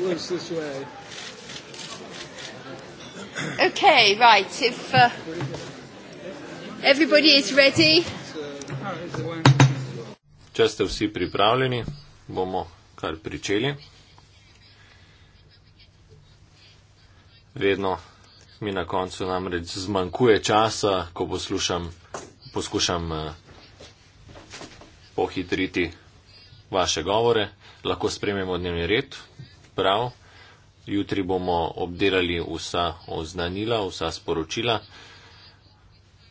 works this way. Okay, right. If uh, everybody is ready. Če ste vsi pripravljeni, bomo kar pričeli. Vedno mi na koncu namreč zmanjkuje časa, ko poslušam, poskušam eh, pohitriti vaše govore. Lahko spremimo dnevni red, prav. Jutri bomo obdelali vsa oznanila, vsa sporočila.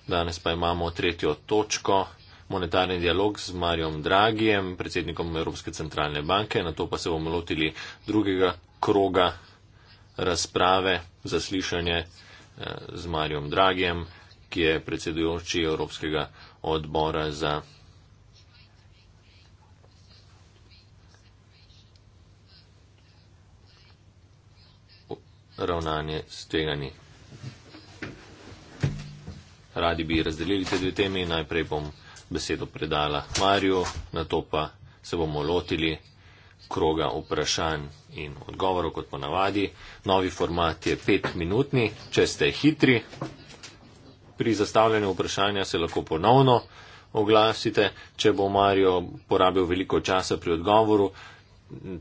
Danes pa imamo tretjo točko, monetarni dialog z Marjom Dragijem, predsednikom Evropske centralne banke. Na to pa se bomo lotili drugega kroga razprave, zaslišanje eh, z Marjom Dragijem, ki je predsedujoči Evropskega odbora za. ravnanje s tveganji. Radi bi razdelili te dve temi, najprej bom besedo predala Marju, na to pa se bomo lotili kroga vprašanj in odgovorov, kot ponavadi. Novi format je petminutni, če ste hitri, pri zastavljanju vprašanja se lahko ponovno oglasite, če bo Marjo porabil veliko časa pri odgovoru,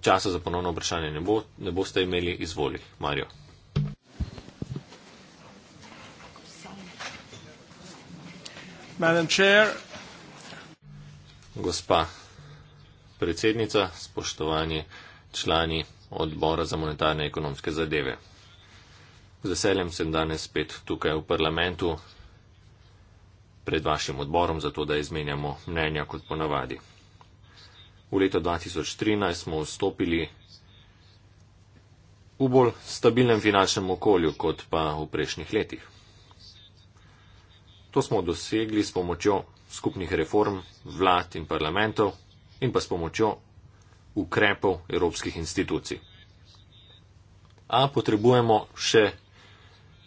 časa za ponovno vprašanje ne, bo, ne boste imeli, izvoli, Marjo. Madam Chair. Gospa predsednica, spoštovani člani odbora za monetarne in ekonomske zadeve. Z veseljem sem danes spet tukaj v parlamentu pred vašim odborom, zato da izmenjamo mnenja kot ponavadi. V leto 2013 smo vstopili v bolj stabilnem finančnem okolju kot pa v prejšnjih letih. To smo dosegli s pomočjo skupnih reform vlad in parlamentov in pa s pomočjo ukrepov evropskih institucij. A potrebujemo še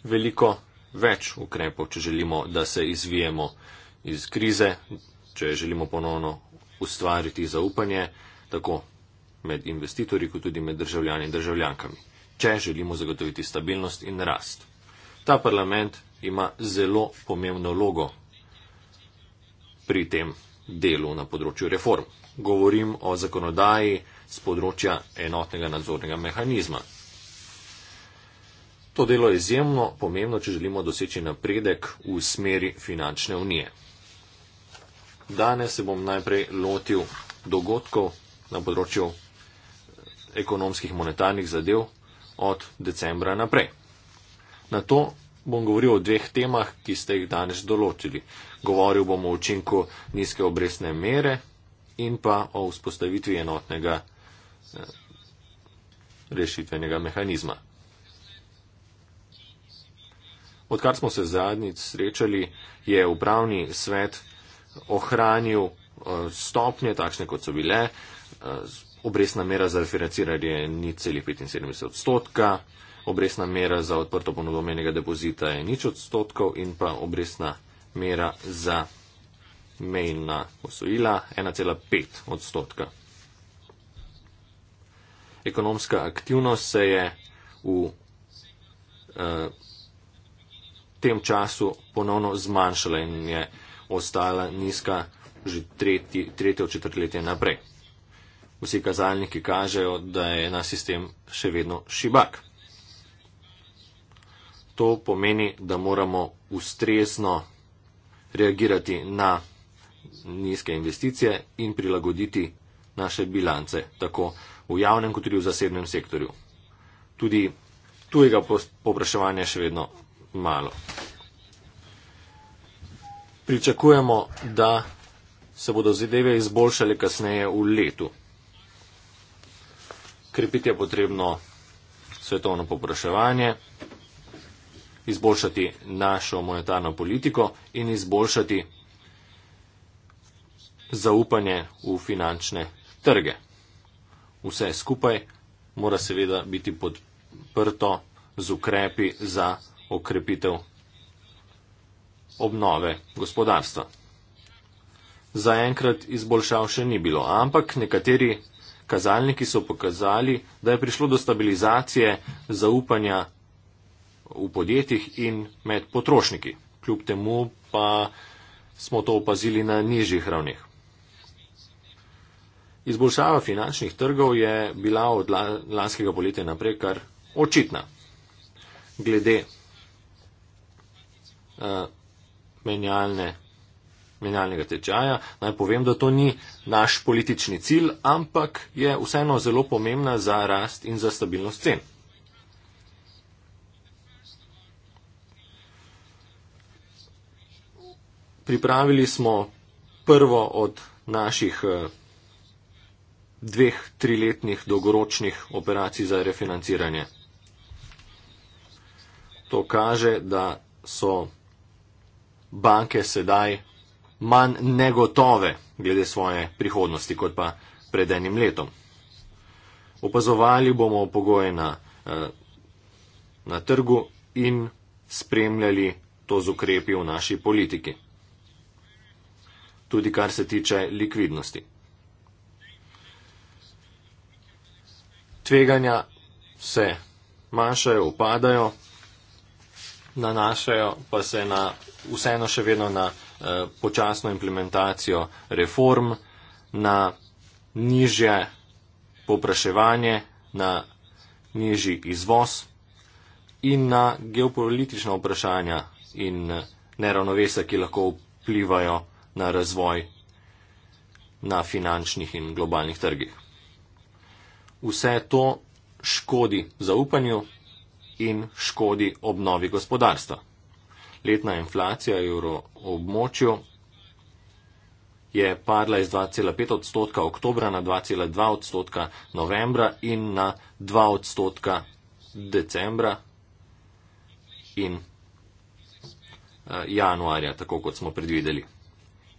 veliko več ukrepov, če želimo, da se izvijemo iz krize, če želimo ponovno ustvariti zaupanje tako med investitorji, kot tudi med državljani in državljankami, če želimo zagotoviti stabilnost in rast. Ta parlament ima zelo pomembno vlogo pri tem delu na področju reform. Govorim o zakonodaji z področja enotnega nadzornega mehanizma. To delo je izjemno pomembno, če želimo doseči napredek v smeri finančne unije. Danes se bom najprej lotil dogodkov na področju eh, ekonomskih monetarnih zadev od decembra naprej. Na to bom govoril o dveh temah, ki ste jih danes določili. Govoril bom o učinku nizke obresne mere in pa o vzpostavitvi enotnega eh, rešitvenega mehanizma. Odkar smo se zadnjič srečali, je upravni svet ohranil eh, stopnje, takšne kot so bile, eh, obresna mera za referenciranje ni celih 75 odstotka, obresna mera za odprto ponudbo menjega depozita je nič odstotkov in pa obresna mera za mejna posojila 1,5 odstotka. Ekonomska aktivnost se je v eh, tem času ponovno zmanjšala in je ostala nizka že tretji, tretje četrtletje naprej. Vsi kazalniki kažejo, da je na sistem še vedno šibak to pomeni, da moramo ustrezno reagirati na nizke investicije in prilagoditi naše bilance, tako v javnem kot tudi v zasebnem sektorju. Tudi tujega popraševanja še vedno malo. Pričakujemo, da se bodo zadeve izboljšale kasneje v letu. Krepiti je potrebno svetovno popraševanje izboljšati našo monetarno politiko in izboljšati zaupanje v finančne trge. Vse skupaj mora seveda biti podprto z ukrepi za okrepitev obnove gospodarstva. Zaenkrat izboljšav še ni bilo, ampak nekateri kazalniki so pokazali, da je prišlo do stabilizacije zaupanja v podjetjih in med potrošniki. Kljub temu pa smo to opazili na nižjih ravneh. Izboljšava finančnih trgov je bila od lanskega poletja naprej kar očitna. Glede uh, menjalne, menjalnega tečaja naj povem, da to ni naš politični cilj, ampak je vseeno zelo pomembna za rast in za stabilnost cen. pripravili smo prvo od naših eh, dveh, triletnih dolgoročnih operacij za refinanciranje. To kaže, da so banke sedaj manj negotove glede svoje prihodnosti kot pa pred enim letom. Opazovali bomo pogoje na, eh, na trgu in spremljali to z ukrepi v naši politiki tudi kar se tiče likvidnosti. Tveganja se manjšajo, upadajo, nanašajo pa se na, vseeno še vedno na eh, počasno implementacijo reform, na nižje popraševanje, na nižji izvoz in na geopolitična vprašanja in eh, neravnovesa, ki lahko vplivajo na razvoj na finančnih in globalnih trgih. Vse to škodi zaupanju in škodi obnovi gospodarstva. Letna inflacija evro območju je padla iz 2,5 odstotka oktobra na 2,2 odstotka novembra in na 2 odstotka decembra in eh, januarja, tako kot smo predvideli.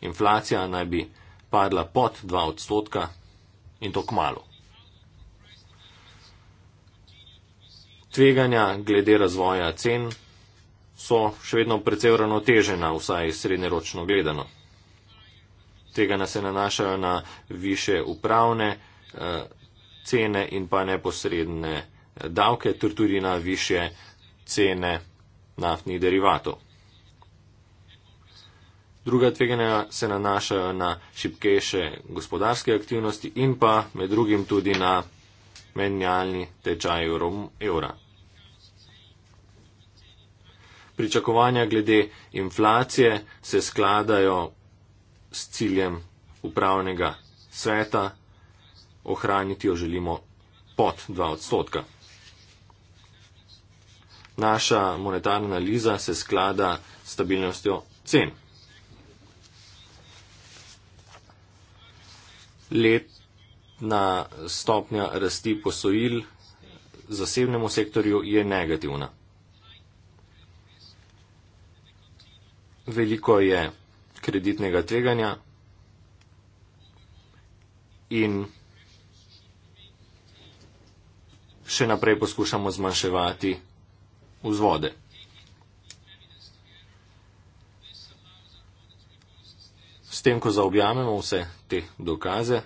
Inflacija naj bi padla pod 2 odstotka in to kmalo. Tveganja glede razvoja cen so še vedno precej uravnotežena, vsaj srednjeročno gledano. Tvegana se nanašajo na više upravne eh, cene in pa neposredne davke, ter tudi na više cene naftnih derivatov. Druga tveganja se nanašajo na šipkejše gospodarske aktivnosti in pa med drugim tudi na menjalni tečaj evra. Pričakovanja glede inflacije se skladajo s ciljem upravnega sveta, ohraniti jo želimo pod 2 odstotka. Naša monetarna analiza se sklada s stabilnostjo cen. letna stopnja rasti posojil zasebnemu sektorju je negativna. Veliko je kreditnega tveganja in še naprej poskušamo zmanjševati vzvode. S tem, ko zaobjamemo vse te dokaze,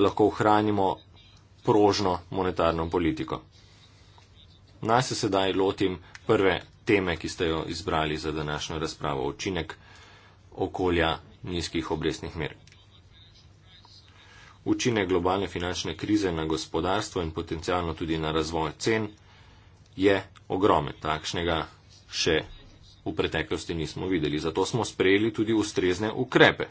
lahko ohranimo prožno monetarno politiko. Naj se sedaj lotim prve teme, ki ste jo izbrali za današnjo razpravo, učinek okolja nizkih obrestnih mer. Učinek globalne finančne krize na gospodarstvo in potencialno tudi na razvoj cen je ogromen. Takšnega še v preteklosti nismo videli. Zato smo sprejeli tudi ustrezne ukrepe.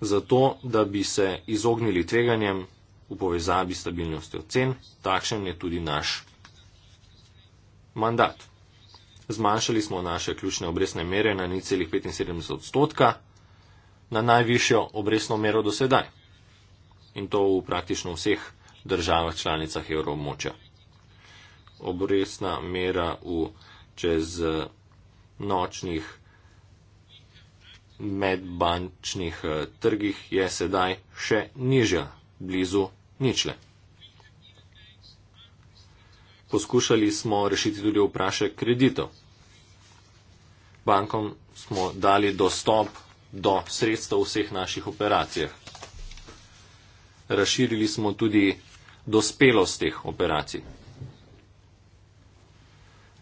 Zato, da bi se izognili tveganjem v povezavi s stabilnostjo cen, takšen je tudi naš mandat. Zmanjšali smo naše ključne obresne mere na 0,75 odstotka na najvišjo obresno mero do sedaj. In to v praktično vseh državah članicah evroobmočja. Obresna mera v čez eh, nočnih 0,75 medbančnih eh, trgih je sedaj še nižja, blizu ničle. Poskušali smo rešiti tudi vprašanje kreditov. Bankom smo dali dostop do sredstev v vseh naših operacijah. Razširili smo tudi dospelost teh operacij.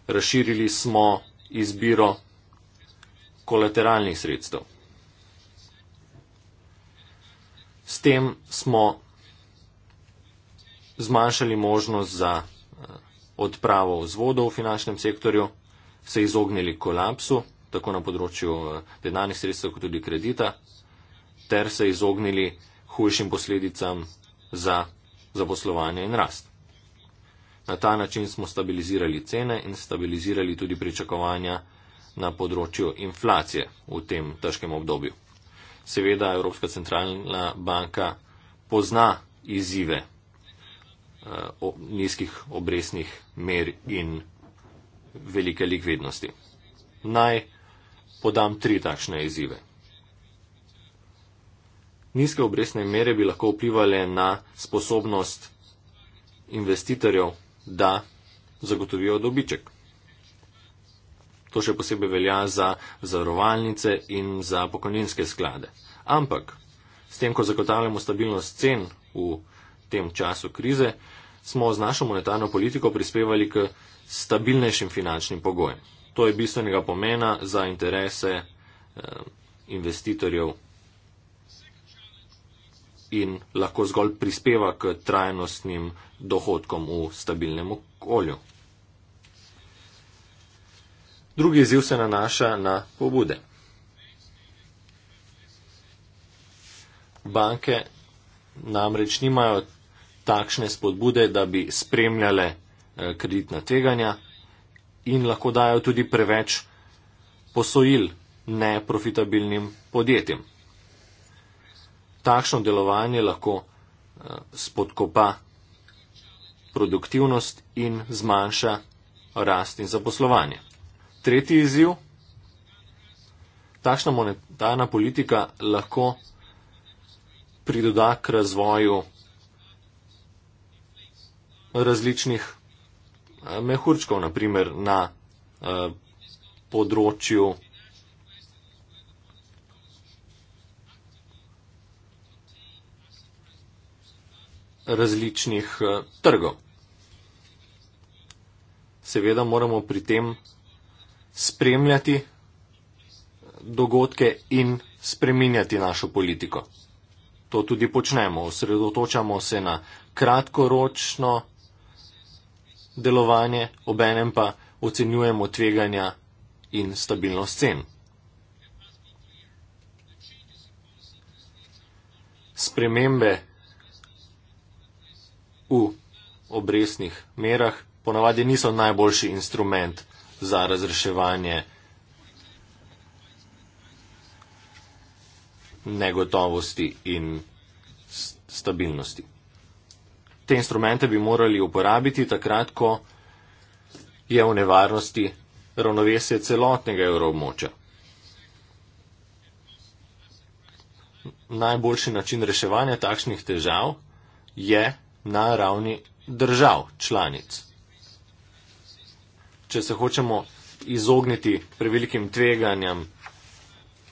Razširili smo izbiro kolateralnih sredstev. S tem smo zmanjšali možnost za eh, odpravo vzvodov v finančnem sektorju, se izognili kolapsu, tako na področju eh, denarnih sredstev, kot tudi kredita, ter se izognili hujšim posledicam za zaposlovanje in rast. Na ta način smo stabilizirali cene in stabilizirali tudi pričakovanja na področju inflacije v tem težkem obdobju. Seveda Evropska centralna banka pozna izzive eh, nizkih obresnih mer in velike likvidnosti. Naj podam tri takšne izzive. Nizke obresne mere bi lahko vplivali na sposobnost investitorjev, da zagotovijo dobiček. To še posebej velja za zavarovalnice in za pokojninske sklade. Ampak s tem, ko zagotavljamo stabilnost cen v tem času krize, smo z našo monetarno politiko prispevali k stabilnejšim finančnim pogojem. To je bistvenega pomena za interese eh, investitorjev in lahko zgolj prispeva k trajnostnim dohodkom v stabilnem okolju. Drugi izziv se nanaša na pobude. Banke namreč nimajo takšne spodbude, da bi spremljale eh, kreditna tveganja in lahko dajo tudi preveč posojil neprofitabilnim podjetjem. Takšno delovanje lahko eh, spodkopa produktivnost in zmanjša rast in zaposlovanje. Tretji izziv. Takšna monetarna politika lahko pridoda k razvoju različnih eh, mehurčkov, naprimer na eh, področju različnih eh, trgov. Seveda moramo pri tem spremljati dogodke in spreminjati našo politiko. To tudi počnemo. Osredotočamo se na kratkoročno delovanje, obenem pa ocenjujemo tveganja in stabilnost cen. Spremembe v obresnih merah ponavadi niso najboljši instrument za razreševanje negotovosti in stabilnosti. Te instrumente bi morali uporabiti takrat, ko je v nevarnosti ravnovesje celotnega evroobmoča. Najboljši način reševanja takšnih težav je na ravni držav članic če se hočemo izogniti prevelikim tveganjem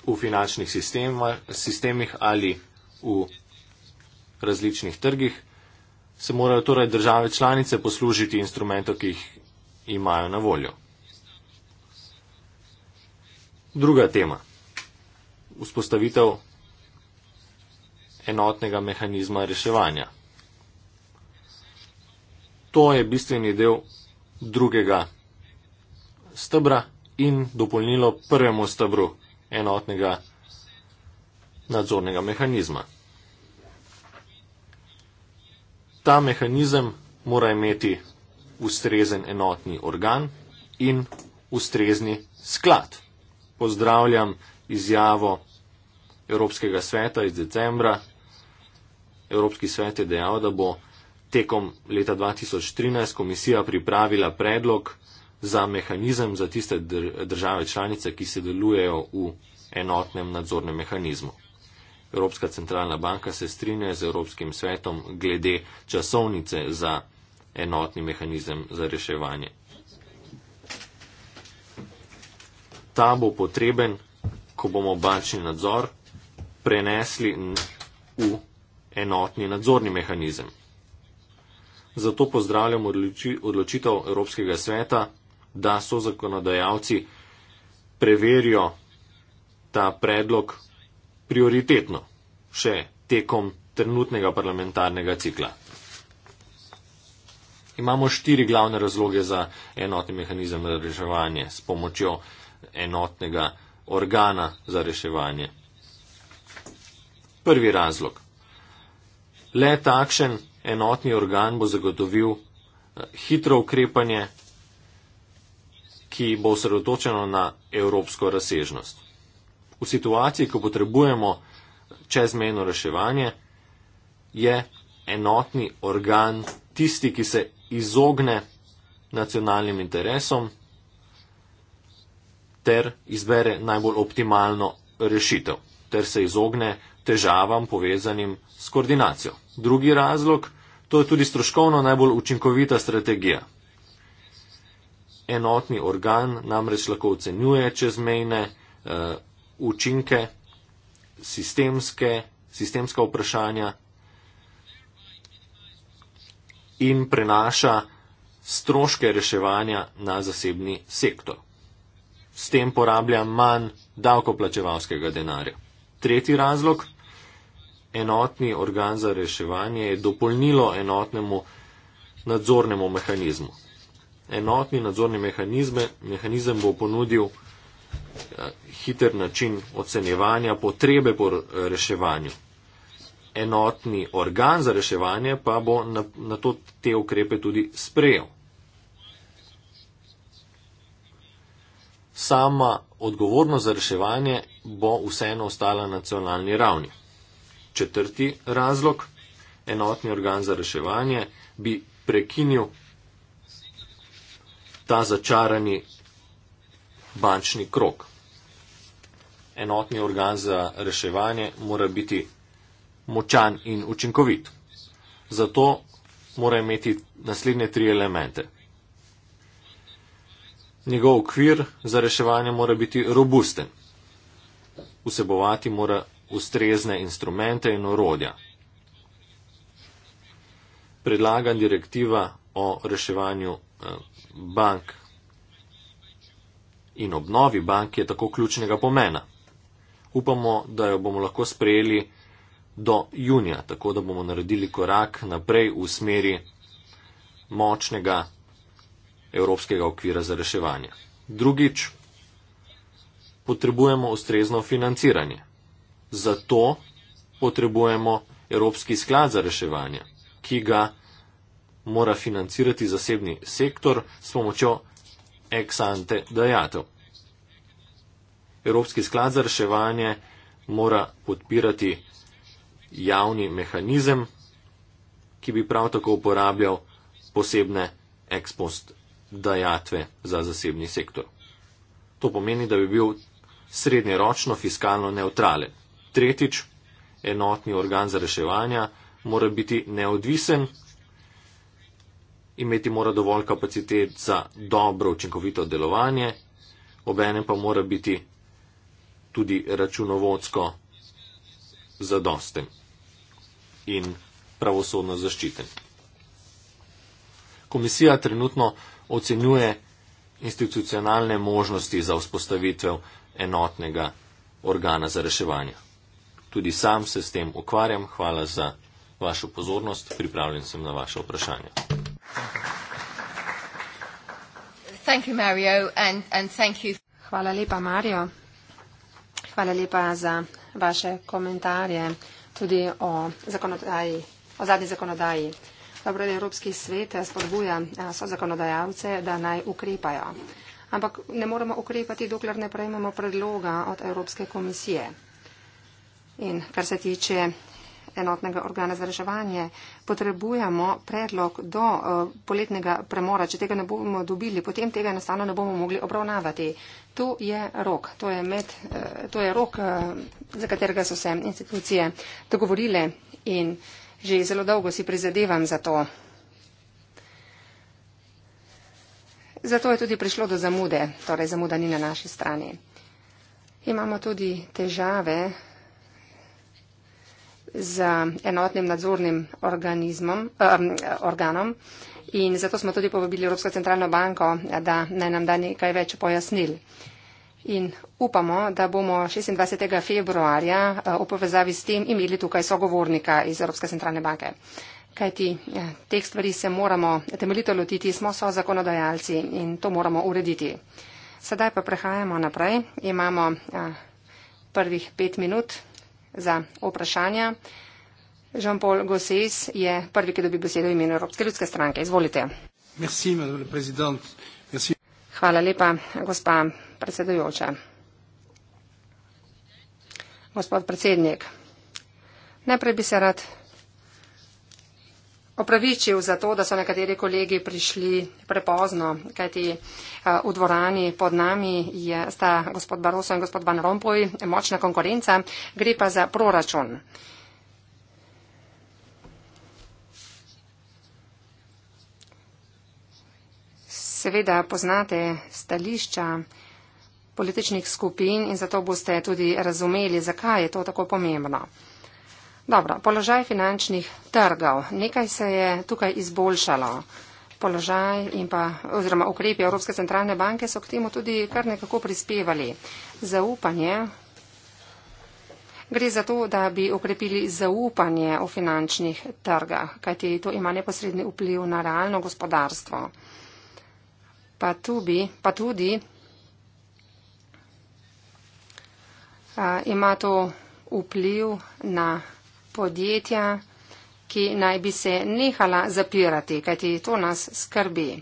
v finančnih sistema, sistemih ali v različnih trgih, se morajo torej države članice poslužiti instrumentov, ki jih imajo na voljo. Druga tema. Vzpostavitev enotnega mehanizma reševanja. To je bistveni del drugega stebra in dopolnilo prvemu stebru enotnega nadzornega mehanizma. Ta mehanizem mora imeti ustrezen enotni organ in ustrezni sklad. Pozdravljam izjavo Evropskega sveta iz decembra. Evropski svet je dejal, da bo tekom leta 2013 komisija pripravila predlog za mehanizem za tiste države članice, ki se delujejo v enotnem nadzornem mehanizmu. Evropska centralna banka se strinja z Evropskim svetom glede časovnice za enotni mehanizem za reševanje. Ta bo potreben, ko bomo bančni nadzor prenesli v enotni nadzorni mehanizem. Zato pozdravljamo odločitev Evropskega sveta da so zakonodajalci preverijo ta predlog prioritetno še tekom trenutnega parlamentarnega cikla. Imamo štiri glavne razloge za enotni mehanizem za reševanje s pomočjo enotnega organa za reševanje. Prvi razlog. Le takšen enotni organ bo zagotovil eh, hitro ukrepanje ki bo osredotočeno na evropsko razsežnost. V situaciji, ko potrebujemo čezmejno reševanje, je enotni organ tisti, ki se izogne nacionalnim interesom ter izbere najbolj optimalno rešitev ter se izogne težavam povezanim s koordinacijo. Drugi razlog, to je tudi stroškovno najbolj učinkovita strategija enotni organ namreč lahko ocenjuje čezmejne uh, učinke, sistemske, sistemska vprašanja in prenaša stroške reševanja na zasebni sektor. S tem porablja manj davkoplačevalskega denarja. Tretji razlog, enotni organ za reševanje je dopolnilo enotnemu nadzornemu mehanizmu enotni nadzorni mehanizem bo ponudil eh, hiter način ocenjevanja potrebe po eh, reševanju. Enotni organ za reševanje pa bo na, na to te ukrepe tudi sprejel. Sama odgovornost za reševanje bo vseeno ostala na nacionalni ravni. Četrti razlog, enotni organ za reševanje bi prekinil ta začarani bančni krok. Enotni organ za reševanje mora biti močan in učinkovit. Zato mora imeti naslednje tri elemente. Njegov okvir za reševanje mora biti robusten. Vsebovati mora ustrezne instrumente in orodja. Predlagan direktiva o reševanju eh, bank in obnovi bank je tako ključnega pomena. Upamo, da jo bomo lahko sprejeli do junija, tako da bomo naredili korak naprej v smeri močnega evropskega okvira za reševanje. Drugič, potrebujemo ustrezno financiranje. Zato potrebujemo Evropski sklad za reševanje, ki ga mora financirati zasebni sektor s pomočjo ex ante dajatev. Evropski sklad za reševanje mora podpirati javni mehanizem, ki bi prav tako uporabljal posebne ex post dajatve za zasebni sektor. To pomeni, da bi bil srednjeročno fiskalno neutralen. Tretjič, enotni organ za reševanja mora biti neodvisen imeti mora dovolj kapacitet za dobro učinkovito delovanje, obenem pa mora biti tudi računovodsko zadosten in pravosodno zaščiten. Komisija trenutno ocenjuje institucionalne možnosti za vzpostavitev enotnega organa za reševanje. Tudi sam se s tem ukvarjam. Hvala za vašo pozornost. Pripravljen sem na vaše vprašanje. Thank you, Mario, and, and thank you. Hvala lepa, Mario. Hvala lepa za vaše komentarje tudi o, o zadnji zakonodaji. Dobro, da Evropski svet eh, spodbuja eh, so zakonodajalce, da naj ukrepajo. Ampak ne moremo ukrepati, dokler ne prejmemo predloga od Evropske komisije. In kar se tiče enotnega organa za reševanje. Potrebujemo predlog do eh, poletnega premora. Če tega ne bomo dobili, potem tega enostavno ne bomo mogli obravnavati. To je rok, to je med, eh, to je rok eh, za katerega so se institucije dogovorile in že zelo dolgo si prizadevam za to. Zato je tudi prišlo do zamude, torej zamuda ni na naši strani. Imamo tudi težave z enotnim nadzornim um, organom in zato smo tudi povabili Evropsko centralno banko, da naj nam da nekaj več pojasnil. In upamo, da bomo 26. februarja eh, v povezavi s tem imeli tukaj sogovornika iz Evropske centralne banke. Kajti eh, teh stvari se moramo temeljito lotiti, smo so zakonodajalci in to moramo urediti. Sedaj pa prehajamo naprej. Imamo eh, prvih pet minut za vprašanja. Jean-Paul Gosses je prvi, ki dobi besedo v imenu Evropske ljudske stranke. Izvolite. Merci, Merci. Hvala lepa, gospa predsedujoča. Gospod predsednik, najprej bi se rad opravičil za to, da so nekateri kolegi prišli prepozno, kajti eh, v dvorani pod nami je sta gospod Baroso in gospod Van Rompuy močna konkurenca, gre pa za proračun. Seveda poznate stališča političnih skupin in zato boste tudi razumeli, zakaj je to tako pomembno. Dobro, položaj finančnih trgov. Nekaj se je tukaj izboljšalo. Položaj in pa oziroma ukrepi Evropske centralne banke so k temu tudi kar nekako prispevali. Zaupanje. Gre za to, da bi ukrepili zaupanje v finančnih trgah, kajti to ima neposredni vpliv na realno gospodarstvo. Pa tudi, pa tudi a, ima to vpliv na podjetja, ki naj bi se nehala zapirati, kajti to nas skrbi.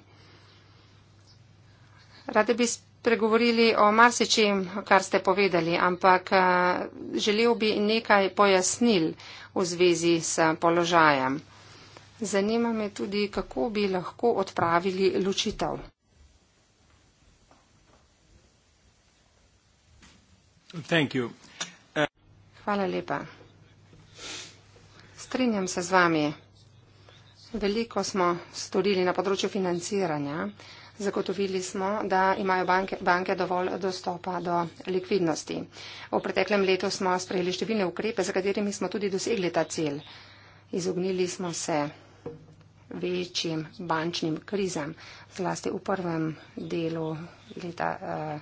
Rade bi spregovorili o marsičem, kar ste povedali, ampak eh, želel bi nekaj pojasnil v zvezi s položajem. Zanima me tudi, kako bi lahko odpravili ločitev. Hvala lepa strinjam se z vami. Veliko smo storili na področju financiranja. Zagotovili smo, da imajo banke, banke dovolj dostopa do likvidnosti. V preteklem letu smo sprejeli številne ukrepe, za katerimi smo tudi dosegli ta cilj. Izognili smo se večjim bančnim krizam, zlasti v prvem delu leta eh,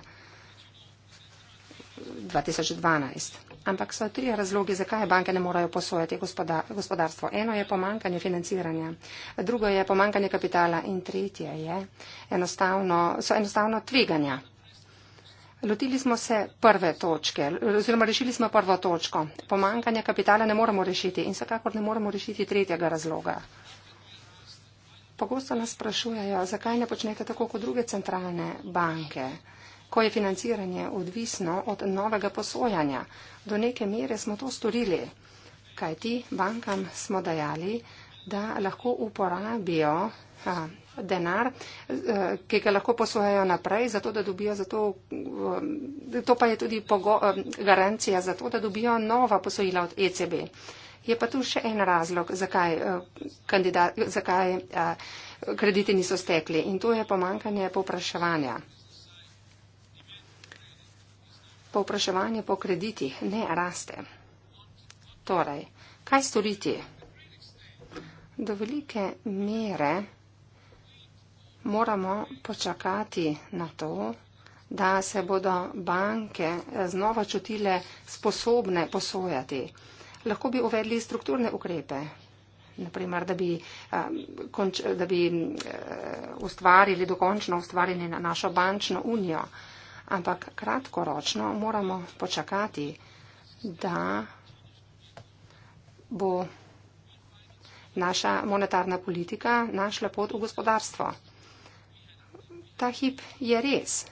2012. Ampak so tri razloge, zakaj banke ne morajo posojati gospodarstvo. Eno je pomankanje financiranja, drugo je pomankanje kapitala in tretje je enostavno, so enostavno tveganja. Lotili smo se prve točke, oziroma rešili smo prvo točko. Pomankanje kapitala ne moremo rešiti in vsekakor ne moremo rešiti tretjega razloga. Pogosto nas sprašujejo, zakaj ne počnete tako kot druge centralne banke ko je financiranje odvisno od novega posojanja. Do neke mere smo to storili, kajti bankam smo dajali, da lahko uporabijo a, denar, a, e, ki ga lahko posojajo naprej, zato, da dobijo za to, a, to pa je tudi pogo, a, e, garancija za to, da dobijo nova posojila od ECB. Je pa tu še en razlog, zakaj, a, e, kandida, zakaj a, krediti niso stekli in to je pomankanje popraševanja povpraševanje po kreditih ne raste. Torej, kaj storiti? Do velike mere moramo počakati na to, da se bodo banke znova čutile sposobne posojati. Lahko bi uvedli strukturne ukrepe, naprimer, da bi, um, da bi uh, ustvarili, dokončno ustvarili našo bančno unijo ampak kratkoročno moramo počakati, da bo naša monetarna politika našla pot v gospodarstvo. Ta hip je res.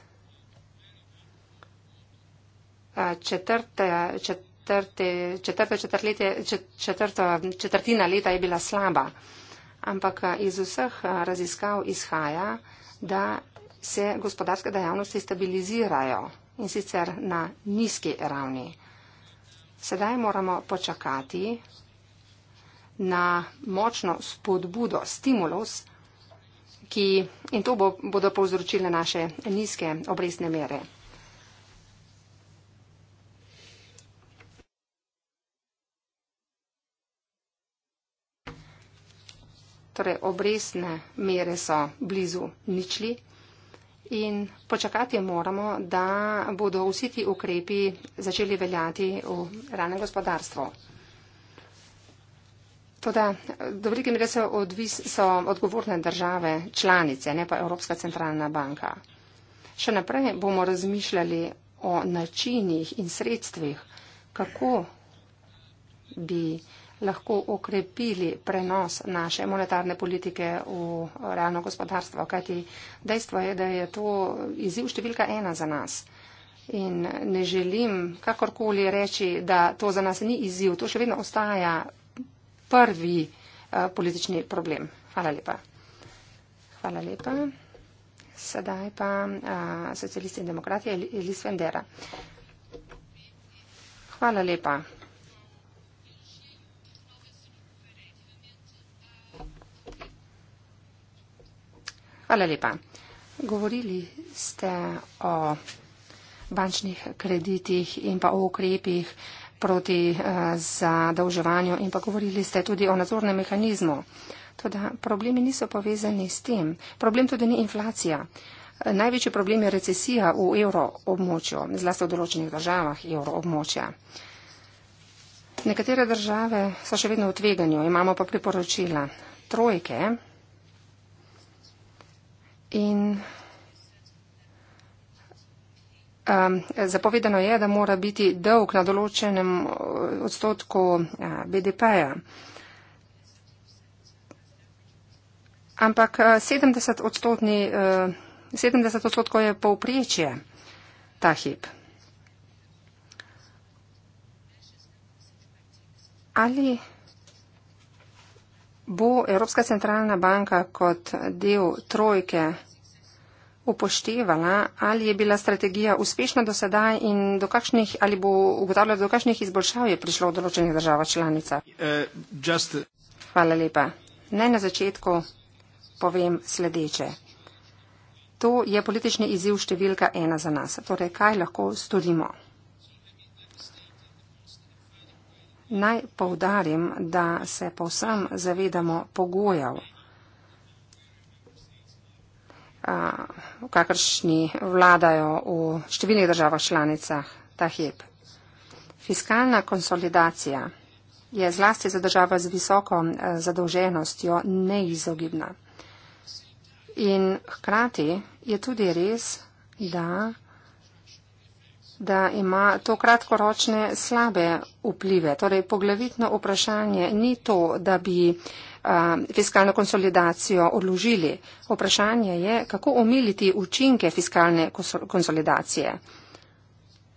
Eh, četrte, četrte, četrte četrt, četrt, četrtina leta je bila slaba, ampak eh, iz vseh eh, raziskav izhaja, da se gospodarske dejavnosti stabilizirajo in sicer na nizki ravni. Sedaj moramo počakati na močno spodbudo, stimulus, ki in to bo, bodo povzročile naše nizke obrestne mere. Torej, obrestne mere so blizu ničli in počakati moramo, da bodo vsi ti ukrepi začeli veljati v ranem gospodarstvu. Toda do velike mere so, odvis, so odgovorne države članice, ne pa Evropska centralna banka. Še naprej bomo razmišljali o načinih in sredstvih, kako bi uh, lahko okrepili prenos naše monetarne politike v realno gospodarstvo, kajti dejstvo je, da je to izziv številka ena za nas. In ne želim kakorkoli reči, da to za nas ni izziv, to še vedno ostaja prvi eh, politični problem. Hvala lepa. Hvala lepa. Sedaj pa eh, socialisti in demokrati Elis Vendera. Hvala lepa. Hvala lepa. Govorili ste o bančnih kreditih in pa o ukrepih proti uh, zadolževanju in pa govorili ste tudi o nadzornem mehanizmu. Toda problemi niso povezani s tem. Problem tudi ni inflacija. Največji problem je recesija v evroobmočju, zlasti v določenih državah evroobmočja. Nekatere države so še vedno v tveganju, imamo pa priporočila. Trojke In um, zapovedano je, da mora biti dolg na določenem uh, odstotku uh, BDP-ja. Ampak 70, uh, 70 odstotkov je povprečje ta hip. Ali bo Evropska centralna banka kot del trojke upoštevala, ali je bila strategija uspešna do sedaj in do kakšnih, ali bo ugotavljala, do kakšnih izboljšav je prišlo v določenih državah članicah. Uh, Hvala lepa. Naj na začetku povem sledeče. To je politični izziv številka ena za nas. Torej, kaj lahko storimo? Naj povdarim, da se povsem zavedamo pogojev, kakršni vladajo v številnih državah članicah ta hip. Fiskalna konsolidacija je zlasti za država z visoko zadolženostjo neizogibna. In hkrati je tudi res, da da ima to kratkoročne slabe vplive. Torej, poglavitno vprašanje ni to, da bi fiskalno konsolidacijo odložili. Vprašanje je, kako omiliti učinke fiskalne konsolidacije.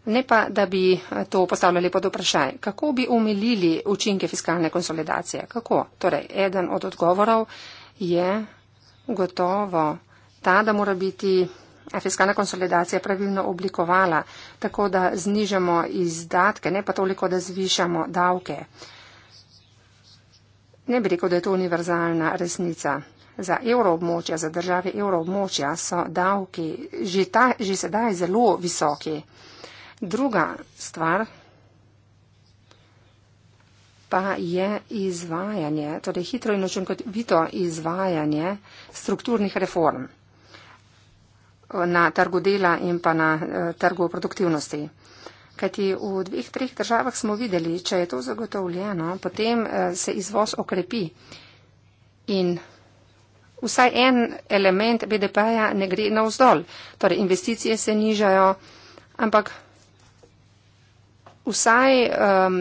Ne pa, da bi to postavljali pod vprašaj, kako bi omilili učinke fiskalne konsolidacije. Kako? Torej, eden od odgovorov je gotovo ta, da mora biti fiskalna konsolidacija pravilno oblikovala, tako da znižamo izdatke, ne pa toliko, da zvišamo davke. Ne bi rekel, da je to univerzalna resnica. Za evroobmočja, za države evroobmočja so davki že, ta, že sedaj zelo visoki. Druga stvar pa je izvajanje, torej hitro in učinkovito izvajanje strukturnih reform na trgu dela in pa na eh, trgu produktivnosti. Kajti v dveh, treh državah smo videli, če je to zagotovljeno, potem eh, se izvoz okrepi in vsaj en element BDP-ja ne gre na vzdolj. Torej, investicije se nižajo, ampak vsaj um,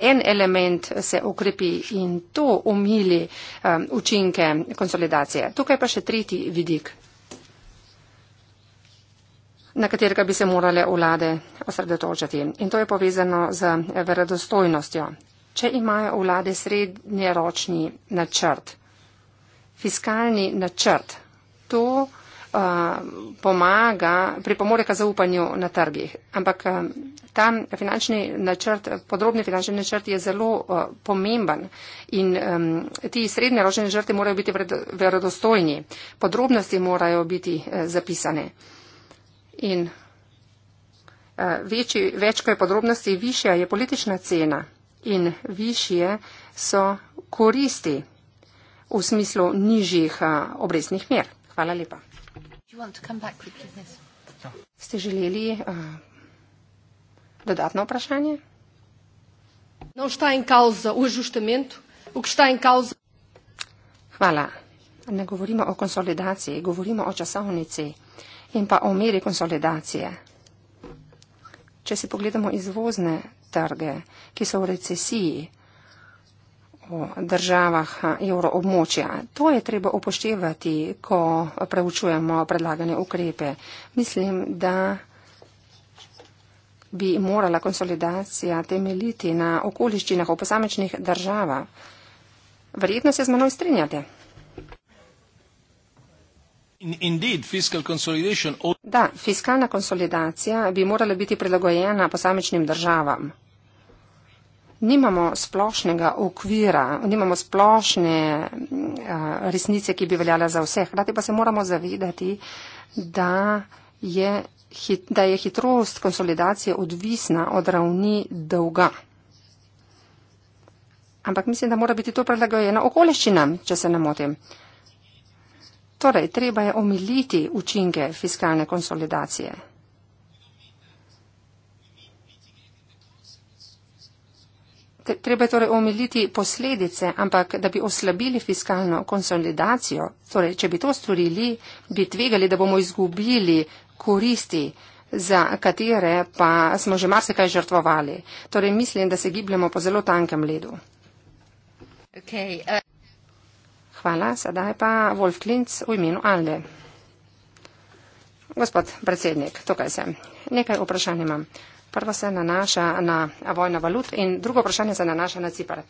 en element se okrepi in to umili um, učinke konsolidacije. Tukaj pa še tretji vidik na katerega bi se morale vlade osredotočiti. In to je povezano z verodostojnostjo. Če imajo vlade srednjeročni načrt, fiskalni načrt, to uh, pomaga pri pomore ka zaupanju na trgih. Ampak um, ta finančni načrt, podrobni finančni načrt je zelo uh, pomemben in um, ti srednjeročni načrti morajo biti verodostojni, podrobnosti morajo biti uh, zapisane. In eh, večji, več, ko je podrobnosti, višja je politična cena in višje so koristi v smislu nižjih eh, obrestnih mer. Hvala lepa. Ja. Ste želeli uh, dodatno vprašanje? No, Hvala. Ne govorimo o konsolidaciji, govorimo o časovnici in pa o meri konsolidacije. Če si pogledamo izvozne trge, ki so v recesiji v državah evroobmočja, to je treba upoštevati, ko preučujemo predlagane ukrepe. Mislim, da bi morala konsolidacija temeljiti na okoliščinah v posamečnih državah. Verjetno se z menoj strinjate. Da, fiskalna konsolidacija bi morala biti prilagojena posamečnim državam. Nimamo splošnega okvira, nimamo splošne eh, resnice, ki bi veljala za vse. Hrati pa se moramo zavedati, da je, da je hitrost konsolidacije odvisna od ravni dolga. Ampak mislim, da mora biti to prilagojeno okoliščinam, če se ne motim. Torej, treba je omiliti učinke fiskalne konsolidacije. Treba je torej omiliti posledice, ampak da bi oslabili fiskalno konsolidacijo, torej, če bi to storili, bi tvegali, da bomo izgubili koristi, za katere pa smo že marsikaj žrtvovali. Torej, mislim, da se gibljamo po zelo tankem ledu. Okay, uh... Hvala. Sedaj pa Wolf Klinc v imenu Alde. Gospod predsednik, tukaj sem. Nekaj vprašanj imam. Prvo se nanaša na vojno valut in drugo vprašanje se nanaša na Cipar.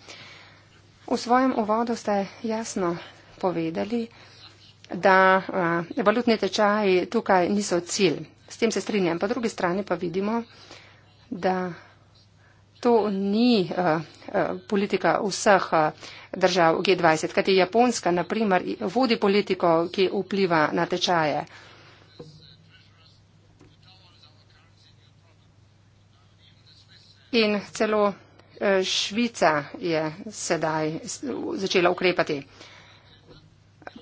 V svojem uvodu ste jasno povedali, da eh, valutni tečaji tukaj niso cilj. S tem se strinjam. Po drugi strani pa vidimo, da to ni eh, eh, politika vseh eh, držav G20, kajti Japonska, na primer, vodi politiko, ki vpliva na tečaje. In celo Švica je sedaj začela ukrepati.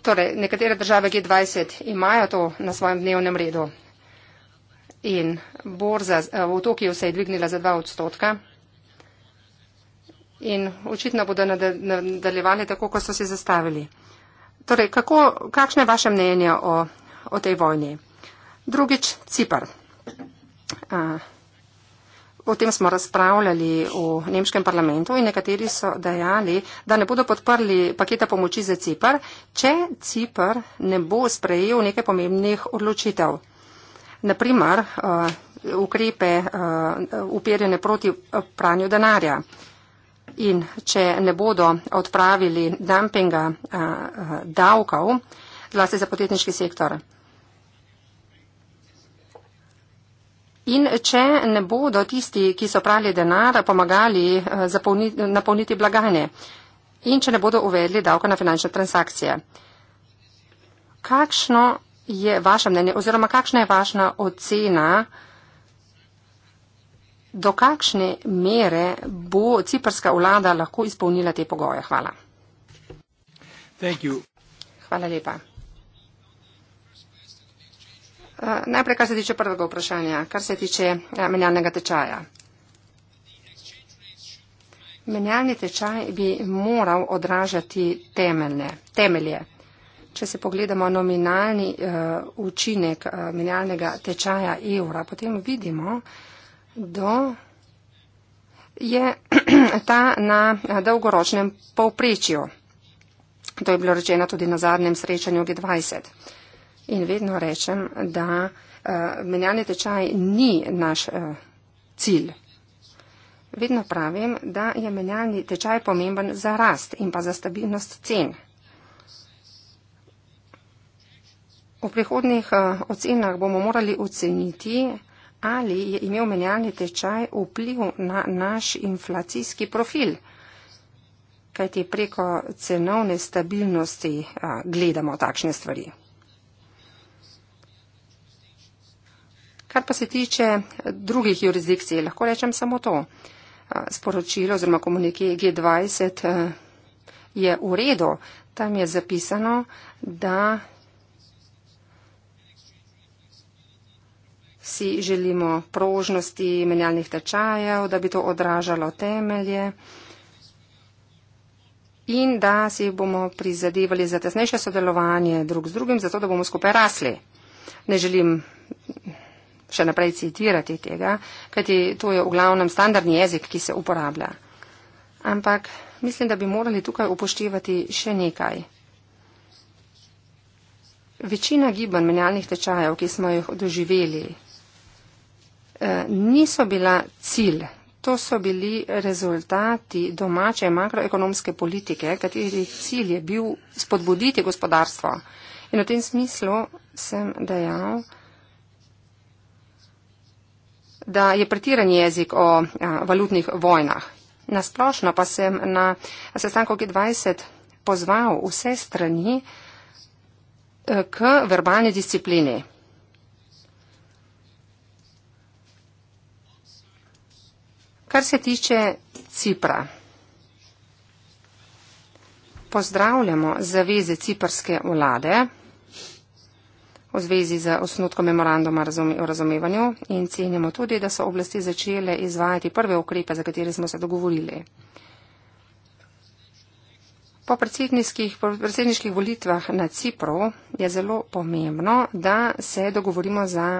Torej, nekatere države G20 imajo to na svojem dnevnem redu. In borza v Tokiju se je dvignila za 2 odstotka in očitno bodo nadaljevali tako, kot so si zastavili. Torej, kako, kakšno je vaše mnenje o, o tej vojni? Drugič, Cipar. A, o tem smo razpravljali v nemškem parlamentu in nekateri so dejali, da ne bodo podprli paketa pomoči za Cipar, če Cipar ne bo sprejel nekaj pomembnih odločitev. Naprimer, ukrepe uperjene proti pranju denarja. In če ne bodo odpravili dumpinga eh, eh, davkov, zlasti za podjetniški sektor. In če ne bodo tisti, ki so prali denar, pomagali eh, zapolniti, napolniti blagajne. In če ne bodo uvedli davka na finančne transakcije. Kakšno je vaše mnenje oziroma kakšna je vaša ocena? Do kakšne mere bo ciprska vlada lahko izpolnila te pogoje? Hvala. Hvala lepa. Eh, najprej, kar se tiče prvega vprašanja, kar se tiče eh, menjalnega tečaja. Menjalni tečaj bi moral odražati temeljne, temelje. Če se pogledamo nominalni uh, učinek uh, menjalnega tečaja evra, potem vidimo, uh, do, je ta na dolgoročnem povprečju. To je bilo rečeno tudi na zadnjem srečanju G20. In vedno rečem, da uh, menjalni tečaj ni naš uh, cilj. Vedno pravim, da je menjalni tečaj pomemben za rast in pa za stabilnost cen. V prihodnih uh, eh, ocenah bomo morali oceniti, ali je imel menjalni tečaj vpliv na naš inflacijski profil, kajti preko cenovne stabilnosti a, gledamo takšne stvari. Kar pa se tiče drugih jurisdikcij, lahko rečem samo to. A, sporočilo oziroma komunike G20 a, je v redu. Tam je zapisano, da vsi želimo prožnosti menjalnih tečajev, da bi to odražalo temelje in da si bomo prizadevali za tesnejše sodelovanje drug z drugim, zato da bomo skupaj rasli. Ne želim še naprej citirati tega, kajti to je v glavnem standardni jezik, ki se uporablja. Ampak mislim, da bi morali tukaj upoštevati še nekaj. Večina gibanj menjalnih tečajev, ki smo jih doživeli Eh, niso bila cilj. To so bili rezultati domače makroekonomske politike, kateri cilj je bil spodbuditi gospodarstvo. In v tem smislu sem dejal, da je pretiran jezik o a, valutnih vojnah. Nasplošno pa sem na sestanku G20 pozval vse strani eh, k verbalni disciplini. Kar se tiče Cipra, pozdravljamo zaveze ciprske vlade v zvezi z osnutkom memoranduma o razumevanju in cenjamo tudi, da so oblasti začele izvajati prve ukrepe, za katere smo se dogovorili. Po predsedniških volitvah na Cipru je zelo pomembno, da se dogovorimo za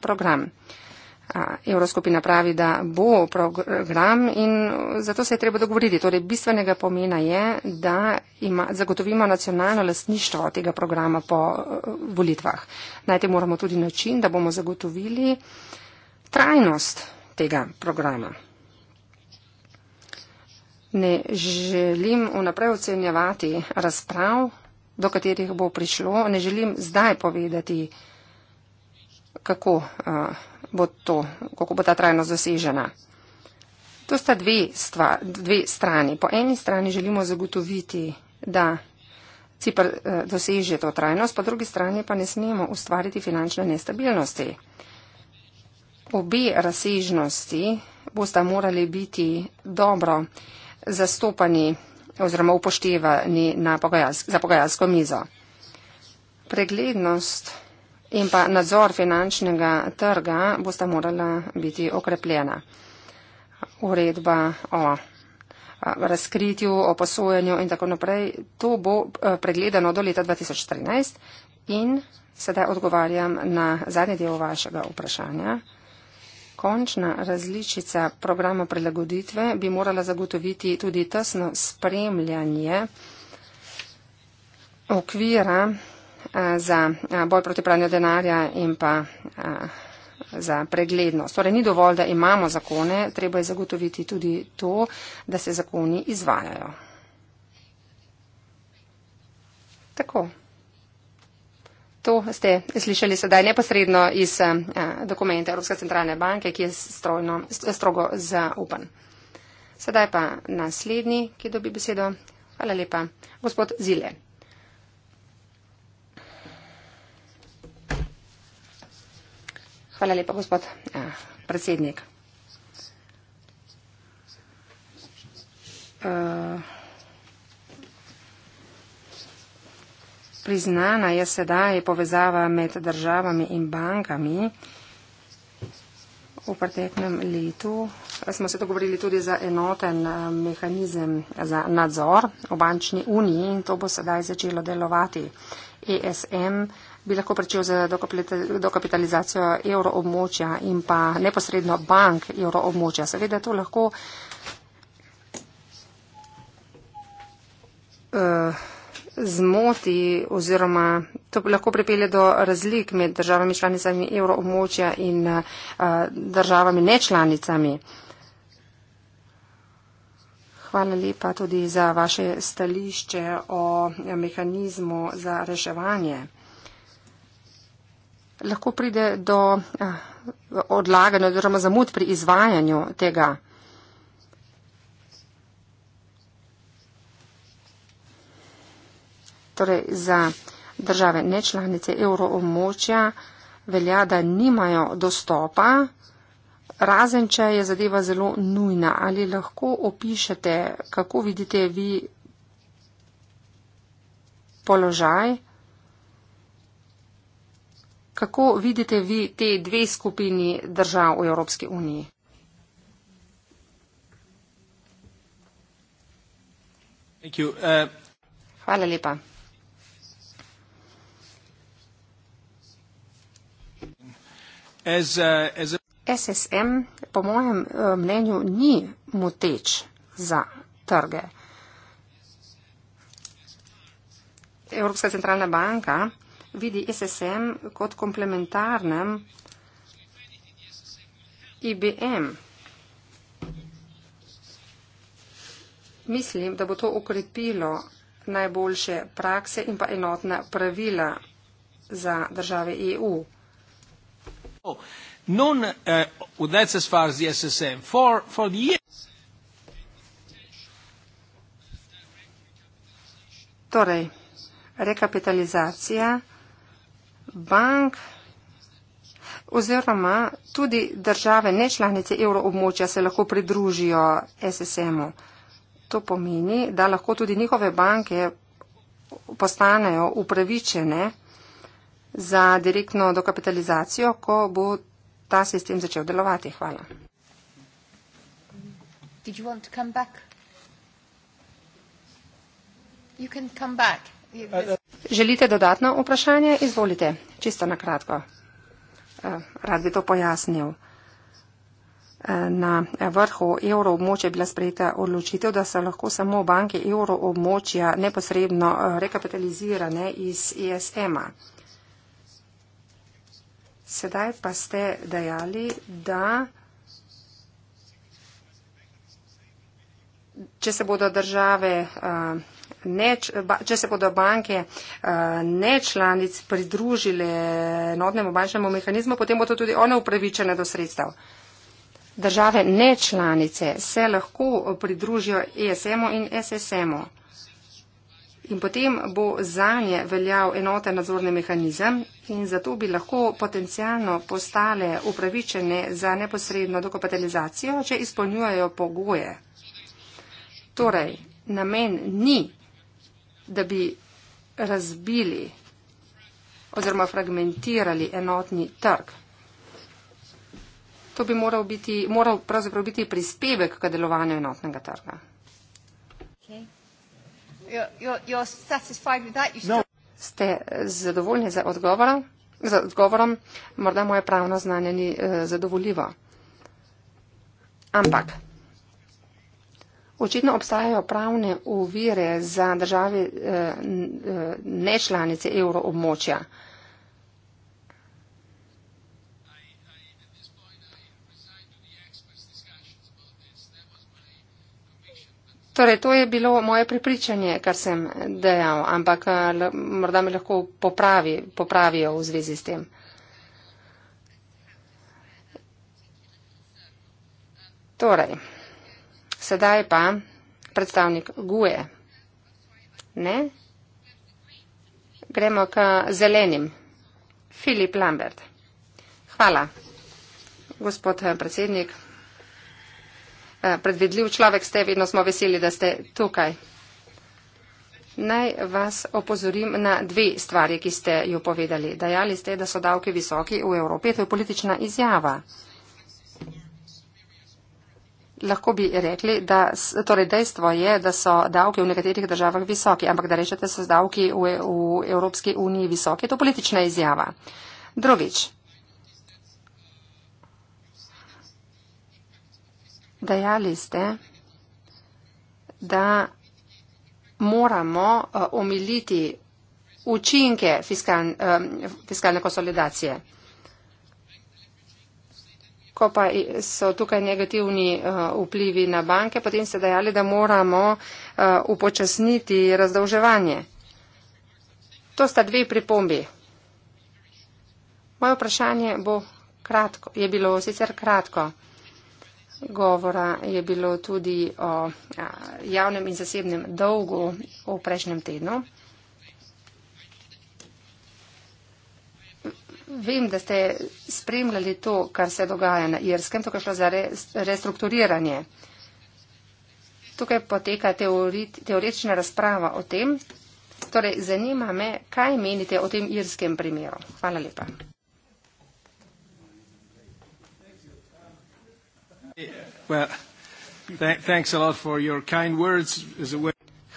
program. Evroskupina pravi, da bo program in zato se je treba dogovoriti. Torej, bistvenega pomena je, da ima, zagotovimo nacionalno lastništvo tega programa po eh, volitvah. Najte moramo tudi način, da bomo zagotovili trajnost tega programa. Ne želim vnaprej ocenjevati razprav, do katerih bo prišlo. Ne želim zdaj povedati, kako. Uh, bo to, kako bo ta trajnost dosežena. To sta dve, stva, dve strani. Po eni strani želimo zagotoviti, da Cipr eh, doseže to trajnost, po drugi strani pa ne smemo ustvariti finančne nestabilnosti. Obe razsežnosti bosta morali biti dobro zastopani oziroma upoštevani pogajalsk, za pogajalsko mizo. Preglednost in pa nadzor finančnega trga bosta morala biti okrepljena. Uredba o razkritju, o posojanju in tako naprej, to bo pregledano do leta 2013 in sedaj odgovarjam na zadnji del vašega vprašanja. Končna različica programa prilagoditve bi morala zagotoviti tudi tesno spremljanje okvira Eh, za eh, bolj proti pranju denarja in pa eh, za preglednost. Torej ni dovolj, da imamo zakone, treba je zagotoviti tudi to, da se zakoni izvajajo. Tako. To ste slišali sedaj neposredno iz dokumenta Evropske centralne banke, ki je strojno, strogo zaupan. Sedaj pa naslednji, ki dobi besedo. Hvala lepa. Gospod Zile. Hvala lepa, gospod eh, predsednik. Eh, priznana je sedaj povezava med državami in bankami. V preteknem letu smo se dogovorili tudi za enoten eh, mehanizem za nadzor v bančni uniji in to bo sedaj začelo delovati. ESM bi lahko pričel z dokapitalizacijo evroobmočja in pa neposredno bank evroobmočja. Seveda to lahko uh, zmoti oziroma to lahko pripelje do razlik med državami članicami evroobmočja in uh, državami nečlanicami. Hvala lepa tudi za vaše stališče o mehanizmu za reševanje lahko pride do eh, odlaganja oziroma zamud pri izvajanju tega. Torej, za države nečlanice evroomočja velja, da nimajo dostopa, razen če je zadeva zelo nujna. Ali lahko opišete, kako vidite vi položaj? Kako vidite vi te dve skupini držav v Evropski uniji? Uh, Hvala lepa. SSM uh, po mojem uh, mnenju ni moteč za trge. Evropska centralna banka vidi SSM kot komplementarnem IBM. Mislim, da bo to ukrepilo najboljše prakse in pa enotna pravila za države EU. Oh, eh, torej, rekapitalizacija bank oziroma tudi države nečlanice evroobmočja se lahko pridružijo SSM-u. To pomeni, da lahko tudi njihove banke postanejo upravičene za direktno dokapitalizacijo, ko bo ta sistem začel delovati. Hvala. You can come back. Želite dodatno vprašanje? Izvolite, čisto na kratko. Eh, rad bi to pojasnil. Eh, na vrhu evroobmočja je bila sprejeta odločitev, da so lahko samo banke evroobmočja neposredno eh, rekapitalizirane iz ESM-a. Sedaj pa ste dejali, da če se bodo države. Uh, ne, če se bodo banke eh, ne članic pridružile enotnemu bančnemu mehanizmu, potem bodo tudi one upravičene do sredstev. Države ne članice se lahko pridružijo ESM-u in SSM-u. In potem bo za nje veljal enoten nadzorni mehanizem in zato bi lahko potencijalno postale upravičene za neposredno dokapitalizacijo, če izpolnjujejo pogoje. Torej, namen ni da bi razbili oziroma fragmentirali enotni trg. To bi moral, biti, moral pravzaprav biti prispevek k delovanju enotnega trga. Okay. You're, you're, you're that, no. Ste eh, zadovoljni z odgovorom? Z odgovorom morda moje pravno znanje ni eh, zadovoljivo. Ampak. Očitno obstajajo pravne uvire za države eh, nečlanice evroobmočja. Torej, to je bilo moje pripričanje, kar sem dejal, ampak eh, morda me lahko popravi, popravijo v zvezi s tem. Torej. Sedaj pa predstavnik guje. Ne? Gremo k zelenim. Filip Lambert. Hvala, gospod eh, predsednik. Eh, predvidljiv človek ste, vedno smo veseli, da ste tukaj. Naj vas opozorim na dve stvari, ki ste jo povedali. Dajali ste, da so davki visoki v Evropi, to je politična izjava. Lahko bi rekli, da torej dejstvo je, da so davki v nekaterih državah visoki, ampak da rečete, da so davki v, v Evropski uniji visoki, je to politična izjava. Drugič, dejali ste, da moramo eh, omiliti učinke fiskalne eh, konsolidacije. Ko pa so tukaj negativni eh, vplivi na banke, potem ste dejali, da moramo eh, upočasniti razdolževanje. To sta dve pripombi. Moje vprašanje bo kratko, je bilo sicer kratko. Govora je bilo tudi o eh, javnem in zasebnem dolgu v prejšnjem tednu. vem, da ste spremljali to, kar se dogaja na Irskem, tukaj šlo za restrukturiranje. Tukaj poteka teorična razprava o tem. Torej, zanima me, kaj menite o tem irskem primeru. Hvala lepa.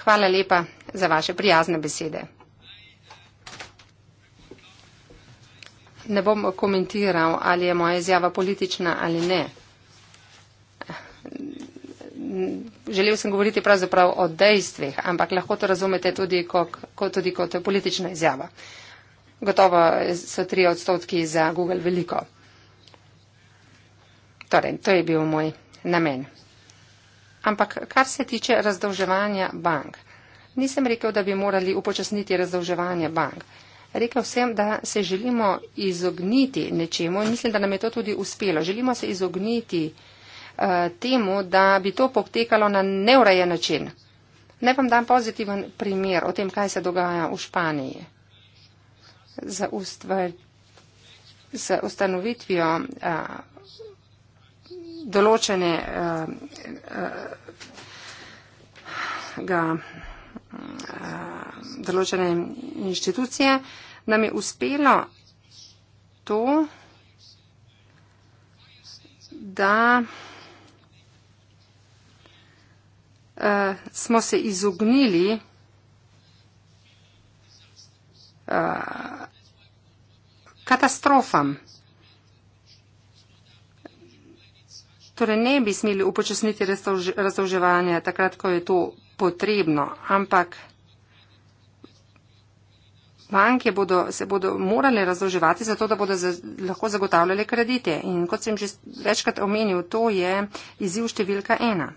Hvala lepa za vaše prijazne besede. ne bom komentiral, ali je moja izjava politična ali ne. Želel sem govoriti pravzaprav o dejstvih, ampak lahko to razumete tudi kot, tudi kot politična izjava. Gotovo so tri odstotki za Google veliko. Torej, to je bil moj namen. Ampak kar se tiče razdolževanja bank, nisem rekel, da bi morali upočasniti razdolževanje bank. Uh, rekel sem, da se želimo izogniti nečemu in mislim, da nam je to tudi uspelo. Želimo se izogniti uh, temu, da bi to potekalo na neurejen način. Ne vam dam pozitiven primer o tem, kaj se dogaja v Španiji z, ustvar, z ustanovitvijo uh, določene. Uh, uh, določene inštitucije, nam je uspelo to, da uh, smo se izognili uh, katastrofam. Torej ne bi smeli upočasniti razdolževanja takrat, ko je to potrebno, ampak banke bodo, se bodo morale razdolževati zato, da bodo za, lahko zagotavljale kredite. In kot sem že večkrat omenil, to je izziv številka ena.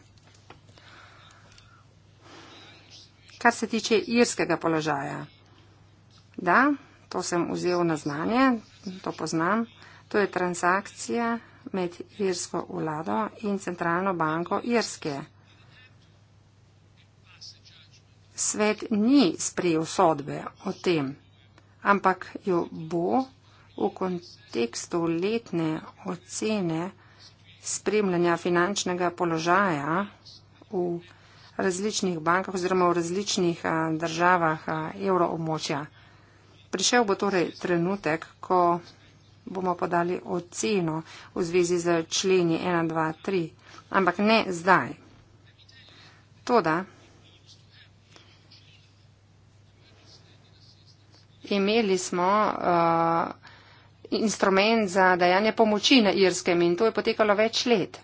Kar se tiče irskega položaja. Da, to sem vzel na znanje, to poznam. To je transakcija med irsko vlado in centralno banko Irske. Svet ni sprejel sodbe o tem ampak jo bo v kontekstu letne ocene spremljanja finančnega položaja v različnih bankah oziroma v različnih državah evroobmočja. Prišel bo torej trenutek, ko bomo podali oceno v zvezi z členi 1, 2, 3, ampak ne zdaj. Toda, imeli smo uh, instrument za dajanje pomoči na Irskem in to je potekalo več let.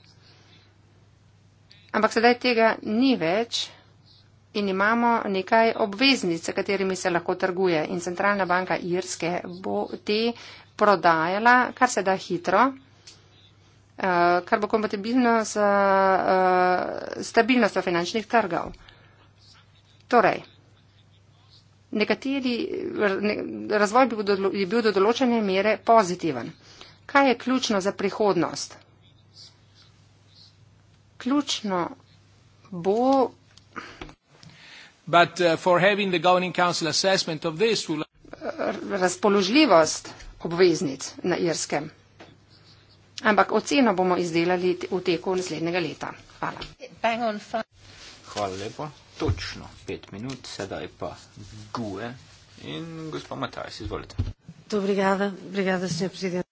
Ampak sedaj tega ni več in imamo nekaj obveznic, s katerimi se lahko trguje in Centralna banka Irske bo te prodajala kar se da hitro. Uh, kar bo kompatibilno z uh, stabilnostjo finančnih trgov. Torej, nekateri ne, razvoj bi bil, do, je bil do določene mere pozitiven. Kaj je ključno za prihodnost? Ključno bo. But, uh, this, we'll... Razpoložljivost obveznic na Irskem. Ampak oceno bomo izdelali v teku naslednjega leta. Hvala. Hvala lepa točno pet minut, sedaj pa guje in gospa Matajs, izvolite. Dobrigada, brigada se je prišel.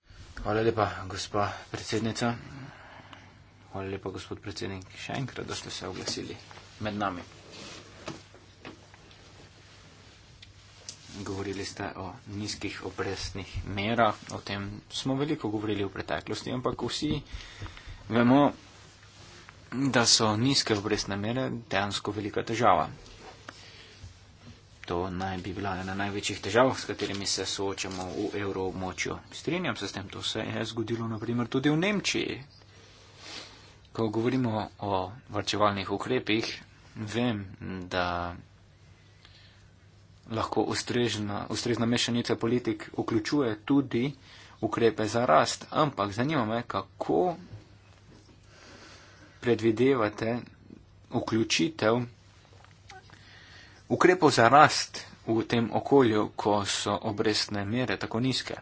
Hvala lepa, gospa predsednica. Hvala lepa, gospod predsednik, še enkrat, da ste se oglasili med nami. Govorili ste o nizkih obrestnih merah, o tem smo veliko govorili v preteklosti, ampak vsi vemo, da so nizke obrestne mere dejansko velika težava. To naj bi bila ena največjih težav, s katerimi se soočamo v evroobmočju. Strinjam se s tem, to se je zgodilo naprimer tudi v Nemčiji. Ko govorimo o varčevalnih ukrepih, vem, da lahko ustrezna, ustrezna mešanica politik vključuje tudi ukrepe za rast, ampak zanima me, kako predvidevate vključitev ukrepov za rast v tem okolju, ko so obrestne mere tako nizke?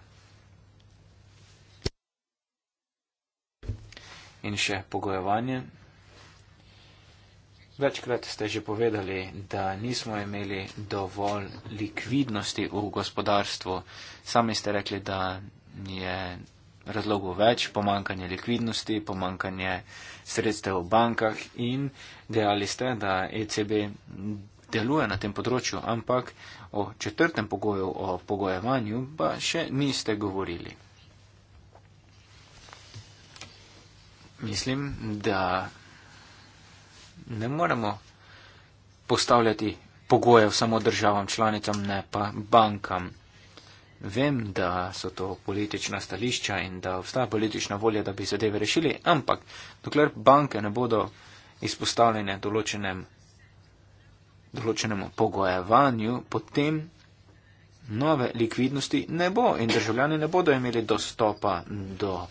In še pogojevanje. Večkrat ste že povedali, da nismo imeli dovolj likvidnosti v gospodarstvu. Sami ste rekli, da je razlogov več, pomankanje likvidnosti, pomankanje sredstev v bankah in dejali ste, da ECB deluje na tem področju, ampak o četrtem pogoju, o pogojevanju, pa še niste govorili. Mislim, da ne moremo postavljati pogojev samo državam članicam, ne pa bankam vem, da so to politična stališča in da obstaja politična volja, da bi zadeve rešili, ampak dokler banke ne bodo izpostavljene določenem, določenemu pogojevanju, potem nove likvidnosti ne bo in državljani ne bodo imeli dostopa do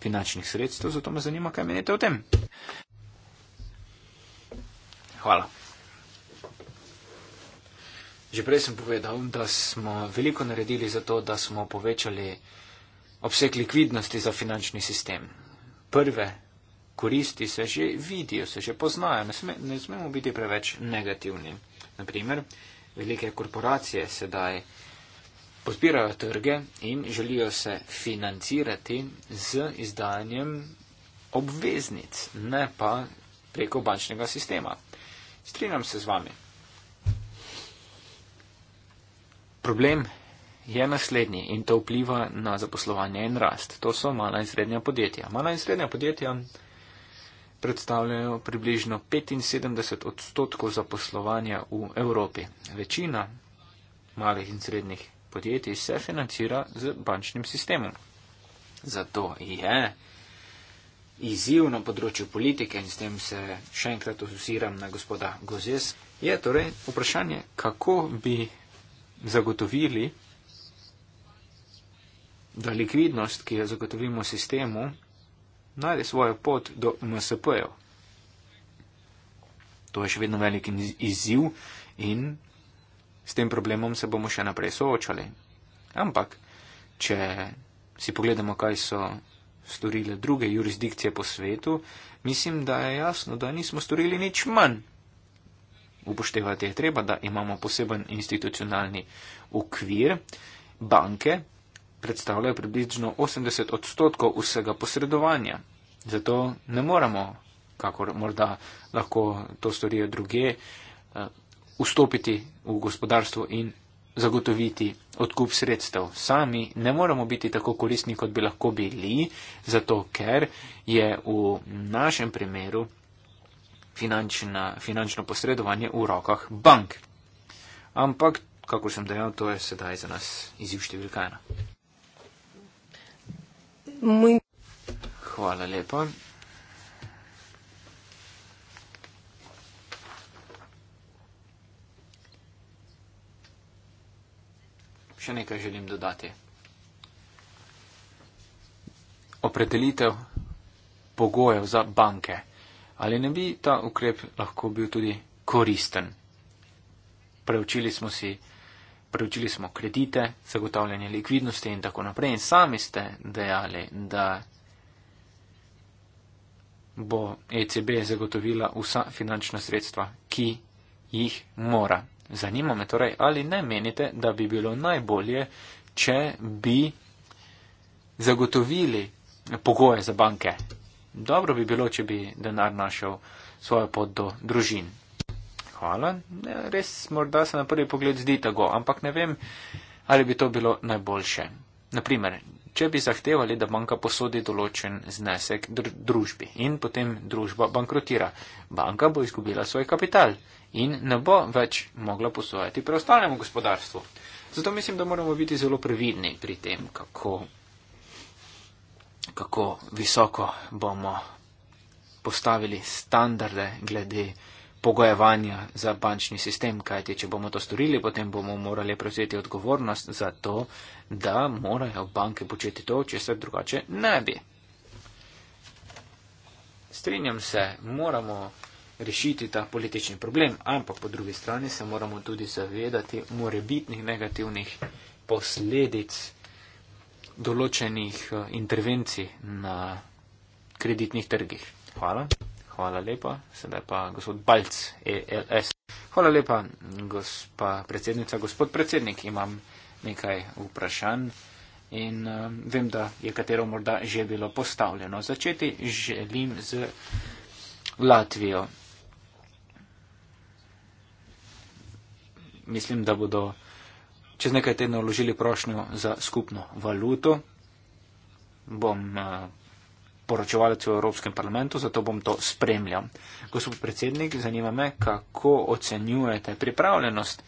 finančnih sredstev. Zato me zanima, kaj menite o tem. Hvala. Že prej sem povedal, da smo veliko naredili za to, da smo povečali obseg likvidnosti za finančni sistem. Prve koristi se že vidijo, se že poznajo, ne, sme, ne smemo biti preveč negativni. Naprimer, velike korporacije sedaj podpirajo trge in želijo se financirati z izdanjem obveznic, ne pa preko bančnega sistema. Strinjam se z vami. Problem je naslednji in to vpliva na zaposlovanje in rast. To so mala in srednja podjetja. Mala in srednja podjetja predstavljajo približno 75 odstotkov zaposlovanja v Evropi. Večina malih in srednjih podjetij se financira z bančnim sistemom. Zato je izziv na področju politike in s tem se še enkrat osiram na gospoda Gozes, je torej vprašanje, kako bi zagotovili, da likvidnost, ki jo zagotovimo sistemu, najde svojo pot do MSP-jev. To je še vedno velik izziv in s tem problemom se bomo še naprej soočali. Ampak, če si pogledamo, kaj so storile druge jurisdikcije po svetu, mislim, da je jasno, da nismo storili nič manj upoštevati je treba, da imamo poseben institucionalni ukvir. Banke predstavljajo približno 80 odstotkov vsega posredovanja. Zato ne moramo, kako morda lahko to storijo druge, eh, vstopiti v gospodarstvo in zagotoviti odkup sredstev. Sami ne moramo biti tako koristni, kot bi lahko bili, zato ker je v našem primeru finančna, finančno posredovanje v rokah bank. Ampak, kako sem dejal, to je sedaj za nas izjiv številka ena. Hvala lepa. Še nekaj želim dodati. Opredelitev pogojev za banke ali ne bi ta ukrep lahko bil tudi koristen. Preučili smo si, preučili smo kredite, zagotavljanje likvidnosti in tako naprej in sami ste dejali, da bo ECB zagotovila vsa finančna sredstva, ki jih mora. Zanima me torej, ali ne menite, da bi bilo najbolje, če bi zagotovili pogoje za banke, dobro bi bilo, če bi denar našel svojo pot do družin. Hvala. Ne, ja, res morda se na prvi pogled zdi tako, ampak ne vem, ali bi to bilo najboljše. Naprimer, če bi zahtevali, da banka posodi določen znesek dr družbi in potem družba bankrotira, banka bo izgubila svoj kapital in ne bo več mogla posojati preostalemu gospodarstvu. Zato mislim, da moramo biti zelo previdni pri tem, kako kako visoko bomo postavili standarde glede pogojevanja za bančni sistem, kajti če bomo to storili, potem bomo morali prevzeti odgovornost za to, da morajo banke početi to, če se drugače ne bi. Strinjam se, moramo rešiti ta politični problem, ampak po drugi strani se moramo tudi zavedati morebitnih negativnih posledic določenih eh, intervencij na kreditnih trgih. Hvala. Hvala lepa. Sedaj pa gospod Balc, ELS. Hvala lepa, gospa predsednica. Gospod predsednik, imam nekaj vprašanj in uh, vem, da je katero morda že bilo postavljeno. Začeti želim z Latvijo. Mislim, da bodo čez nekaj tednov vložili prošnjo za skupno valuto. Bom eh, poročevalec v Evropskem parlamentu, zato bom to spremljal. Gospod predsednik, zanima me, kako ocenjujete pripravljenost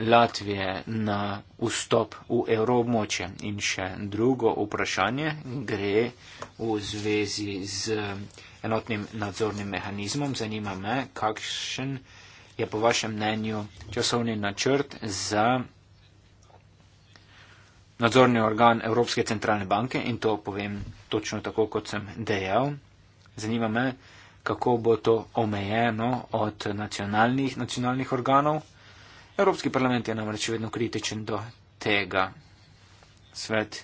Latvije na vstop v evroobmočje. In še drugo vprašanje gre v zvezi z enotnim nadzornim mehanizmom. Zanima me, kakšen je po vašem mnenju časovni načrt za nadzorni organ Evropske centralne banke in to povem točno tako, kot sem dejal. Zanima me, kako bo to omejeno od nacionalnih, nacionalnih organov. Evropski parlament je namreč vedno kritičen do tega. Svet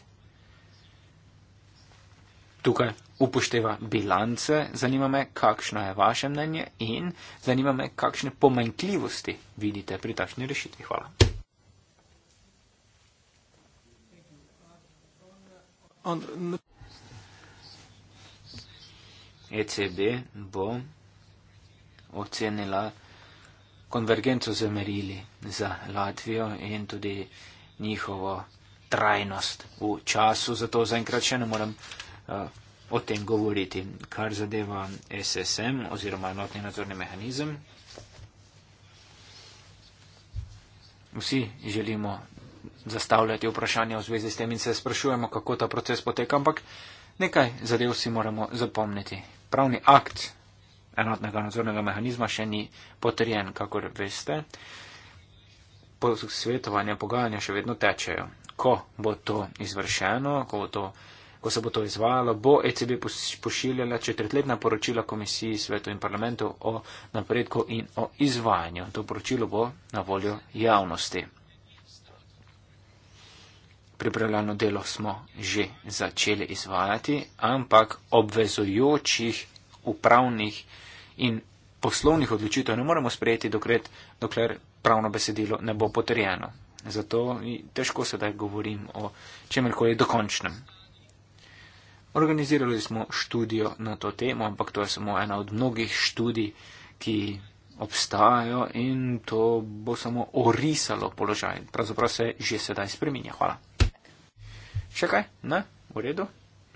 tukaj upošteva bilance. Zanima me, kakšno je vaše mnenje in zanima me, kakšne pomankljivosti vidite pri takšni rešitvi. Hvala. ECB bo ocenila konvergenco za merili za Latvijo in tudi njihovo trajnost v času, zato zaenkrat še ne moram uh, eh, o tem govoriti. Kar zadeva SSM oziroma enotni nadzorni mehanizem, vsi želimo zastavljati vprašanja v zvezi s tem in se sprašujemo, kako ta proces poteka, ampak nekaj zadev si moramo zapomniti. Pravni akt enotnega nadzornega mehanizma še ni potrjen, kakor veste. Posvetovanja, pogajanja še vedno tečejo. Ko bo to izvršeno, ko, bo to, ko se bo to izvajalo, bo ECB pošiljala četrtletna poročila Komisiji, Svetu in Parlamentu o napredku in o izvajanju. To poročilo bo na voljo javnosti pripravljalno delo smo že začeli izvajati, ampak obvezujočih upravnih in poslovnih odločitev ne moremo sprejeti, dokler, dokler pravno besedilo ne bo potrjeno. Zato težko sedaj govorim o čemkoli dokončnem. Organizirali smo študijo na to temo, ampak to je samo ena od mnogih študij, ki obstajajo in to bo samo orisalo položaj. Pravzaprav se že sedaj spreminja. Hvala. Še kaj? Ne, v redu.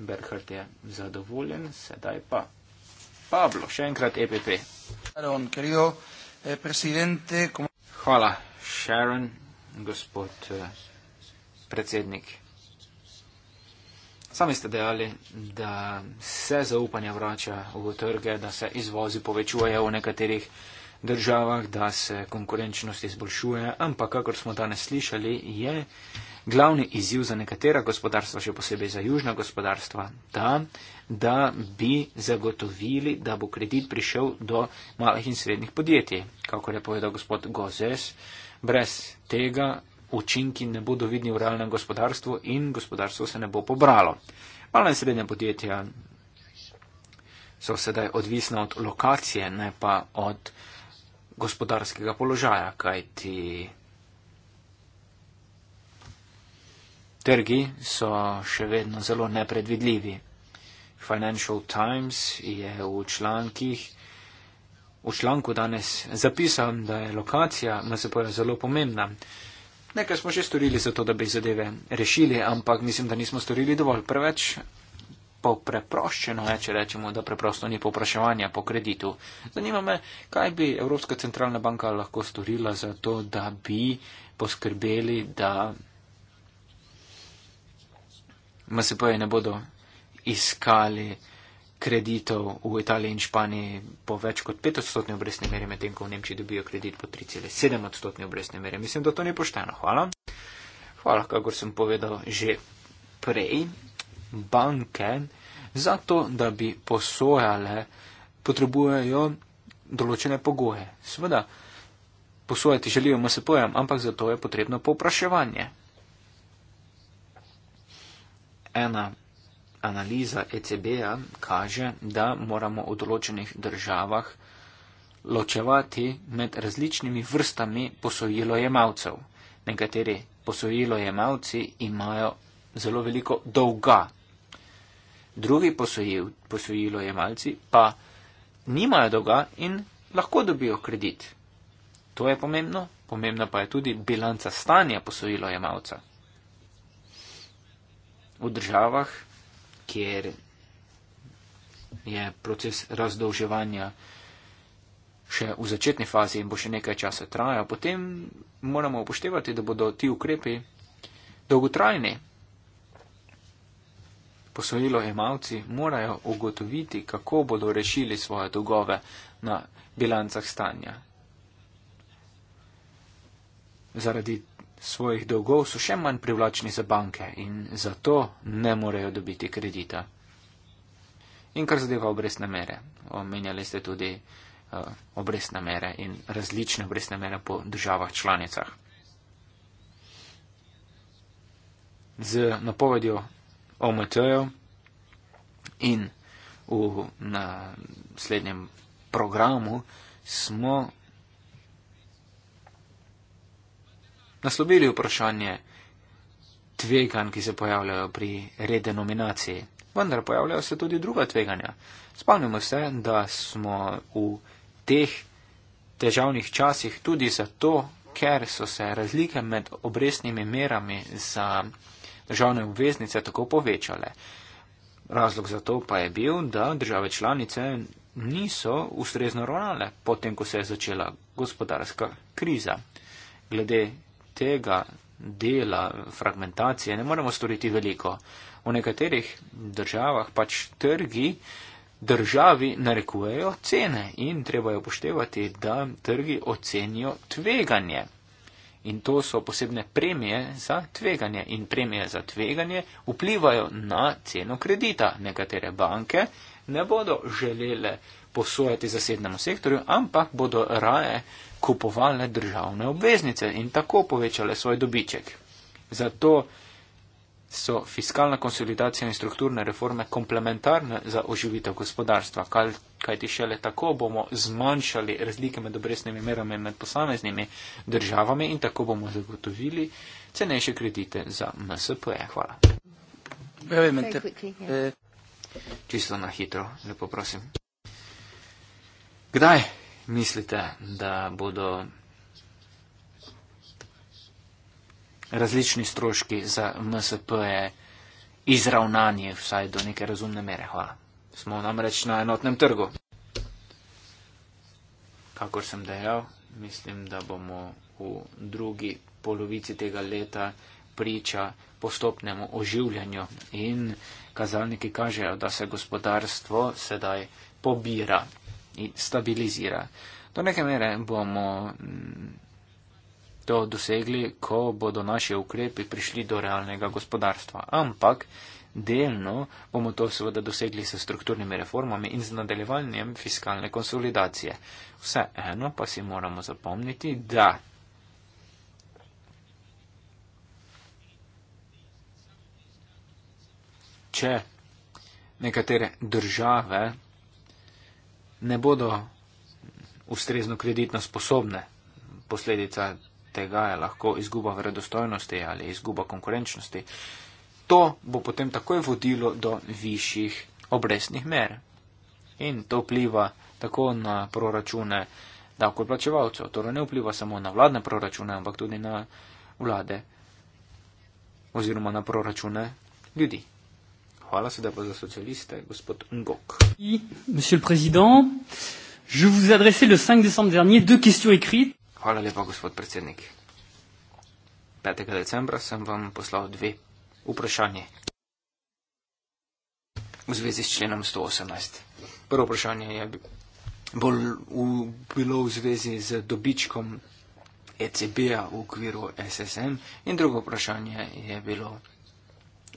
Berhard je zadovoljen, sedaj pa. Pablo, še enkrat EPP. Sharon, querido, eh, como... Hvala, Sharon, gospod eh, predsednik. Sami ste dejali, da se zaupanje vrača v trge, da se izvozi povečujejo v nekaterih eh, državah, da se konkurenčnost izboljšuje, ampak, kakor smo danes slišali, je glavni izziv za nekatera gospodarstva, še posebej za južna gospodarstva, ta, da bi zagotovili, da bo kredit prišel do malih in srednjih podjetij. Kakor je povedal gospod Gozes, brez tega učinki ne bodo vidni v realnem gospodarstvu in gospodarstvo se ne bo pobralo. Mala in srednja podjetja so sedaj odvisna od lokacije, ne pa od gospodarskega položaja, kajti trgi so še vedno zelo nepredvidljivi. Financial Times je v člankih, v članku danes zapisal, da je lokacija MSP zelo pomembna. Nekaj smo že storili za to, da bi zadeve rešili, ampak mislim, da nismo storili dovolj. Preveč popreproščeno, če rečemo, da preprosto ni popraševanja po kreditu. Zanima me, kaj bi Evropska centralna banka lahko storila za to, da bi poskrbeli, da MSP-ji ne bodo iskali kreditov v Italiji in Španiji po več kot 5 odstotni obrestni meri, medtem ko v Nemčiji dobijo kredit po 3,7 odstotni obrestni meri. Mislim, da to ni pošteno. Hvala. Hvala, kakor sem povedal že prej banke, zato da bi posojale, potrebujejo določene pogoje. Sveda, posojati želijo MSP-jem, ampak zato je potrebno popraševanje. Ena analiza ECB-ja kaže, da moramo v določenih državah ločevati med različnimi vrstami posojilojemalcev. Nekateri posojilojemalci imajo zelo veliko dolga, drugi posojil, posojilojemalci pa nimajo dolga in lahko dobijo kredit. To je pomembno, pomembna pa je tudi bilanca stanja posojilojemalca. V državah, kjer je proces razdolževanja še v začetni fazi in bo še nekaj časa trajal, potem moramo upoštevati, da bodo ti ukrepi dolgotrajni posojilo imavci morajo ugotoviti, kako bodo rešili svoje dolgove na bilancah stanja. Zaradi svojih dolgov so še manj privlačni za banke in zato ne morejo dobiti kredita. In kar zadeva obresne mere, omenjali ste tudi uh, eh, obresne mere in različne obresne mere po državah članicah. Z napovedjo o Mateju in v naslednjem programu smo naslovili vprašanje tvegan, ki se pojavljajo pri rede nominaciji. Vendar pojavljajo se tudi druga tveganja. Spomnimo se, da smo v teh težavnih časih tudi zato, ker so se razlike med obrestnimi merami za državne obveznice tako povečale. Razlog za to pa je bil, da države članice niso ustrezno ravnale potem, ko se je začela gospodarska kriza. Glede tega dela fragmentacije ne moremo storiti veliko. V nekaterih državah pač trgi državi narekujejo cene in treba je upoštevati, da trgi ocenijo tveganje. In to so posebne premije za tveganje. In premije za tveganje vplivajo na ceno kredita. Nekatere banke ne bodo želele posojati zasednemu sektorju, ampak bodo raje kupovale državne obveznice in tako povečale svoj dobiček. Zato so fiskalna konsolidacija in strukturne reforme komplementarne za oživitev gospodarstva, kajti šele tako bomo zmanjšali razlike med obresnimi merami med posameznimi državami in tako bomo zagotovili cenejše kredite za MSP-je. Hvala. Eh, Čisto na hitro, lepo prosim. Kdaj mislite, da bodo različni stroški za MSP-je izravnani vsaj do neke razumne mere? Hvala. Smo namreč na enotnem trgu. Kakor sem dejal, mislim, da bomo v drugi polovici tega leta priča postopnemu oživljanju in kazalniki kažejo, da se gospodarstvo sedaj pobira in stabilizira. Do neke mere bomo mm, to dosegli, ko bodo naši ukrepi prišli do realnega gospodarstva. Ampak delno bomo to seveda dosegli s strukturnimi reformami in z nadaljevanjem fiskalne konsolidacije. Vseeno pa si moramo zapomniti, da če nekatere države ne bodo ustrezno kreditno sposobne, posledica tega je lahko izguba vredostojnosti ali izguba konkurenčnosti to bo potem takoj vodilo do višjih obrestnih mer. In to vpliva tako na proračune davkoplačevalcev. Torej ne vpliva samo na vladne proračune, ampak tudi na vlade oziroma na proračune ljudi. Hvala se, da pa za socialiste, gospod Ngok. Hvala lepa, gospod predsednik. 5. decembra sem vam poslal dve vprašanje. V zvezi s členom 118. Prvo vprašanje je bolj v, bilo v zvezi z dobičkom ECB-a v okviru SSM in drugo vprašanje je bilo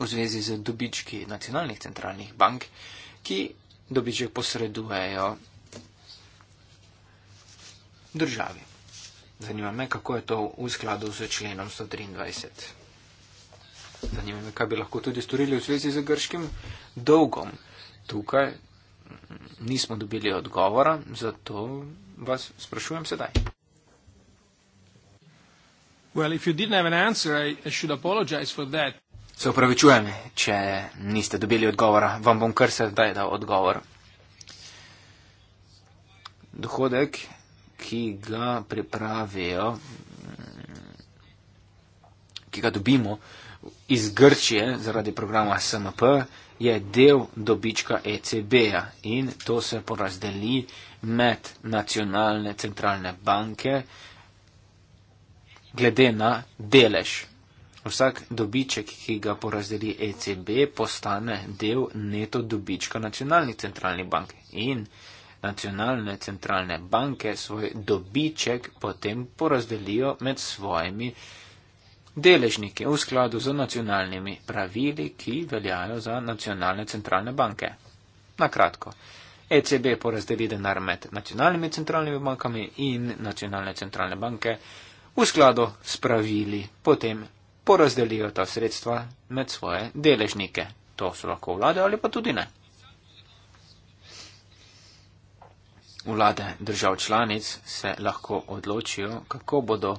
v zvezi z dobički nacionalnih centralnih bank, ki dobiček posredujejo državi. Zanima me, kako je to v skladu z členom 123 zanima me, kaj bi lahko tudi storili v zvezi z grškim dolgom. Tukaj nismo dobili odgovora, zato vas sprašujem sedaj. Well, Se opravičujem, če niste dobili odgovora, vam bom kar sedaj dal odgovor. Dohodek, ki ga pripravijo, ki ga dobimo, iz Grčije zaradi programa SNP je del dobička ECB-ja in to se porazdeli med nacionalne centralne banke glede na delež. Vsak dobiček, ki ga porazdeli ECB, postane del neto dobička nacionalnih centralnih bank in nacionalne centralne banke svoj dobiček potem porazdelijo med svojimi deležniki v skladu z nacionalnimi pravili, ki veljajo za nacionalne centralne banke. Na kratko, ECB porazdeli denar med nacionalnimi centralnimi bankami in nacionalne centralne banke v skladu s pravili, potem porazdelijo ta sredstva med svoje deležnike. To so lahko vlade ali pa tudi ne. Vlade držav članic se lahko odločijo, kako bodo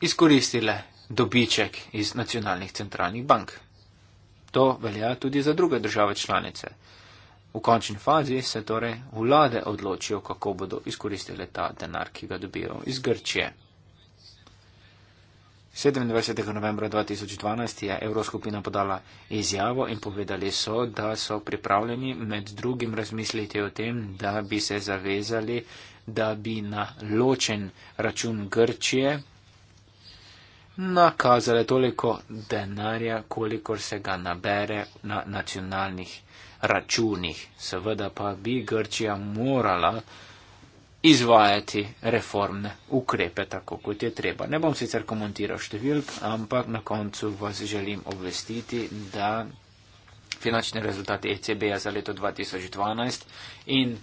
izkoristile dobiček iz nacionalnih centralnih bank. To velja tudi za druge države članice. V končni fazi se torej vlade odločijo, kako bodo izkoristile ta denar, ki ga dobijo iz Grčije. 27. novembra 2012 je Evroskupina podala izjavo in povedali so, da so pripravljeni med drugim razmisliti o tem, da bi se zavezali, da bi na ločen račun Grčije nakazale toliko denarja, kolikor se ga nabere na nacionalnih računih. Seveda pa bi Grčija morala izvajati reformne ukrepe tako, kot je treba. Ne bom sicer komentiral številk, ampak na koncu vas želim obvestiti, da finančni rezultati ECB-ja za leto 2012 in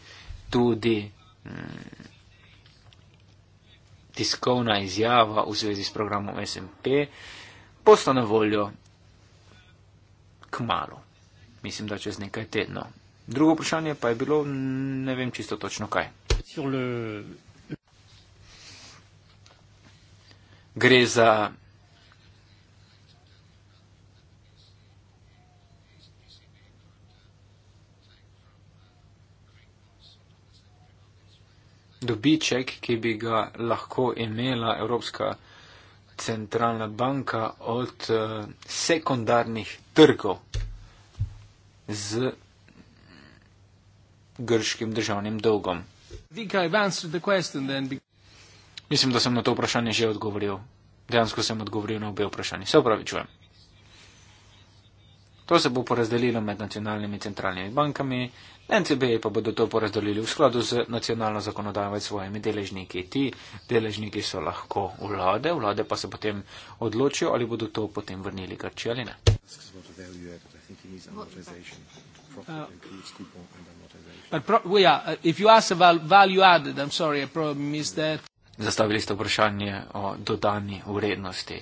tudi. Hmm, tiskovna izjava v zvezi s programom SMP, posta na voljo kmalo. Mislim, da čez nekaj tednov. Drugo vprašanje pa je bilo, ne vem čisto točno kaj. Gre za dobiček, ki bi ga lahko imela Evropska centralna banka od eh, sekundarnih trgov z grškim državnim dolgom. Mislim, da sem na to vprašanje že odgovoril. Dejansko sem odgovoril na obe vprašanje. Se upravi, čujem. To se bo porazdelilo med nacionalnimi centralnimi bankami, NCB-je pa bodo to porazdelili v skladu z nacionalno zakonodajo s svojimi deležniki. Ti deležniki so lahko vlade, vlade pa se potem odločijo, ali bodo to potem vrnili Grčijo ali ne. Uh, Zastavili ste vprašanje o dodani vrednosti.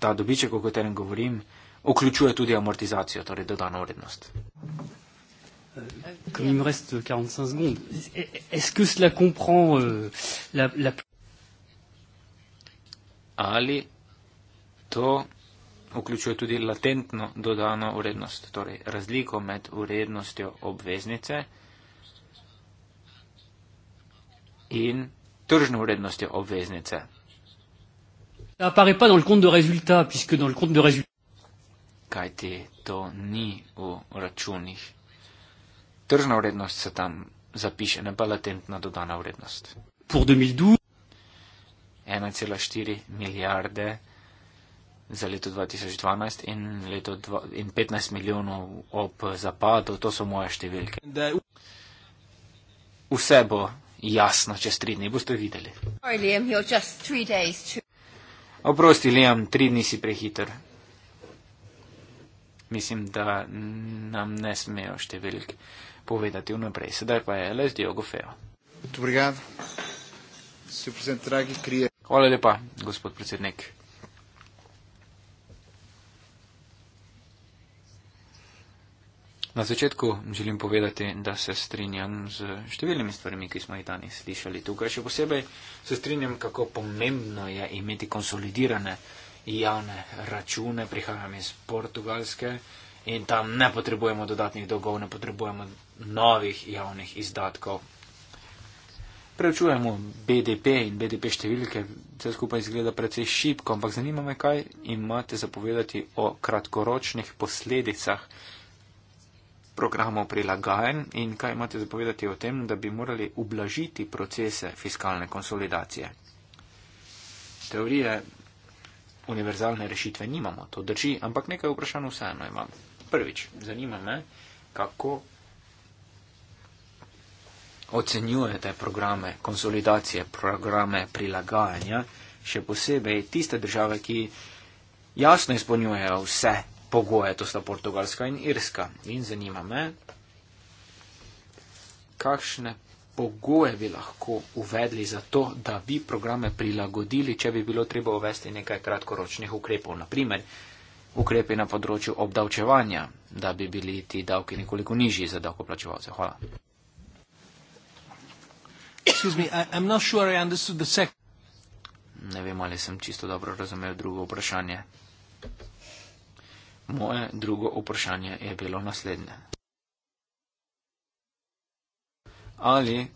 Ta dobiček, o katerem govorim, vključuje tudi amortizacijo, torej dodano vrednost. Comme il me reste 45 secondes, est-ce que cela comprend euh, la, la... Ali to vključuje tudi latentno dodano vrednost, torej razliko med vrednostjo obveznice in tržno vrednostjo obveznice. Kajti to ni v računih tržna vrednost se tam zapiše, ne pa latentna dodana vrednost. 1,4 milijarde za leto 2012 in, leto dva, in 15 milijonov ob zapadu, to so moje številke. Vse bo jasno čez tri dni, boste videli. Oprosti, Liam, tri dni si prehiter mislim, da nam ne smejo številke povedati vnaprej. Sedaj pa je le z Diogo Feo. Hvala lepa, gospod predsednik. Na začetku želim povedati, da se strinjam z številnimi stvarmi, ki smo jih danes slišali tukaj. Še posebej se strinjam, kako pomembno je imeti konsolidirane javne račune, prihajam iz Portugalske in tam ne potrebujemo dodatnih dolgov, ne potrebujemo novih javnih izdatkov. Preučujemo BDP in BDP številke, vse skupaj izgleda precej šipko, ampak zanima me, kaj imate zapovedati o kratkoročnih posledicah programov prilagajen in kaj imate zapovedati o tem, da bi morali ublažiti procese fiskalne konsolidacije. Teorije univerzalne rešitve nimamo, to drži, ampak nekaj vprašanj vseeno imam. Prvič, zanima me, kako ocenjujete programe konsolidacije, programe prilagajanja, še posebej tiste države, ki jasno izpolnjujejo vse pogoje, to sta Portugalska in Irska. In zanima me, kakšne pogoje bi lahko uvedli za to, da bi programe prilagodili, če bi bilo treba uvesti nekaj kratkoročnih ukrepov. Naprimer, ukrepi na področju obdavčevanja, da bi bili ti davki nekoliko nižji za davkoplačevalce. Hvala. Ne vem, ali sem čisto dobro razumel drugo vprašanje. Moje drugo vprašanje je bilo naslednje ali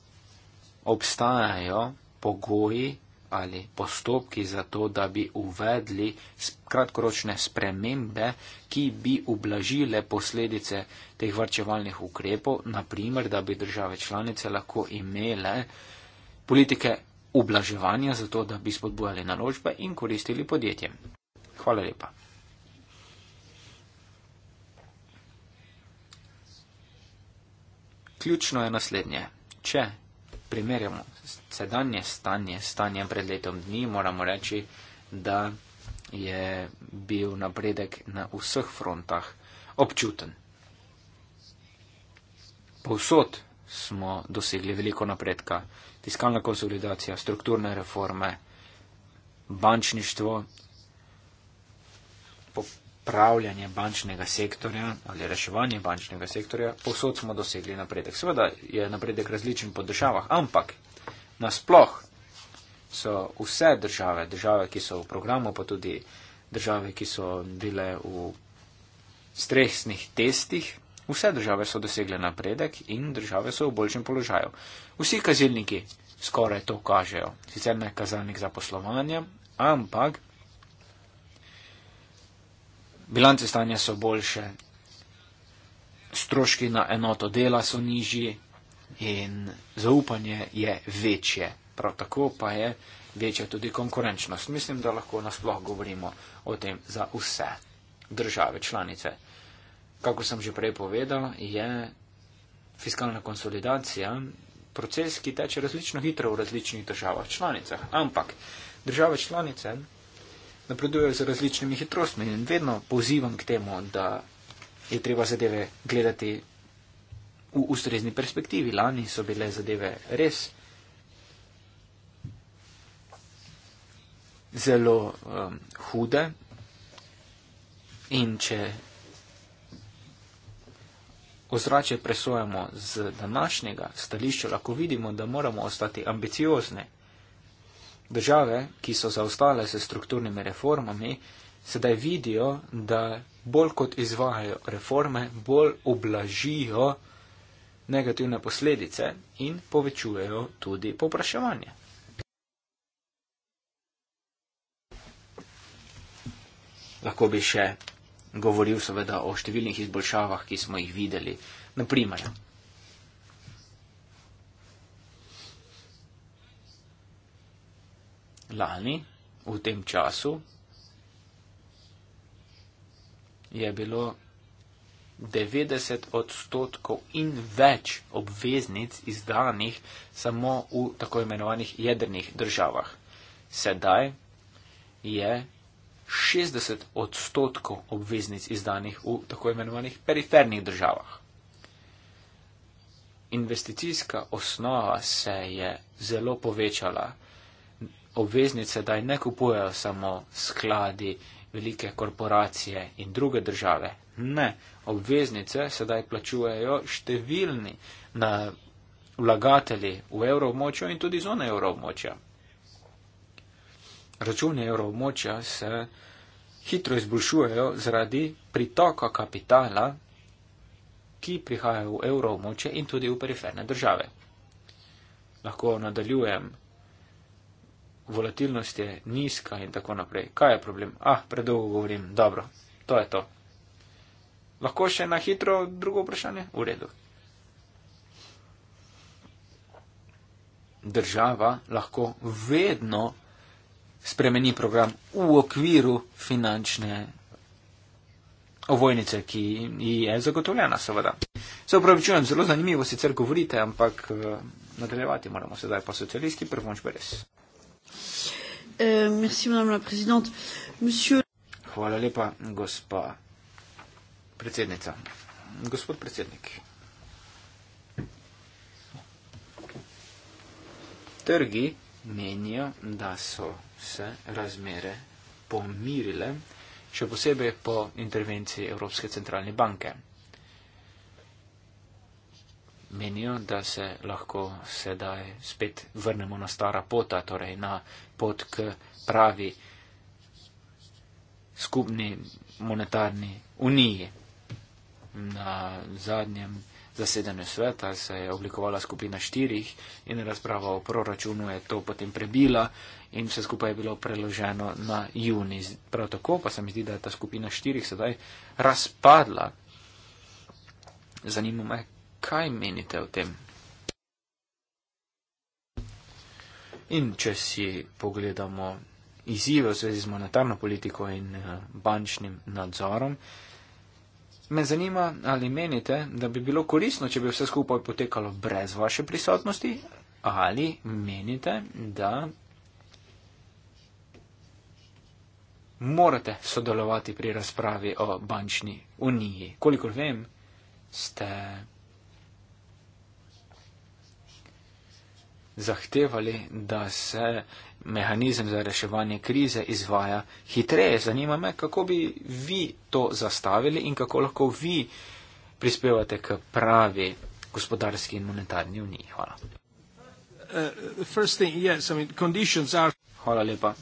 obstajajo pogoji ali postopki za to, da bi uvedli kratkoročne spremembe, ki bi ublažile posledice teh varčevalnih ukrepov, naprimer, da bi države članice lahko imele politike ublaževanja za to, da bi spodbujali naložbe in koristili podjetjem. Hvala lepa. Ključno je naslednje. Če primerjamo sedanje stanje s stanjem pred letom dni, moramo reči, da je bil napredek na vseh frontah občuten. Povsod smo dosegli veliko napredka. Tiskalna konsolidacija, strukturne reforme, bančništvo upravljanje bančnega sektorja ali reševanje bančnega sektorja, posod smo dosegli napredek. Seveda je napredek različen po državah, ampak nasploh so vse države, države, ki so v programu, pa tudi države, ki so bile v stresnih testih, vse države so dosegle napredek in države so v boljšem položaju. Vsi kazilniki skoraj to kažejo. Sicer ne kazalnik za poslovanje, ampak bilance stanja so boljše, stroški na enoto dela so nižji in zaupanje je večje. Prav tako pa je večja tudi konkurenčnost. Mislim, da lahko nasploh govorimo o tem za vse države članice. Kako sem že prej povedal, je fiskalna konsolidacija proces, ki teče različno hitro v različnih državah članicah. Ampak države članice napredujejo z različnimi hitrostmi in vedno pozivam k temu, da je treba zadeve gledati v ustrezni perspektivi. Lani so bile zadeve res zelo um, hude in če ozračje presojamo z današnjega stališča, lahko vidimo, da moramo ostati ambiciozne Države, ki so zaostale se strukturnimi reformami, sedaj vidijo, da bolj kot izvajajo reforme, bolj oblažijo negativne posledice in povečujejo tudi popraševanje. Lahko bi še govoril seveda o številnih izboljšavah, ki smo jih videli. Naprimer, lani, v tem času, je bilo 90 odstotkov in več obveznic izdanih samo v tako imenovanih jedrnih državah. Sedaj je 60 odstotkov obveznic izdanih v tako imenovanih perifernih državah. Investicijska osnova se je zelo povečala obveznice, da jih ne kupujejo samo skladi, velike korporacije in druge države. Ne, obveznice sedaj plačujejo številni vlagatelji v evroobmočju in tudi zone evroobmočja. Računi evroobmočja se hitro izboljšujejo zaradi pritoka kapitala, ki prihaja v evroobmočje in tudi v periferne države. Lahko nadaljujem volatilnost je nizka in tako naprej. Kaj je problem? Ah, predolgo govorim. Dobro, to je to. Lahko še na hitro drugo vprašanje? V redu. Država lahko vedno spremeni program v okviru finančne ovojnice, ki je zagotovljena, seveda. Se upravičujem, zelo zanimivo sicer govorite, ampak eh, nadaljevati moramo sedaj po socialistki, prvo moč brez. Euh, merci madame la présidente. Monsieur Hvala lepa, gospa predsednica. Gospod predsednik. Trgi menijo, da so se razmere pomirile, še posebej po intervenciji Evropske centralne banke. Menijo, da se lahko sedaj spet vrnemo na stara pota, torej na pot k pravi skupni monetarni uniji. Na zadnjem zasedanju sveta se je oblikovala skupina štirih in razprava o proračunu je to potem prebila in vse skupaj je bilo preloženo na juni. Prav tako pa se mi zdi, da je ta skupina štirih sedaj razpadla. Zanima me, kaj menite o tem? In če si pogledamo izzive v zvezi z monetarno politiko in eh, bančnim nadzorom, me zanima, ali menite, da bi bilo korisno, če bi vse skupaj potekalo brez vaše prisotnosti, ali menite, da morate sodelovati pri razpravi o bančni uniji. Kolikor vem, ste zahtevali, da se mehanizem za reševanje krize izvaja hitreje. Zanima me, kako bi vi to zastavili in kako lahko vi prispevate k pravi gospodarski in monetarni uniji. Hvala. Uh, Hvala lepa.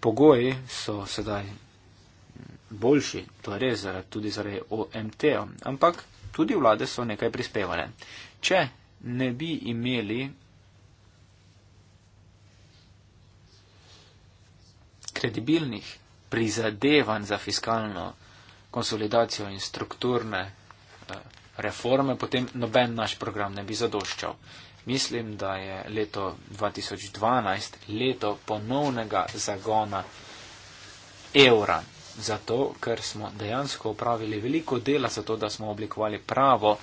Pogoji so sedaj boljši, to je res, tudi zaradi OMT-a, ampak tudi vlade so nekaj prispevale. Če ne bi imeli kredibilnih prizadevanj za fiskalno konsolidacijo in strukturne eh, reforme, potem noben naš program ne bi zadoščal. Mislim, da je leto 2012 leto ponovnega zagona evra. Zato, ker smo dejansko upravili veliko dela za to, da smo oblikovali pravo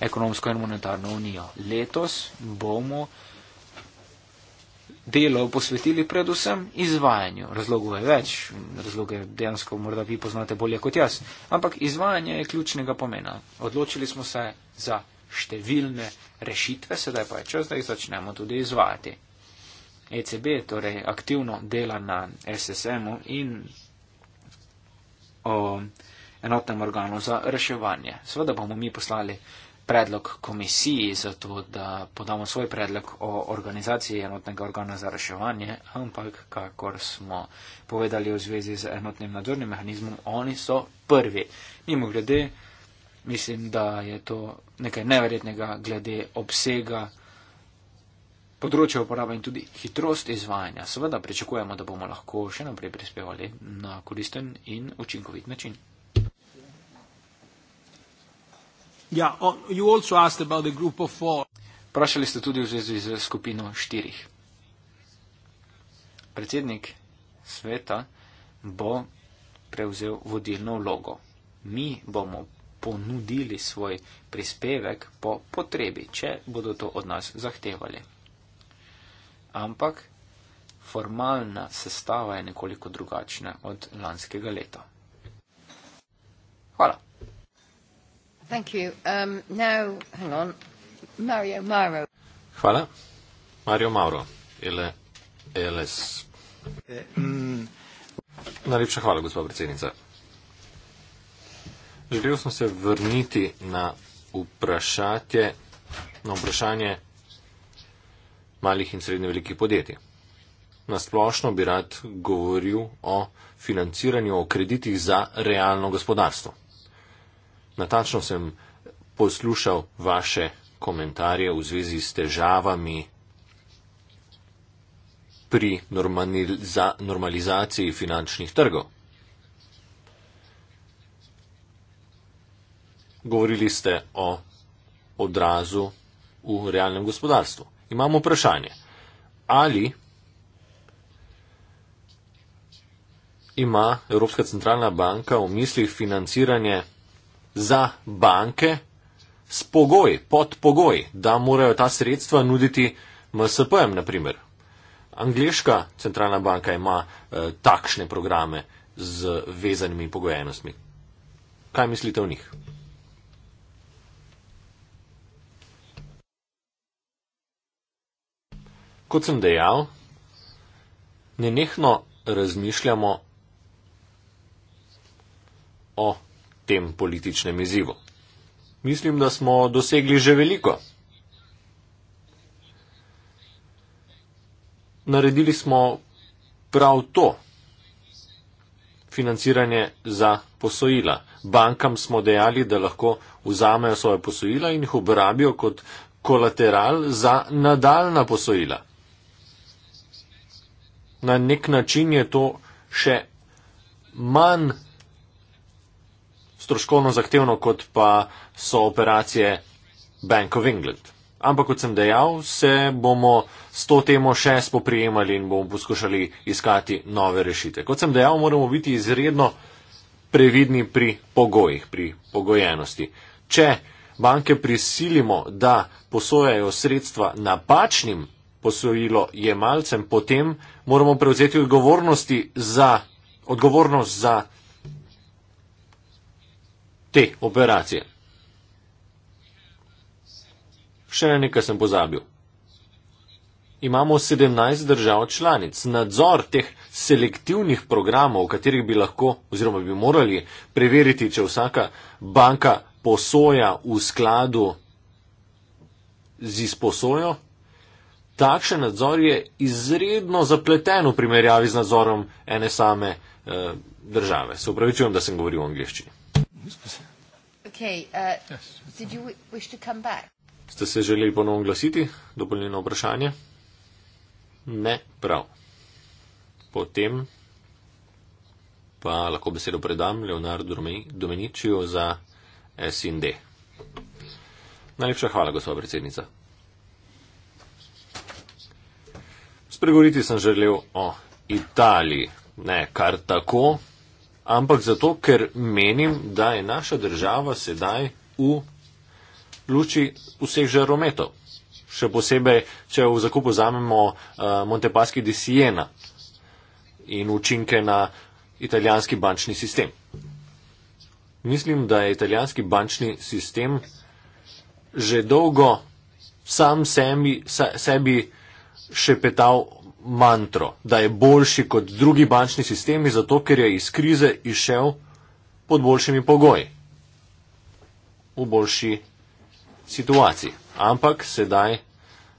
ekonomsko in monetarno unijo. Letos bomo delo posvetili predvsem izvajanju. Razlogov je več, razloge dejansko morda vi poznate bolje kot jaz, ampak izvajanje je ključnega pomena. Odločili smo se za številne rešitve, sedaj pa je čas, da jih začnemo tudi izvajati. ECB torej aktivno dela na SSM-u in o enotnem organu za reševanje. Sveda bomo mi poslali predlog komisiji za to, da podamo svoj predlog o organizaciji enotnega organa za reševanje, ampak kakor smo povedali v zvezi z enotnim nadzornim mehanizmom, oni so prvi. Mimo glede, mislim, da je to nekaj neverjetnega glede obsega področja uporabe in tudi hitrost izvajanja. Seveda pričakujemo, da bomo lahko še naprej prispevali na koristen in učinkovit način. Ja, you also asked about the group of four. Vprašali ste tudi v zvezi z skupino štirih. Predsednik sveta bo prevzel vodilno vlogo. Mi bomo ponudili svoj prispevek po potrebi, če bodo to od nas zahtevali. Ampak formalna sestava je nekoliko drugačna od lanskega leta. Hvala. Thank you. Um, now, hang on. Mario Mauro. Hvala. Mario Mauro, ele, ELS. Eh, mm. Najlepša hvala, gospod predsednica. Želel sem se vrniti na vprašanje, na vprašanje malih in srednje velikih podjetij. Nasplošno bi rad govoril o financiranju, o kreditih za realno gospodarstvo. Natačno sem poslušal vaše komentarje v zvezi s težavami pri normaliza normalizaciji finančnih trgov. Govorili ste o odrazu v realnem gospodarstvu. Imamo vprašanje, ali ima Evropska centralna banka v mislih financiranje za banke s pogoji, pod pogoji, da morajo ta sredstva nuditi MSP-jem, naprimer. Angliška centralna banka ima eh, takšne programe z vezanimi pogojenostmi. Kaj mislite o njih? Kot sem dejal, nenehno razmišljamo o tem političnem izzivu. Mislim, da smo dosegli že veliko. Naredili smo prav to financiranje za posojila. Bankam smo dejali, da lahko vzamejo svoje posojila in jih uporabijo kot kolateral za nadaljna posojila. Na nek način je to še manj stroškovno zahtevno, kot pa so operacije Bank of England. Ampak, kot sem dejal, se bomo s to temo še spoprijemali in bomo poskušali iskati nove rešite. Kot sem dejal, moramo biti izredno previdni pri pogojih, pri pogojenosti. Če banke prisilimo, da posojajo sredstva napačnim posojilo jemalcem, potem moramo prevzeti odgovornost za te operacije. Še nekaj sem pozabil. Imamo 17 držav članic. Nadzor teh selektivnih programov, v katerih bi lahko oziroma bi morali preveriti, če vsaka banka posoja v skladu z izposojo, takšen nadzor je izredno zapleten v primerjavi z nadzorom ene same eh, države. Se upravičujem, da sem govoril v angliščini. Mislim. Okay, uh, yes, did you wish to come back? Ste se želeli ponovno oglasiti? Dopolnjeno vprašanje? Ne, prav. Potem pa lahko besedo predam Leonardo Domeničiju za SND. Najlepša hvala, gospod predsednica. Spregovoriti sem želel o Italiji. Ne, kar tako, ampak zato, ker menim, da je naša država sedaj v luči vseh žarometov. Še posebej, če v zakupu zamemo uh, eh, Montepaschi di Siena in učinke na italijanski bančni sistem. Mislim, da je italijanski bančni sistem že dolgo sam sebi, sa, sebi šepetal mantro, da je boljši kot drugi bančni sistemi, zato ker je iz krize išel pod boljšimi pogoji, v boljši situaciji. Ampak sedaj eh,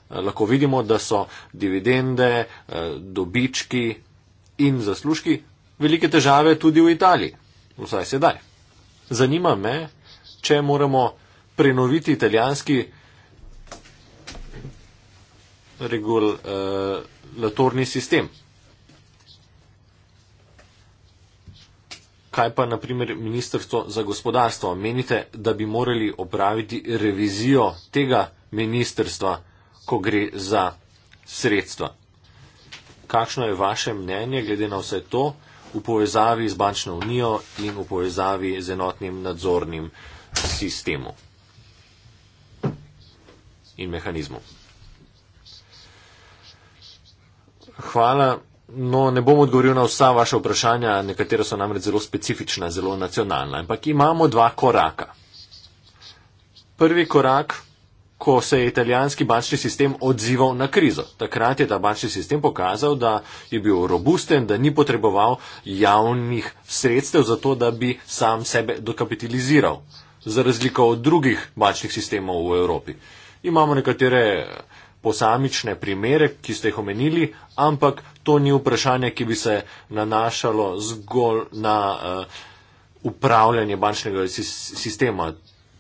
lahko vidimo, da so dividende, eh, dobički in zaslužki velike težave tudi v Italiji, vsaj sedaj. Zanima me, če moramo prenoviti italijanski regulatorni eh, uh, sistem. Kaj pa naprimer Ministrstvo za gospodarstvo? Menite, da bi morali opraviti revizijo tega ministrstva, ko gre za sredstva? Kakšno je vaše mnenje glede na vse to v povezavi z bančno unijo in v povezavi z enotnim nadzornim sistemom in mehanizmom? Hvala. No, ne bom odgovoril na vsa vaša vprašanja, nekatera so namreč zelo specifična, zelo nacionalna, ampak imamo dva koraka. Prvi korak, ko se je italijanski bančni sistem odzival na krizo. Takrat je ta bančni sistem pokazal, da je bil robusten, da ni potreboval javnih sredstev za to, da bi sam sebe dokapitaliziral, za razliko od drugih bančnih sistemov v Evropi. Imamo nekatere posamične primere, ki ste jih omenili, ampak to ni vprašanje, ki bi se nanašalo zgolj na uh, upravljanje bančnega sistema.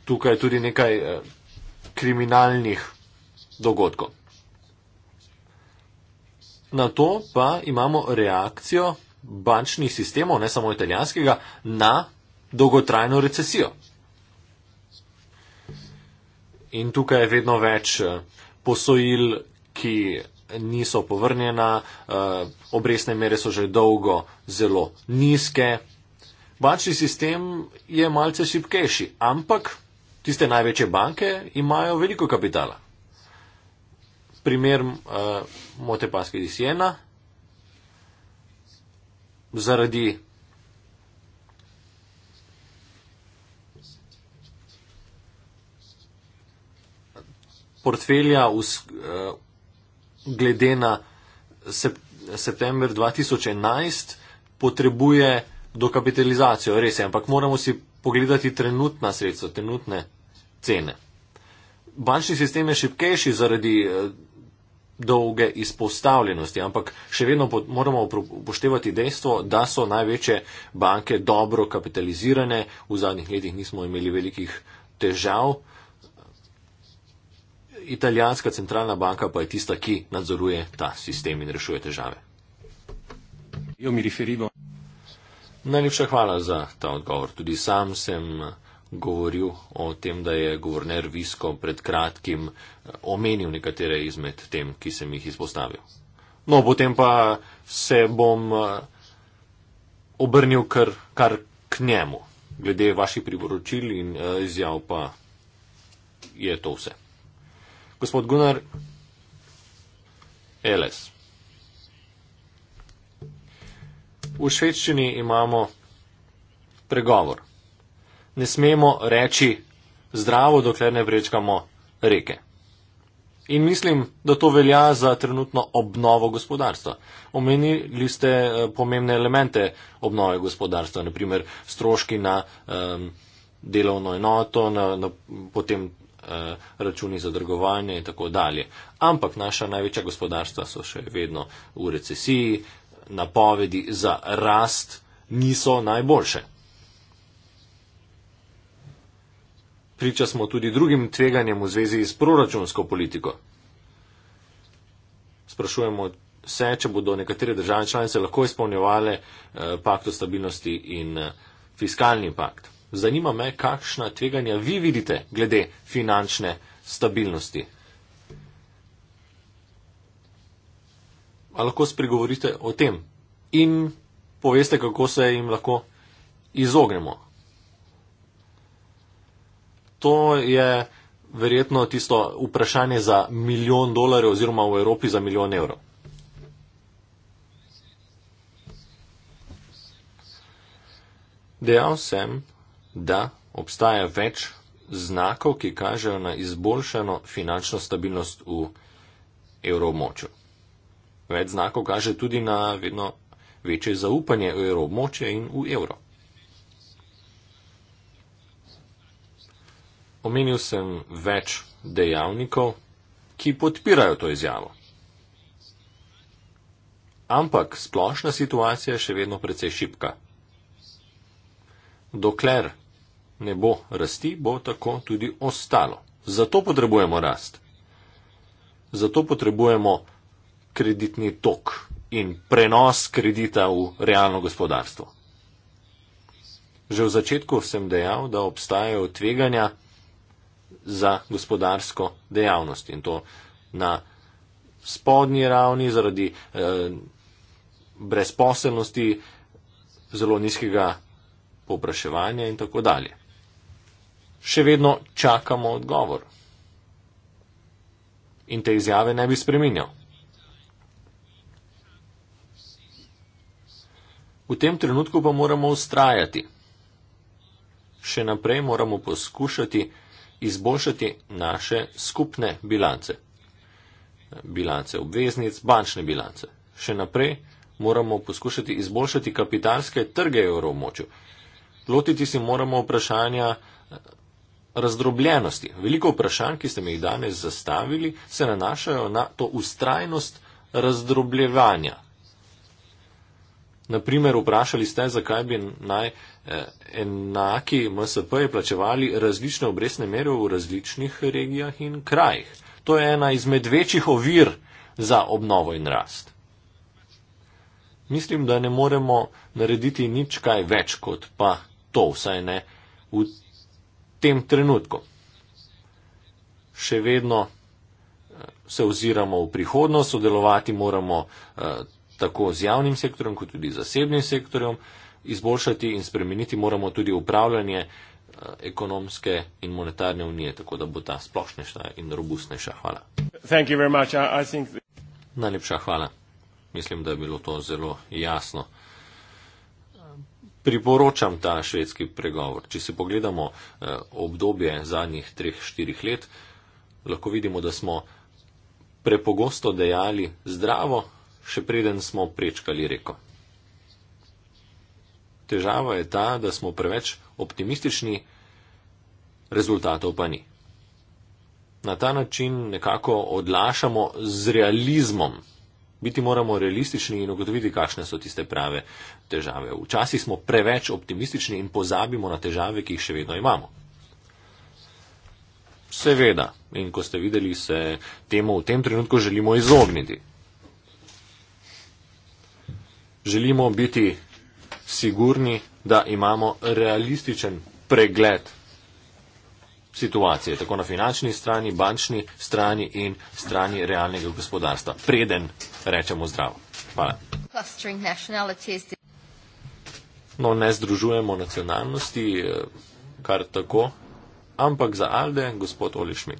Tukaj je tudi nekaj uh, kriminalnih dogodkov. Na to pa imamo reakcijo bančnih sistemov, ne samo italijanskega, na dolgotrajno recesijo. In tukaj je vedno več uh, posojil, ki niso povrnjena, eh, obresne mere so že dolgo zelo nizke. Bančni sistem je malce šipkejši, ampak tiste največje banke imajo veliko kapitala. Primer eh, Motepaske iz Siena. Zaradi portfelja vz, uh, eh, glede na sep, september 2011 potrebuje dokapitalizacijo, res je, ampak moramo si pogledati trenutna sredstva, trenutne cene. Bančni sistem je šipkejši zaradi uh, dolge izpostavljenosti, ampak še vedno pot, moramo upoštevati dejstvo, da so največje banke dobro kapitalizirane, v zadnjih letih nismo imeli velikih težav italijanska centralna banka pa je tista, ki nadzoruje ta sistem in rešuje težave. Najlepša hvala za ta odgovor. Tudi sam sem govoril o tem, da je govorner Visko pred kratkim eh, omenil nekatere izmed tem, ki sem jih izpostavil. No, potem pa se bom eh, obrnil kar, kar k njemu. Glede vaših priporočil in eh, izjav pa je to vse. Gospod Gunnar Eles. V švedščini imamo pregovor. Ne smemo reči zdravo, dokler ne vrečkamo reke. In mislim, da to velja za trenutno obnovo gospodarstva. Omenili ste eh, pomembne elemente obnove gospodarstva, naprimer stroški na um, delovno enoto, na, na potem Eh, računi za drgovanje in tako dalje. Ampak naša največja gospodarstva so še vedno v recesiji, napovedi za rast niso najboljše. Priča smo tudi drugim tveganjem v zvezi s proračunsko politiko. Sprašujemo se, če bodo nekatere države članice lahko izpolnjevale eh, pakt o stabilnosti in eh, fiskalni pakt. Zanima me, kakšna tveganja vi vidite glede finančne stabilnosti. A lahko spregovorite o tem in poveste, kako se jim lahko izognemo. To je verjetno tisto vprašanje za milijon dolarjev oziroma v Evropi za milijon evrov. Dejal sem, da obstaja več znakov, ki kažejo na izboljšano finančno stabilnost v evromočju. Več znakov kaže tudi na vedno večje zaupanje v evromočje in v evro. Omenil sem več dejavnikov, ki podpirajo to izjavo. Ampak splošna situacija je še vedno precej šipka. Dokler ne bo rasti, bo tako tudi ostalo. Zato potrebujemo rast. Zato potrebujemo kreditni tok in prenos kredita v realno gospodarstvo. Že v začetku sem dejal, da obstajajo tveganja za gospodarsko dejavnost in to na spodnji ravni zaradi eh, brezposelnosti, zelo nizkega popraševanja in tako dalje še vedno čakamo odgovor. In te izjave ne bi spreminjal. V tem trenutku pa moramo ustrajati. Še naprej moramo poskušati izboljšati naše skupne bilance. Bilance obveznic, bančne bilance. Še naprej moramo poskušati izboljšati kapitalske trge v evromočju. Lotiti si moramo vprašanja razdrobljenosti. Veliko vprašanj, ki ste mi jih danes zastavili, se nanašajo na to ustrajnost razdrobljevanja. Naprimer, vprašali ste, zakaj bi naj eh, enaki MSP plačevali različne obresne mere v različnih regijah in krajih. To je ena izmed večjih ovir za obnovo in rast. Mislim, da ne moremo narediti nič kaj več kot pa to, vsaj ne v tem trenutku. Še vedno eh, se oziramo v prihodnost, sodelovati moramo eh, tako z javnim sektorjem, kot tudi z zasebnim sektorjem, izboljšati in spremeniti moramo tudi upravljanje eh, ekonomske in monetarne unije, tako da bo ta splošnejša in robustnejša. Hvala. I, I think... Najlepša hvala. Mislim, da je bilo to zelo jasno priporočam ta švedski pregovor. Če si pogledamo eh, obdobje zadnjih 3-4 let, lahko vidimo, da smo prepogosto dejali zdravo, še preden smo prečkali reko. Težava je ta, da smo preveč optimistični, rezultatov pa ni. Na ta način nekako odlašamo z realizmom. Biti moramo realistični in ugotoviti, kakšne so tiste prave težave. Včasih smo preveč optimistični in pozabimo na težave, ki jih še vedno imamo. Seveda, in ko ste videli, se temu v tem trenutku želimo izogniti. Želimo biti sigurni, da imamo realističen pregled situacije, tako na finančni strani, bančni strani in strani realnega gospodarstva. Preden rečemo zdravo. Hvala. No, ne združujemo nacionalnosti eh, kar tako, ampak za Alde, gospod Oli Šmit.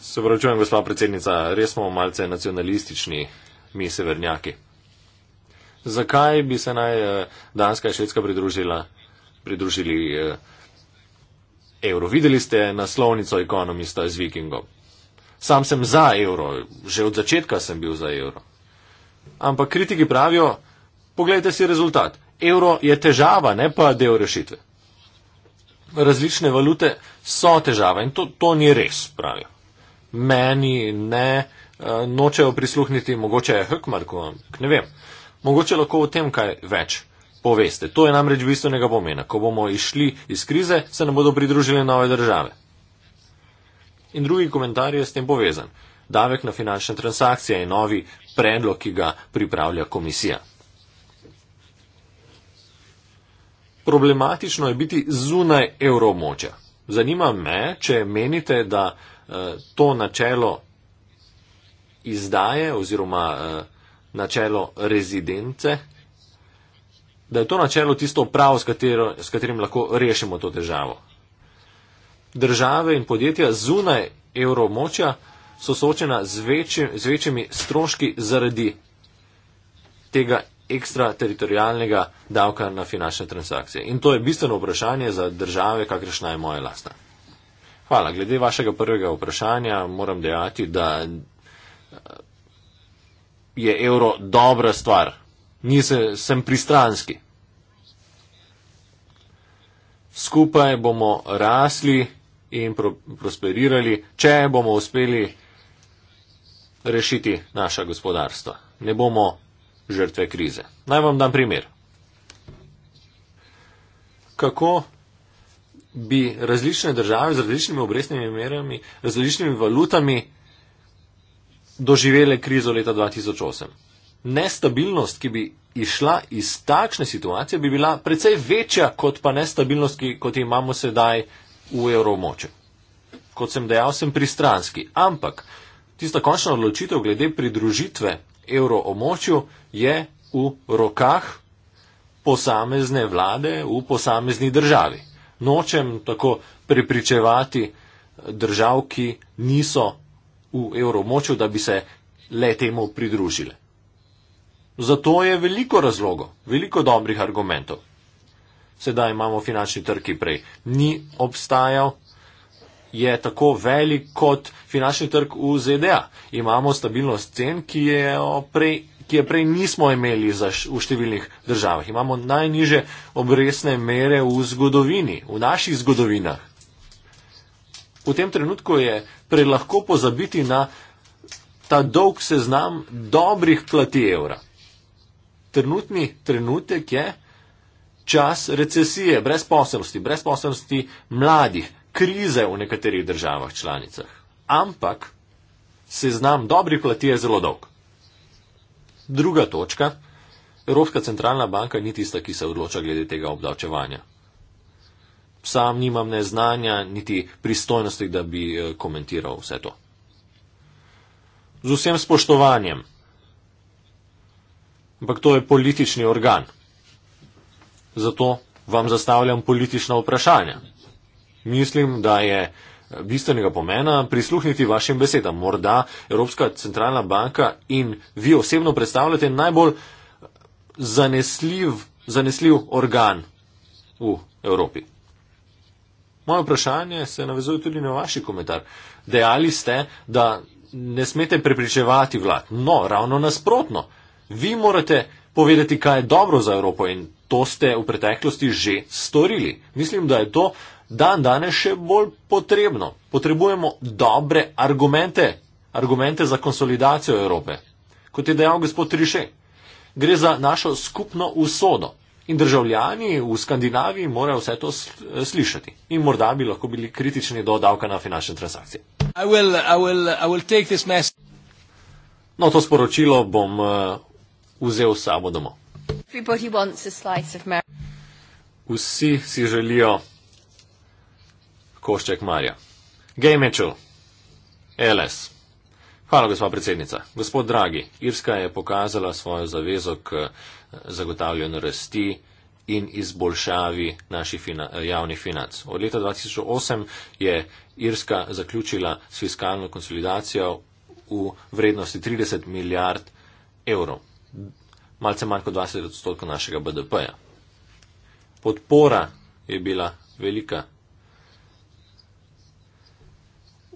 Se vračujem, gospa predsednica, res smo malce nacionalistični, mi severnjaki. Zakaj bi se naj eh, Danska in Švedska pridružila, pridružili? Eh, Evro, videli ste naslovnico ekonomista z vikingom. Sam sem za evro, že od začetka sem bil za evro. Ampak kritiki pravijo, pogledajte si rezultat. Evro je težava, ne pa del rešitve. Različne valute so težava in to, to ni res, pravijo. Meni ne eh, nočejo prisluhniti, mogoče je Hökmark, ne vem. Mogoče lahko o tem kaj več poveste. To je namreč bistvenega pomena. Ko bomo išli iz krize, se nam bodo pridružile nove države. In drugi komentar je s tem povezan. Davek na finančne transakcije je novi predlog, ki ga pripravlja komisija. Problematično je biti zunaj evromoča. Zanima me, če menite, da eh, to načelo izdaje oziroma eh, načelo rezidence da je to načelo tisto pravo, s, katero, s katerim lahko rešimo to težavo. Države in podjetja zunaj evromočja so soočena z, večji, z večjimi stroški zaradi tega ekstrateritorijalnega davka na finančne transakcije. In to je bistveno vprašanje za države, kakršna je moja lastna. Hvala. Glede vašega prvega vprašanja moram dejati, da eh, je evro dobra stvar nise, sem pristranski. Skupaj bomo rasli in pro, prosperirali, če bomo uspeli rešiti naša gospodarstva. Ne bomo žrtve krize. Naj vam dam primer. Kako bi različne države z različnimi obrestnimi merami, z različnimi valutami doživele krizo leta 2008? nestabilnost, ki bi išla iz takšne situacije, bi bila precej večja kot pa nestabilnost, ki jo imamo sedaj v evromoče. Kot sem dejal, sem pristranski. Ampak tista končna odločitev glede pridružitve evroomočju je v rokah posamezne vlade v posamezni državi. Nočem tako prepričevati držav, ki niso v evromočju, da bi se le temu pridružile. Zato je veliko razlogov, veliko dobrih argumentov. Sedaj imamo finančni trg, ki prej ni obstajal, je tako velik kot finančni trg v ZDA. Imamo stabilnost cen, ki je prej ki je prej nismo imeli š, v številnih državah. Imamo najniže obresne mere v zgodovini, v naših zgodovinah. V tem trenutku je prelahko pozabiti na ta dolg seznam dobrih plati evra trenutni trenutek je čas recesije, brezposobnosti, brezposobnosti mladih, krize v nekaterih državah članicah. Ampak seznam dobrih plati je zelo dolg. Druga točka. Evropska centralna banka ni tista, ki se odloča glede tega obdavčevanja. Sam nimam ne znanja, niti pristojnosti, da bi eh, komentiral vse to. Z vsem spoštovanjem ampak to je politični organ. Zato vam zastavljam politična vprašanja. Mislim, da je bistvenega pomena prisluhniti vašim besedam. Morda Evropska centralna banka in vi osebno predstavljate najbolj zanesljiv, zanesljiv organ v Evropi. Moje vprašanje se navezuje tudi na vaš komentar. Dejali ste, da ne smete prepričevati vlad. No, ravno nasprotno. Vi morate povedati, kaj je dobro za Evropo in to ste v preteklosti že storili. Mislim, da je to dan danes še bolj potrebno. Potrebujemo dobre argumente, argumente za konsolidacijo Evrope. Kot je dejal gospod Triše, gre za našo skupno usodo. In državljani v Skandinaviji morajo vse to slišati. In morda bi lahko bili kritični do davka na finančne transakcije. I will, I will, I will no, to sporočilo bom eh, vzel sabo domov. Vsi si želijo košček Marja. Gay Mitchell, LS. Hvala, gospa predsednica. Gospod Dragi, Irska je pokazala svojo zavezo k eh, zagotavljanju rasti in izboljšavi naših fina, javnih financ. Od leta 2008 je Irska zaključila s fiskalno konsolidacijo v vrednosti 30 milijard evrov malce manj kot 20 odstotka našega BDP-ja. Podpora je bila velika.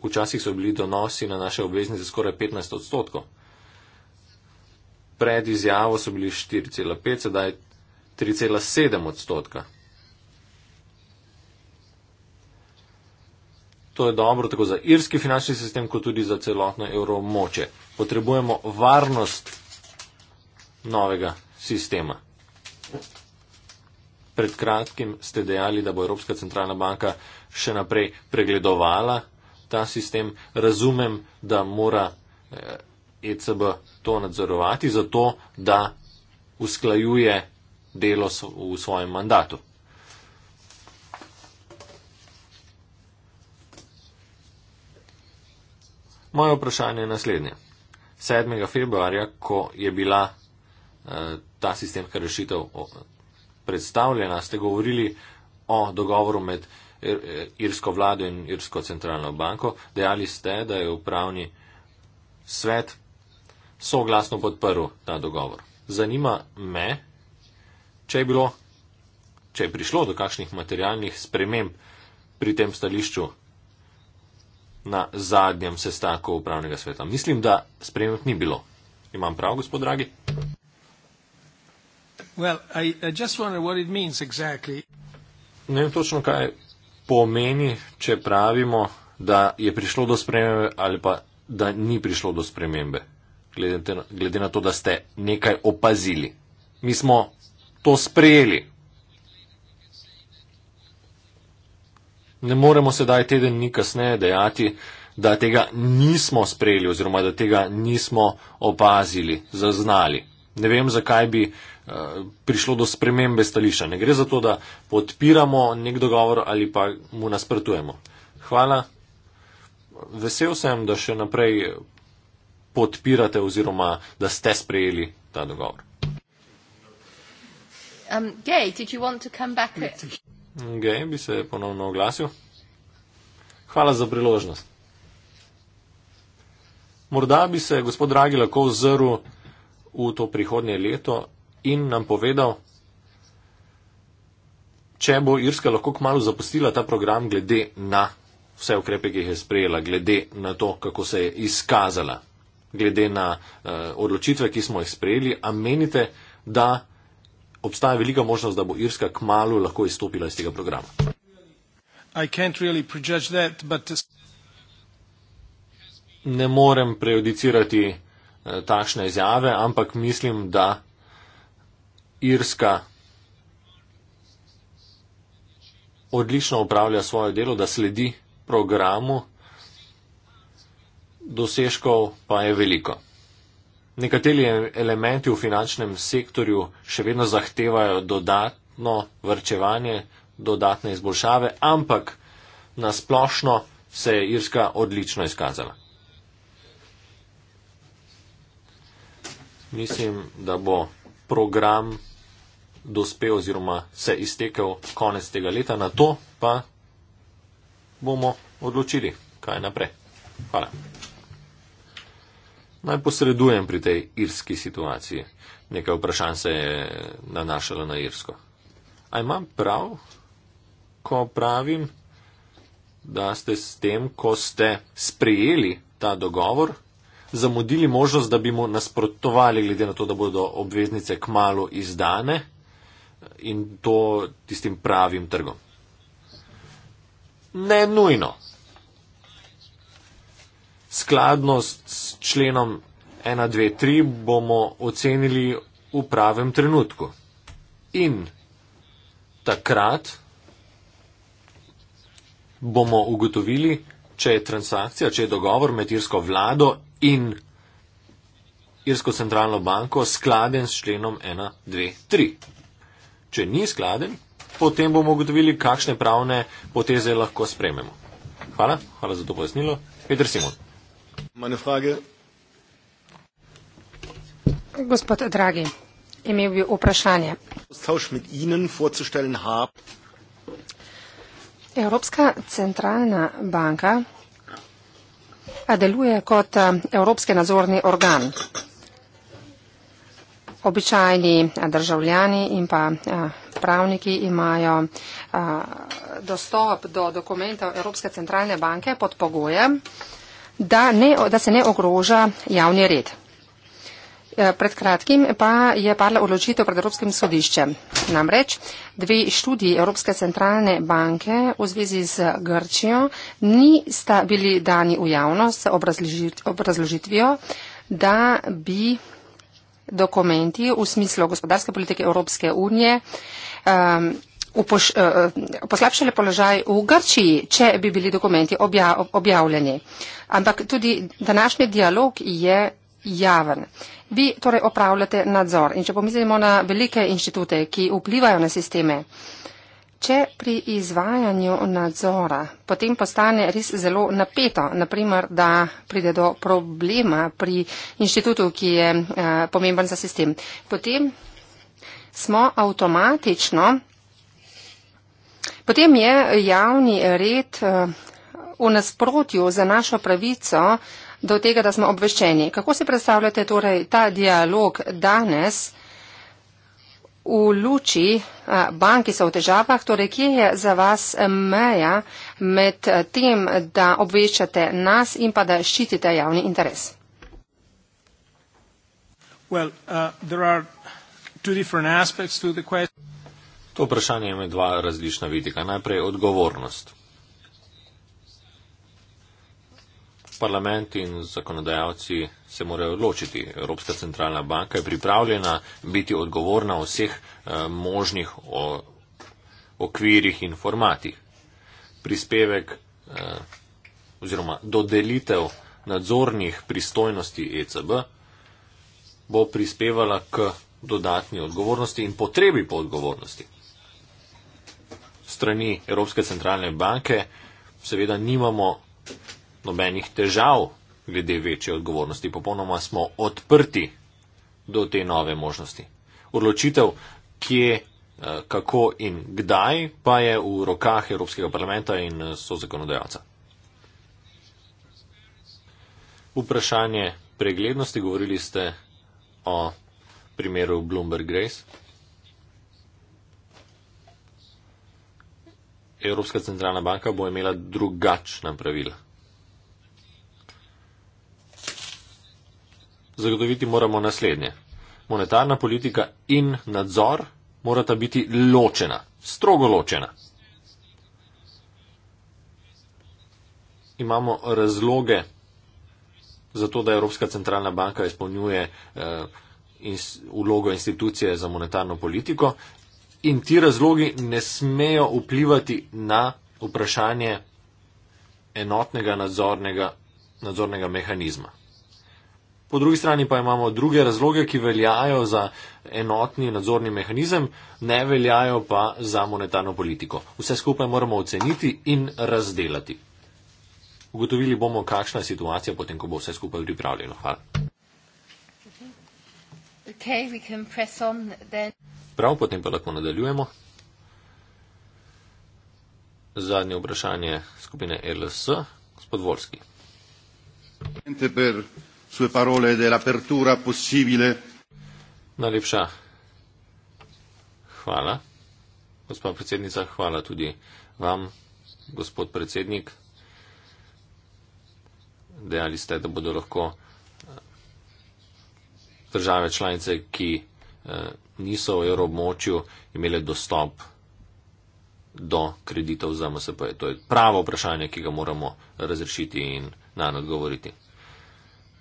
Včasih so bili donosi na naše obveznice skoraj 15 odstotkov. Pred izjavo so bili 4,5, sedaj 3,7 odstotka. To je dobro tako za irski finančni sistem, kot tudi za celotno evromoče. Potrebujemo varnost novega sistema. Pred kratkim ste dejali, da bo Evropska centralna banka še naprej pregledovala ta sistem. Razumem, da mora ECB eh, e to nadzorovati, zato da usklajuje delo v svojem mandatu. Moje vprašanje je naslednje. 7. februarja, ko je bila Eh, ta sistem, kar rešitev predstavljena, ste govorili o dogovoru med irsko vlado in irsko centralno banko. Dejali ste, da je upravni svet soglasno podprl ta dogovor. Zanima me, če je, bilo, če je prišlo do kakšnih materialnih sprememb pri tem stališču na zadnjem sestanku upravnega sveta. Mislim, da sprememb ni bilo. Imam prav, gospod Dragi? Ne vem točno, kaj pomeni, če pravimo, da je prišlo do spremembe ali pa da ni prišlo do spremembe, glede na to, da ste nekaj opazili. Mi smo to sprejeli. Ne moremo sedaj teden dni kasneje dejati, da tega nismo sprejeli oziroma da tega nismo opazili, zaznali. Ne vem, zakaj bi. Eh, prišlo do spremembe stališča. Ne gre za to, da podpiramo nek dogovor ali pa mu nasprotujemo. Hvala. Vesel sem, da še naprej podpirate oziroma da ste sprejeli ta dogovor. Um, gay, gay, bi se ponovno oglasil. Hvala za priložnost. Morda bi se gospod Dragi lahko ozrl v to prihodnje leto in nam povedal, če bo Irska lahko kmalo zapustila ta program glede na vse ukrepe, ki jih je sprejela, glede na to, kako se je izkazala, glede na uh, odločitve, ki smo jih sprejeli, a menite, da obstaja velika možnost, da bo Irska kmalo lahko izstopila iz tega programa. Ne morem prejudicirati eh, takšne izjave, ampak mislim, da Irska odlično upravlja svoje delo, da sledi programu, dosežkov pa je veliko. Nekateri elementi v finančnem sektorju še vedno zahtevajo dodatno vrčevanje, dodatne izboljšave, ampak na splošno se je Irska odlično izkazala. Mislim, da bo program dospel oziroma se iztekel konec tega leta, na to pa bomo odločili, kaj naprej. Hvala. Naj posredujem pri tej irski situaciji. Nekaj vprašanj se je nanašalo na irsko. A imam prav, ko pravim, da ste s tem, ko ste sprejeli ta dogovor, zamudili možnost, da bi mu nasprotovali, glede na to, da bodo obveznice kmalo izdane? in to tistim pravim trgom. Ne nujno. Skladnost s členom 1, 2, 3 bomo ocenili v pravem trenutku. In takrat bomo ugotovili, če je transakcija, če je dogovor med irsko vlado in irsko centralno banko skladen s členom 1, 2, 3. Če ni skladen, potem bomo ugotovili, kakšne pravne poteze lahko sprememo. Hvala, hvala za to pojasnilo. Petr Simon. Gospod Dragi, imel bi vprašanje. Evropska centralna banka deluje kot eh, Evropski nadzorni organ običajni državljani in pa pravniki imajo dostop do dokumentov Evropske centralne banke pod pogojem, da, ne, da se ne ogroža javni red. E, pred kratkim pa je padla odločitev pred Evropskim sodiščem. Namreč dve študiji Evropske centralne banke v zvezi z Grčijo nista bili dani v javnost ob razložitvijo, da bi dokumenti v smislu gospodarske politike Evropske unije um, upoš, uh, eh, eh, poslabšali položaj v Grčiji, če bi bili dokumenti obja, objavljeni. Ampak tudi današnji dialog je javen. Vi torej opravljate nadzor in če pomislimo na velike inštitute, ki vplivajo na sisteme, uh, Če pri izvajanju nadzora potem postane res zelo napeto, naprimer, da pride do problema pri inštitutu, ki je eh, pomemben za sistem, potem smo avtomatično, potem je javni red eh, v nasprotju za našo pravico do tega, da smo obveščeni. Kako se predstavljate torej ta dialog danes? v luči banki so v težavah, torej kje je za vas meja med tem, da obveščate nas in pa da ščitite javni interes? Well, uh, to vprašanje ima dva različna vidika. Najprej odgovornost. parlament in zakonodajalci se morajo ločiti. Evropska centralna banka je pripravljena biti odgovorna v vseh eh, možnih okvirih in formatih. Prispevek eh, oziroma dodelitev nadzornih pristojnosti ECB bo prispevala k dodatni odgovornosti in potrebi po odgovornosti. Strani Evropske centralne banke seveda nimamo nobenih težav glede večje odgovornosti. Popolnoma smo odprti do te nove možnosti. Odločitev, kje, eh, kako in kdaj, pa je v rokah Evropskega parlamenta in eh, so zakonodajalca. Vprašanje preglednosti, govorili ste o primeru Bloomberg Grace. Evropska centralna banka bo imela drugačna pravila. zagotoviti moramo naslednje. Monetarna politika in nadzor morata biti ločena, strogo ločena. Imamo razloge za to, da Evropska centralna banka izpolnjuje eh, vlogo institucije za monetarno politiko in ti razlogi ne smejo vplivati na vprašanje enotnega nadzornega, nadzornega mehanizma. Po drugi strani pa imamo druge razloge, ki veljajo za enotni nadzorni mehanizem, ne veljajo pa za monetarno politiko. Vse skupaj moramo oceniti in razdelati. Ugotovili bomo, kakšna je situacija, potem, ko bo vse skupaj pripravljeno. Hvala. Okay, Prav, potem pa lahko nadaljujemo. Zadnje vprašanje skupine LS, gospod Volski sue parole dell'apertura possibile. Najlepša hvala. Gospa predsednica, hvala tudi vam, gospod predsednik. Dejali ste, da bodo lahko eh, države članice, ki eh, niso v evroobmočju, imele dostop do kreditov za MSP. To je pravo vprašanje, ki ga moramo razrešiti in na njo odgovoriti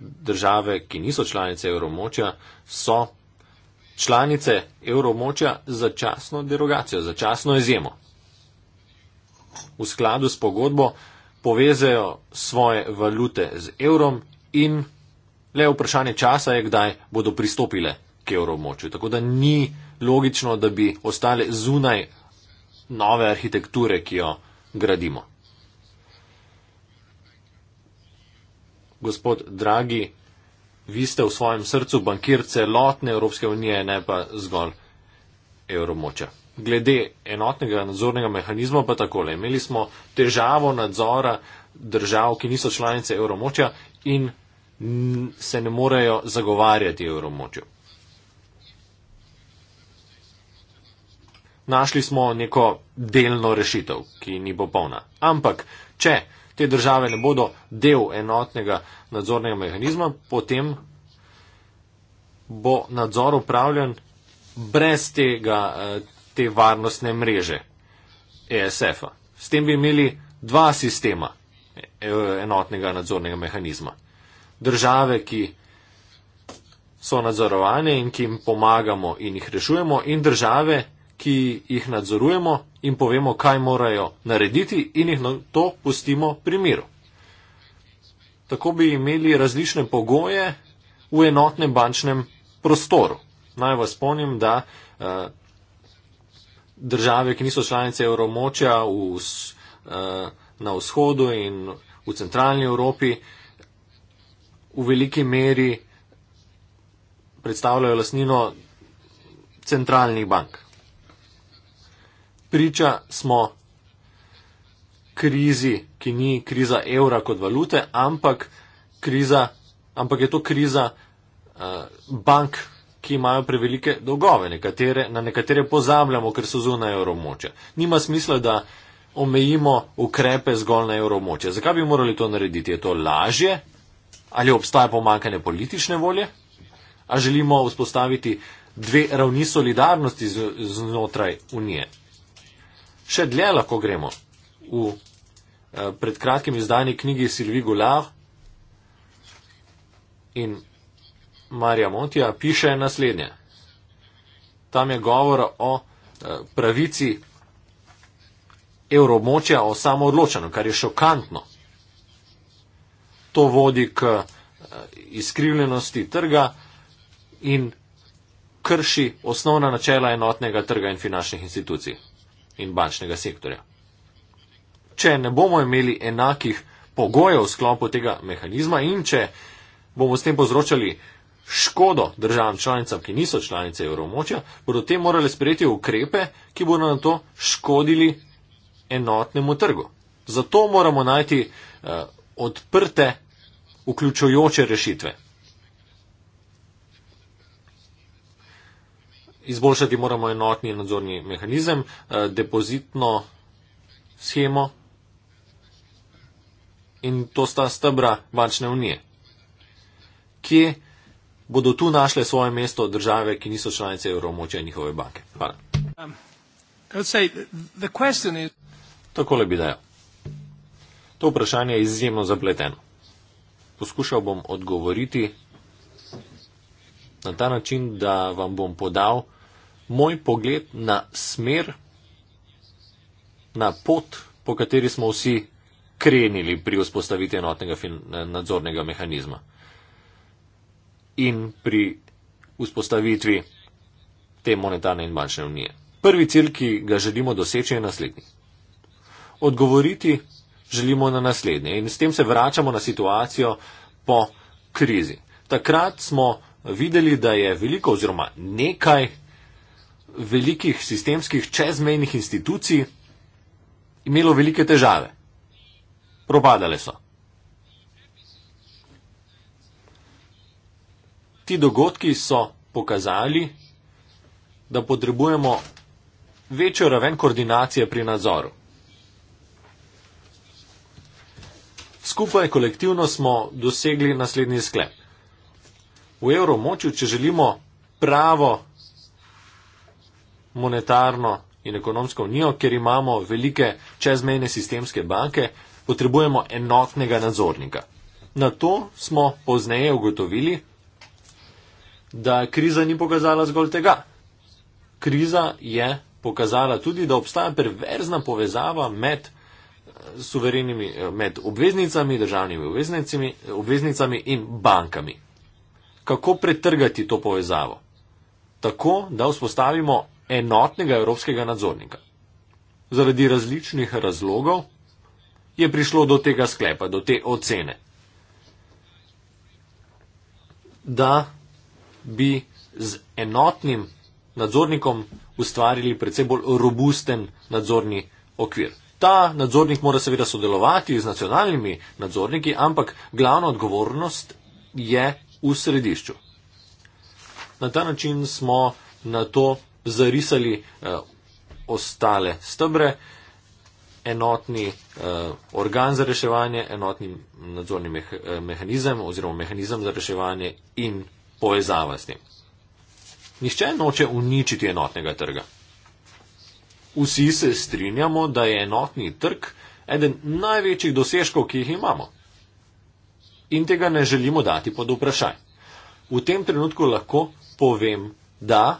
države, ki niso članice evromočja, so članice evromočja začasno derogacijo, začasno izjemo. V skladu s pogodbo povezajo svoje valute z evrom in le vprašanje časa je, kdaj bodo pristopile k evromočju. Tako da ni logično, da bi ostale zunaj nove arhitekture, ki jo gradimo. gospod Dragi, vi ste v svojem srcu bankir celotne Evropske unije, ne pa zgolj evromoča. Glede enotnega nadzornega mehanizma pa takole. Imeli smo težavo nadzora držav, ki niso članice evromoča in se ne morejo zagovarjati evromoču. Našli smo neko delno rešitev, ki ni popolna. Ampak, če te države ne bodo del enotnega nadzornega mehanizma, potem bo nadzor upravljan brez tega, eh, te varnostne mreže ESF-a. S tem bi imeli dva sistema e, e, enotnega nadzornega mehanizma. Države, ki so nadzorovane in ki jim pomagamo in jih rešujemo, in države, ki jih nadzorujemo in povemo, kaj morajo narediti in jih na to pustimo pri miru. Tako bi imeli različne pogoje v enotnem bančnem prostoru. Naj vas spomnim, da eh, države, ki niso članice evromočja vz, eh, na vzhodu in v centralni Evropi, v veliki meri predstavljajo lasnino centralnih bank priča smo krizi, ki ni kriza evra kot valute, ampak, kriza, ampak je to kriza uh, bank, ki imajo prevelike dolgove, nekatere, na nekatere pozabljamo, ker so zunaj evromoče. Nima smisla, da omejimo ukrepe zgolj na evromoče. Zakaj bi morali to narediti? Je to lažje? Ali obstaja pomankanje politične volje? A želimo vzpostaviti dve ravni solidarnosti znotraj Unije? še dlje lahko gremo. V eh, predkratkem izdani knjigi Silvi Gulah in Marija Montija piše naslednje. Tam je govor o eh, pravici evromočja o samoodločanju, kar je šokantno. To vodi k eh, izkrivljenosti trga in krši osnovna načela enotnega trga in finančnih institucij in bančnega sektorja. Če ne bomo imeli enakih pogojev v sklopu tega mehanizma in če bomo s tem povzročali škodo državam članicam, ki niso članice evromočja, bodo te morali sprejeti ukrepe, ki bodo na to škodili enotnemu trgu. Zato moramo najti uh, odprte, vključujoče rešitve. izboljšati moramo enotni nadzorni mehanizem, eh, depozitno schemo in to sta stebra bančne unije. Kje bodo tu našle svoje mesto države, ki niso članice evromoče in njihove banke? Hvala. Um, Takole bi dajal. To vprašanje je izjemno zapleteno. Poskušal bom odgovoriti na ta način, da vam bom podal moj pogled na smer, na pot, po kateri smo vsi krenili pri vzpostavitvi enotnega nadzornega mehanizma in pri vzpostavitvi te monetarne in bančne unije. Prvi cilj, ki ga želimo doseči, je naslednji. Odgovoriti želimo na naslednje in s tem se vračamo na situacijo po krizi. Takrat smo videli, da je veliko oziroma nekaj velikih sistemskih čezmejnih institucij imelo velike težave. Propadale so. Ti dogodki so pokazali, da potrebujemo večjo raven koordinacije pri nadzoru. Skupaj kolektivno smo dosegli naslednji sklep v evromočju, če želimo pravo monetarno in ekonomsko unijo, ker imamo velike čezmejne sistemske banke, potrebujemo enotnega nadzornika. Na to smo pozneje ugotovili, da kriza ni pokazala zgolj tega. Kriza je pokazala tudi, da obstaja perverzna povezava med eh, suverenimi, eh, med obveznicami, državnimi obveznicami, obveznicami in bankami kako pretrgati to povezavo, tako da vzpostavimo enotnega evropskega nadzornika. Zaradi različnih razlogov je prišlo do tega sklepa, do te ocene, da bi z enotnim nadzornikom ustvarili predvsem bolj robusten nadzorni okvir. Ta nadzornik mora seveda sodelovati z nacionalnimi nadzorniki, ampak glavna odgovornost je v središču. Na ta način smo na to zarisali eh, ostale stebre, enotni eh, organ za reševanje, enotni nadzorni eh, mehanizem oziroma mehanizem za reševanje in povezava s tem. Nihče noče uničiti enotnega trga. Vsi se strinjamo, da je enotni trg eden največjih dosežkov, ki jih imamo in tega ne želimo dati pod vprašanj. V tem trenutku lahko povem, da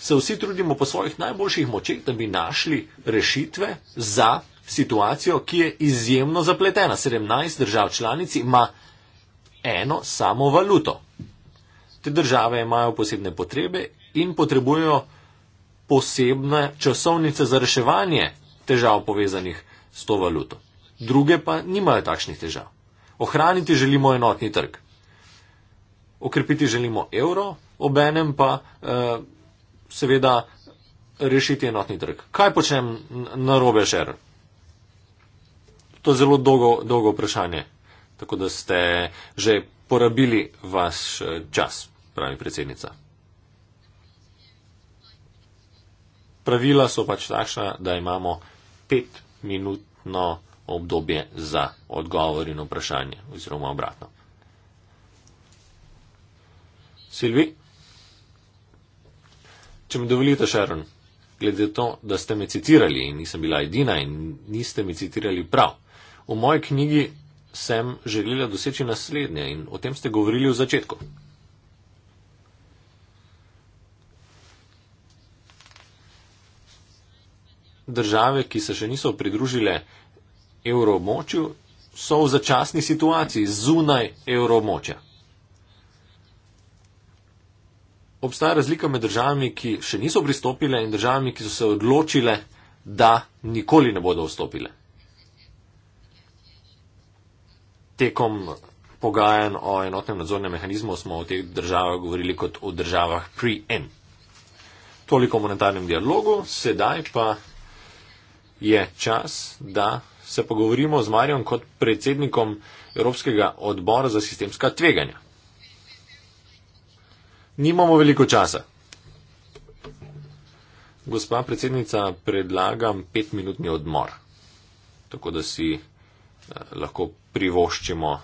se vsi trudimo po svojih najboljših močeh, da bi našli rešitve za situacijo, ki je izjemno zapletena. 17 držav članic ima eno samo valuto. Te države imajo posebne potrebe in potrebujejo posebne časovnice za reševanje težav povezanih s to valuto. Druge pa nimajo takšnih težav. Ohraniti želimo enotni trg. Okrepiti želimo evro, obenem pa eh, seveda rešiti enotni trg. Kaj počnem na robe šer? To je zelo dolgo, dolgo vprašanje, tako da ste že porabili vaš eh, čas, pravi predsednica. Pravila so pač takšna, da imamo pet minutno obdobje za odgovor in vprašanje, oziroma obratno. Silvi, če mi dovolite, Šeron, glede to, da ste me citirali in nisem bila edina in niste me citirali prav. V moji knjigi sem želela doseči naslednje in o tem ste govorili v začetku. Države, ki se še niso pridružile evromočju so v začasni situaciji zunaj evromočja. Obstaja razlika med državami, ki še niso pristopile in državami, ki so se odločile, da nikoli ne bodo vstopile. Tekom pogajanj o enotnem nadzornem mehanizmu smo o teh državah govorili kot o državah pre-en. Toliko o monetarnem dialogu, sedaj pa je čas, da se pogovorimo z Marjom kot predsednikom Evropskega odbora za sistemska tveganja. Nimamo veliko časa. Gospa predsednica, predlagam petminutni odmor, tako da si eh, lahko privoščimo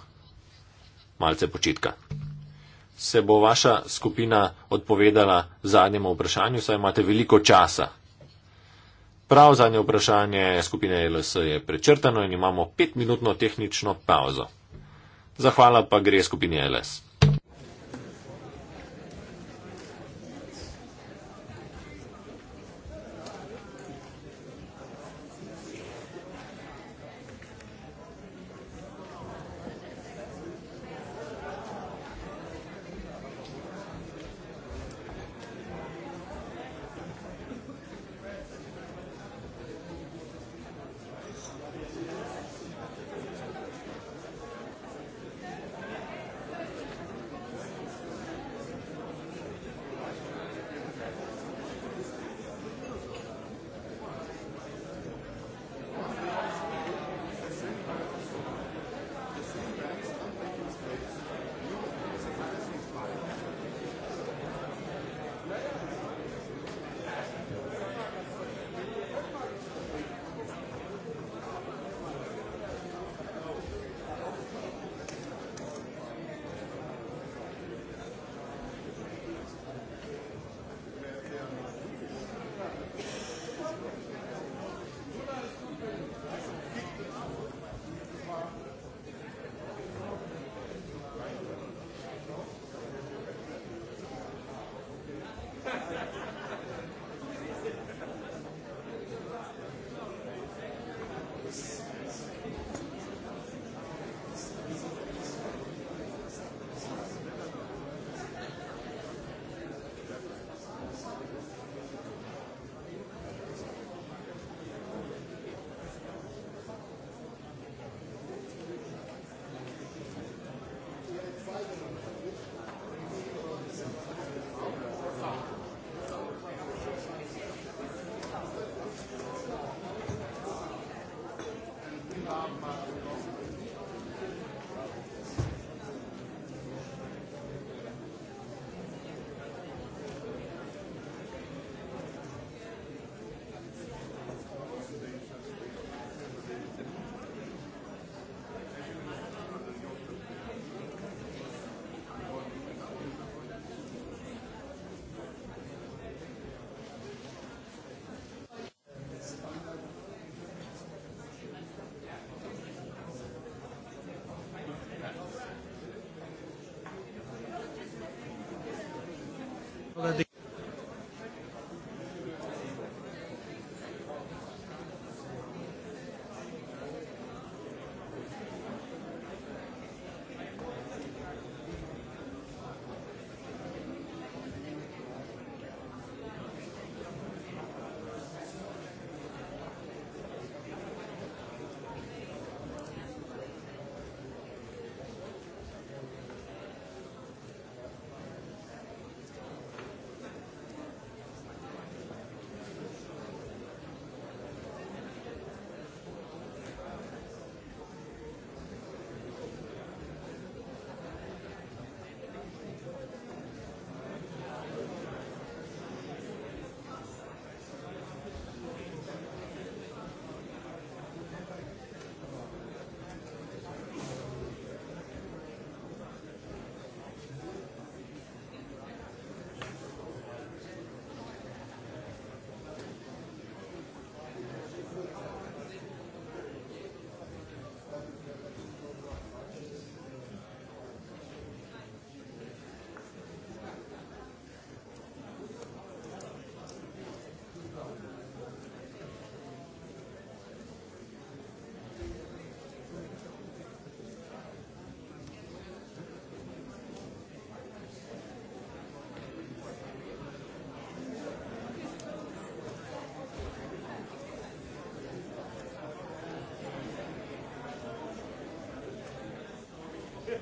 malce počitka. Se bo vaša skupina odpovedala zadnjemu vprašanju, saj imate veliko časa. Prav zadnje vprašanje skupine LS je prečrtano in imamo petminutno tehnično pauzo. Zahvala pa gre skupini LS.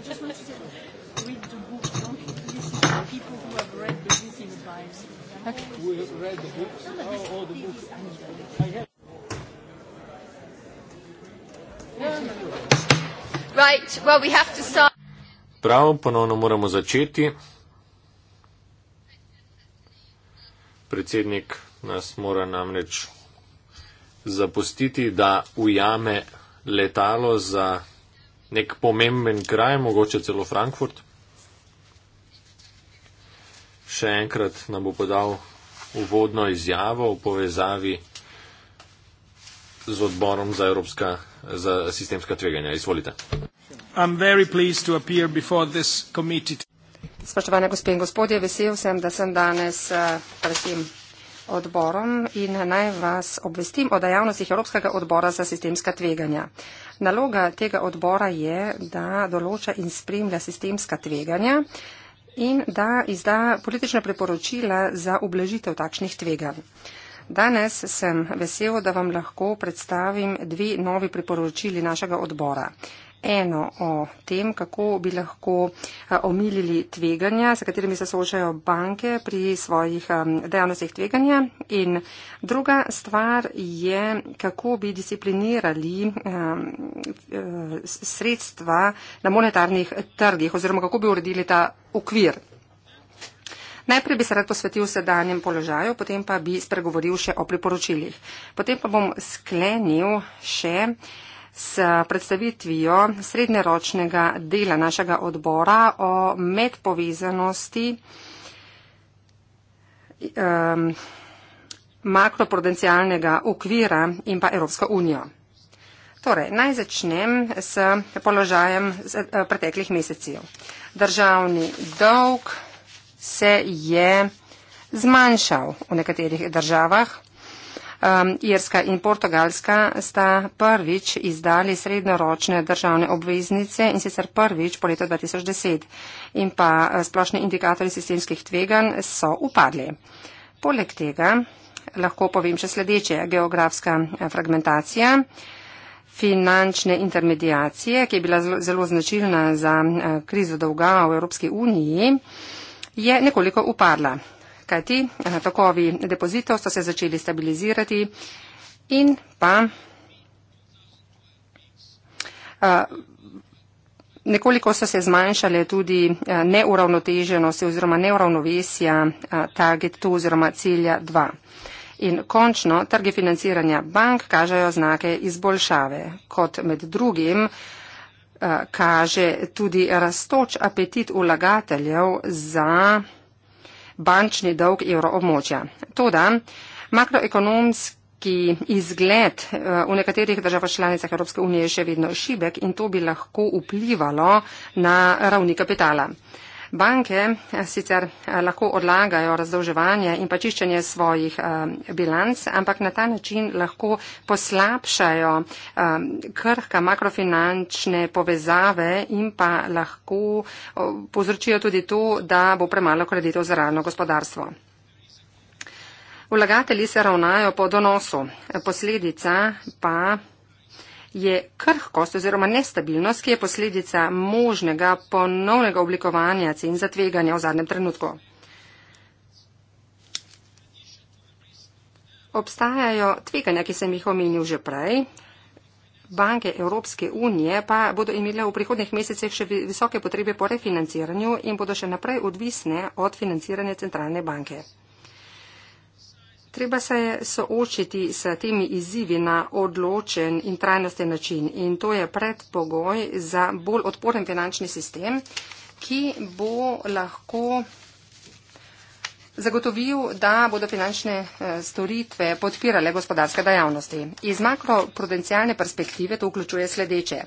I just wanted to read the book. Don't listen to the people who have read the book in advance. Okay. We have read the books. No, but oh, all oh, the books. I have. Right, well, we have to start. Pravo, ponovno moramo začeti. Predsednik nas mora namreč zapustiti, da ujame letalo za nek pomemben kraj, mogoče celo Frankfurt. Še enkrat nam bo podal uvodno izjavo v povezavi z odborom za, Evropska, za sistemska tveganja. Izvolite. Spoštovane gospe in gospodje, vesel sem, da sem danes eh, predvsem. Uh, odborom in naj vas obvestim o dejavnostih Evropskega odbora za sistemska tveganja. Naloga tega odbora je, da določa in spremlja sistemska tveganja in da izda politična priporočila za ublažitev takšnih tveganj. Danes sem vesel, da vam lahko predstavim dve novi priporočili našega odbora eno o tem, kako bi lahko omilili tveganja, s katerimi se soočajo banke pri svojih dejavnostih tveganja. In druga stvar je, kako bi disciplinirali e, sredstva na monetarnih trgih oziroma kako bi uredili ta okvir. Najprej bi se rad posvetil sedanjem položaju, potem pa bi spregovoril še o priporočilih. Potem pa bom sklenil še uh, s predstavitvijo srednjeročnega dela našega odbora o medpovezanosti um, makroprudencialnega okvira in pa Evropsko unijo. Torej, naj začnem s položajem z, uh, preteklih mesecev. Državni dolg se je zmanjšal v nekaterih državah. Um, Irska in Portugalska sta prvič izdali srednjeročne državne obveznice in sicer prvič po letu 2010 in pa eh, splošni indikatorji sistemskih tveganj so upadli. Poleg tega lahko povem še sledeče. Geografska eh, fragmentacija, finančne intermedijacije, ki je bila zelo, zelo značilna za eh, krizo dolga v Evropski uniji, je nekoliko upadla kajti eh, tokovi depozitov so se začeli stabilizirati in pa eh, nekoliko so se zmanjšale tudi eh, neuravnoteženosti oziroma neuravnovesja target 2 oziroma cilja 2. In končno, trge financiranja bank kažejo znake izboljšave, kot med drugim kaže tudi rastoč apetit vlagateljev za bančni dolg evroobmočja. Toda makroekonomski izgled eh, v nekaterih državah članicah Evropske unije je še vedno šibek in to bi lahko vplivalo na ravni kapitala. Banke eh, sicer eh, lahko odlagajo razdolževanje in pa čiščenje svojih eh, bilanc, ampak na ta način lahko poslabšajo krhka makrofinančne povezave in pa lahko povzročijo tudi to, da bo premalo kreditov za realno gospodarstvo. Vlagatelji se ravnajo po donosu, posledica pa je krhkost oziroma nestabilnost, ki je posledica možnega ponovnega oblikovanja cen za tveganja v zadnjem trenutku. Obstajajo tveganja, ki sem jih omenil že prej. Banke Evropske unije pa bodo imele v prihodnih mesecih še visoke potrebe po refinanciranju in bodo še naprej odvisne od financiranja centralne banke. Treba se je soočiti s temi izzivi na odločen in trajnosten način in to je predpogoj za bolj odporen finančni sistem, ki bo lahko zagotovil, da bodo finančne eh, storitve podpirale gospodarske dejavnosti. Iz makroprudencialne perspektive to vključuje sledeče.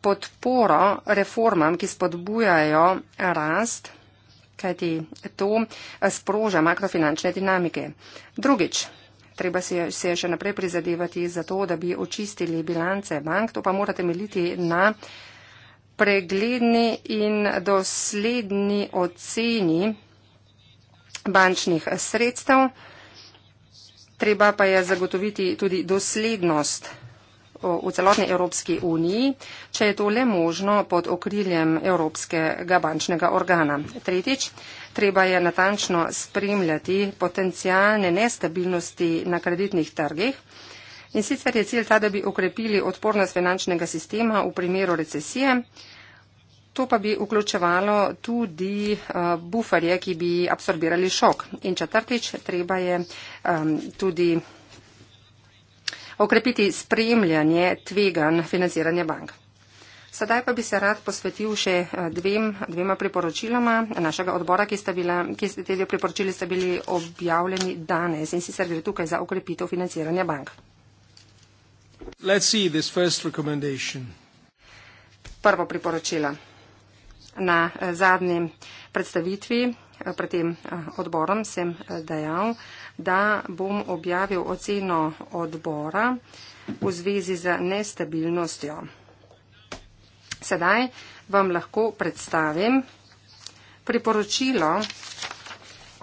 Podporo reformam, ki spodbujajo rast kajti to eh, sproža makrofinančne dinamike. Drugič, treba se, se še naprej prizadevati za to, da bi očistili bilance bank, to pa morate meliti na pregledni in dosledni oceni bančnih sredstev. Treba pa je zagotoviti tudi doslednost v celotni Evropski uniji, če je to le možno pod okriljem Evropskega bančnega organa. Tretjič, treba je natančno spremljati potencijalne nestabilnosti na kreditnih trgih. In sicer je cilj ta, da bi ukrepili odpornost finančnega sistema v primeru recesije. To pa bi vključevalo tudi eh, buferje, ki bi absorbirali šok. In četrtič, treba je um, tudi okrepiti spremljanje tvegan financiranja bank. Sedaj pa bi se rad posvetil še eh, dvem, dvema priporočiloma našega odbora, ki sta bila, ki ste te dve priporočili sta bili objavljeni danes in sicer gre tukaj za okrepitev financiranja bank. Prvo priporočilo. Na eh, zadnji predstavitvi pred tem eh, odborom sem eh, dejal, da bom objavil oceno odbora v zvezi z nestabilnostjo. Sedaj vam lahko predstavim priporočilo,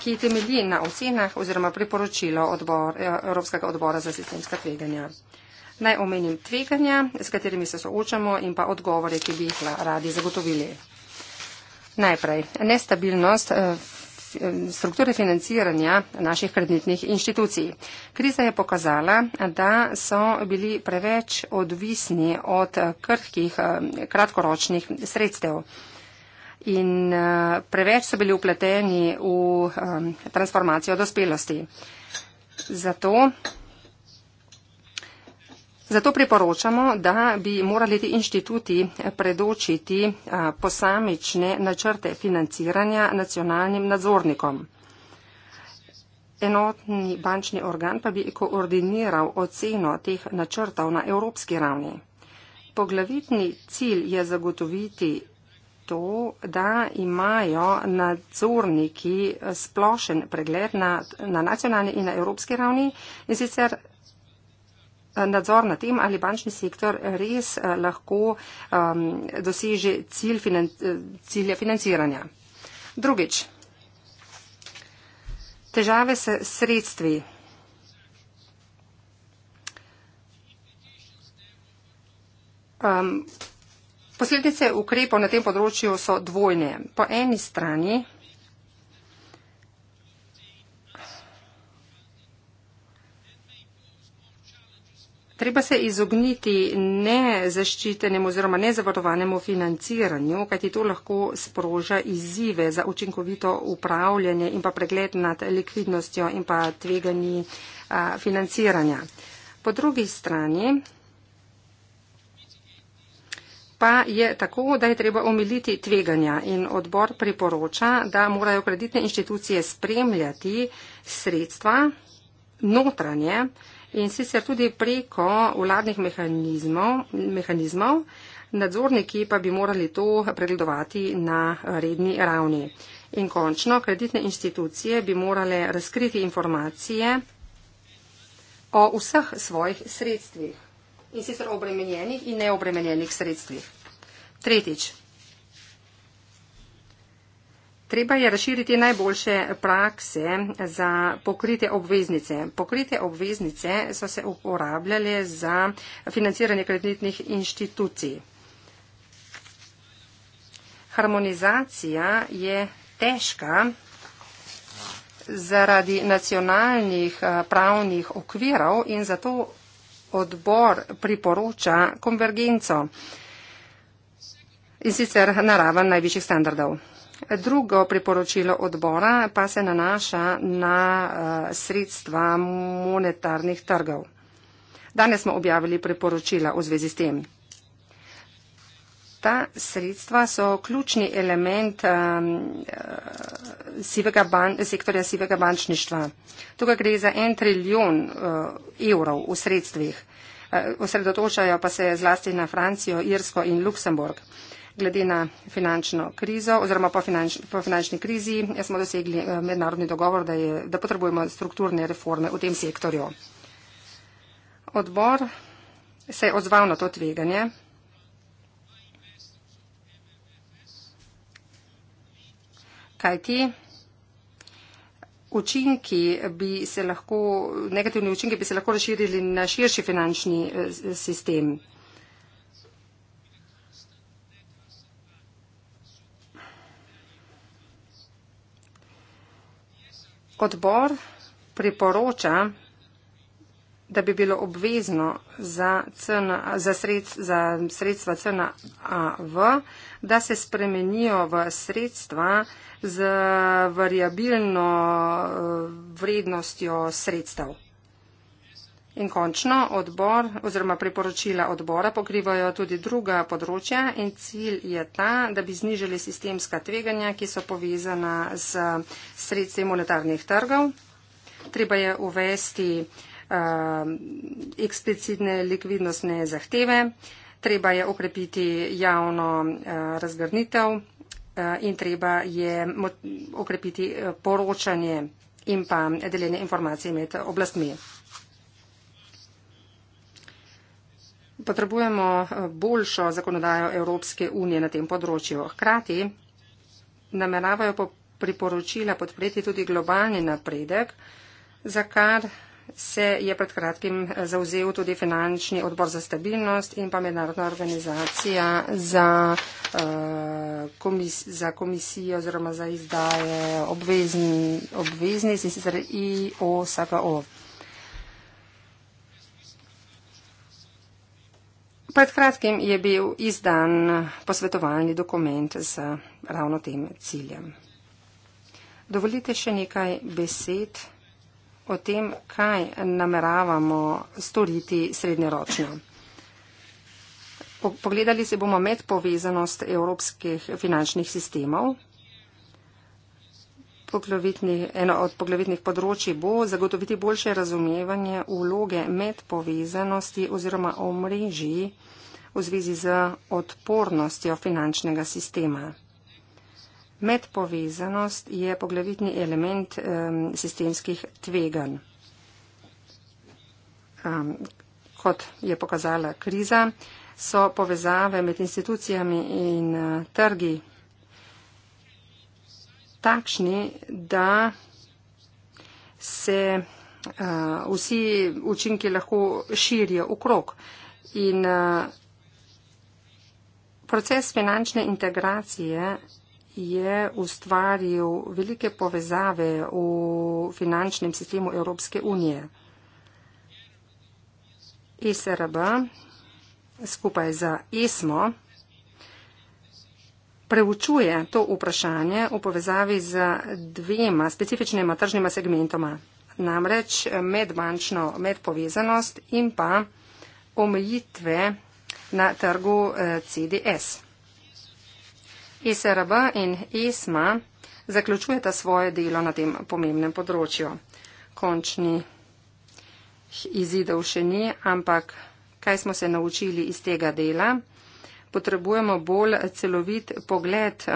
ki temelji na ocenah oziroma priporočilo odbor, eh, Evropskega odbora za sistemska tveganja. Naj omenim tveganja, s katerimi se soočamo in pa odgovore, ki bi jih radi zagotovili. Najprej, nestabilnost eh, eh, strukture financiranja naših kreditnih inštitucij. Kriza je pokazala, da so bili preveč odvisni od eh, krhkih kratkoročnih sredstev in preveč so bili upleteni v transformacijo dospelosti. Zato Zato priporočamo, da bi morali ti inštituti eh, predočiti eh, posamične načrte financiranja nacionalnim nadzornikom. Enotni bančni organ pa bi koordiniral oceno teh načrtov na evropski ravni. Poglavitni cilj je zagotoviti to, da imajo nadzorniki eh, splošen pregled na, na nacionalni in na evropski ravni in sicer Eh, nadzor na tem, ali bančni sektor res eh, lahko um, doseže cilj finan, cilje financiranja. Drugič, težave s sredstvi. Um, posledice ukrepov na tem področju so dvojne. Po eni strani Treba se izogniti nezaščitenemu oziroma nezavarovanemu financiranju, kajti to lahko sproža izzive za učinkovito upravljanje in pa pregled nad likvidnostjo in pa tveganji financiranja. Po drugi strani pa je tako, da je treba omiliti tveganja in odbor priporoča, da morajo kreditne inštitucije spremljati sredstva notranje, in sicer tudi preko vladnih mehanizmov, mehanizmov, nadzorniki pa bi morali to pregledovati na redni ravni. In končno, kreditne institucije bi morale razkriti informacije o vseh svojih sredstvih in sicer obremenjenih in neobremenjenih sredstvih. Tretjič. Treba je razširiti najboljše prakse za pokrite obveznice. Pokrite obveznice so se uporabljale za financiranje kreditnih inštitucij. Harmonizacija je težka zaradi nacionalnih eh, pravnih okvirov in zato odbor priporoča konvergenco in sicer na raven najvišjih standardov. Drugo priporočilo odbora pa se nanaša na eh, sredstva monetarnih trgov. Danes smo objavili priporočila v zvezi s tem. Ta sredstva so ključni element um, sivega ban, sektorja sivega bančništva. Tukaj gre za en trilijon uh, evrov v sredstvih. Uh, osredotočajo pa se zlasti na Francijo, Irsko in Luksemburg. Uh, glede na finančno krizo oziroma po, finanč, po finančni krizi eh, smo dosegli eh, mednarodni dogovor, da, je, da potrebujemo strukturne reforme v tem sektorju. Odbor se je odzval na to tveganje. Kaj ti? Učinki bi se lahko, negativni učinki bi se lahko razširili na širši finančni eh, sistem. Odbor priporoča, da bi bilo obvezno za, CNA, za, sred, za sredstva CNAV, da se spremenijo v sredstva z variabilno eh, vrednostjo sredstev. In končno odbor oziroma priporočila odbora pokrivajo tudi druga področja in cilj je ta, da bi znižali sistemska tveganja, ki so povezana z sredstvi monetarnih trgov. Treba je uvesti uh, eksplicitne likvidnostne zahteve, treba je okrepiti javno uh, razgrnitev uh, in treba je okrepiti poročanje in pa deljenje informacij med oblastmi. potrebujemo eh, boljšo zakonodajo Evropske unije na tem področju. Hkrati nameravajo po priporočila podpreti tudi globalni napredek, za kar se je pred kratkim eh, zauzel tudi finančni odbor za stabilnost in pa mednarodna organizacija za, uh, komis, za komisijo oziroma za izdaje obveznic in sicer IOSKO. Pred kratkim je bil izdan posvetovalni dokument z ravno tem ciljem. Dovolite še nekaj besed o tem, kaj nameravamo storiti srednjeročno. Pogledali se bomo med povezanost evropskih finančnih sistemov, eno od poglavitnih področji bo zagotoviti boljše razumevanje vloge medpovezanosti oziroma omrežji v zvezi z odpornostjo finančnega sistema. Medpovezanost je poglavitni element um, sistemskih tveganj. Um, kot je pokazala kriza, so povezave med institucijami in uh, trgi takšni, da se uh, vsi učinki lahko širijo okrog. In uh, proces finančne integracije je ustvaril velike povezave v finančnem sistemu Evropske unije. ESRB skupaj za ESMO preučuje to vprašanje v povezavi z dvema specifičnima tržnima segmentoma, namreč medbančno medpovezanost in pa omejitve na trgu eh, CDS. ESRB in ESMA zaključujeta svoje delo na tem pomembnem področju. Končni izidov še ni, ampak kaj smo se naučili iz tega dela? potrebujemo bolj celovit pogled eh,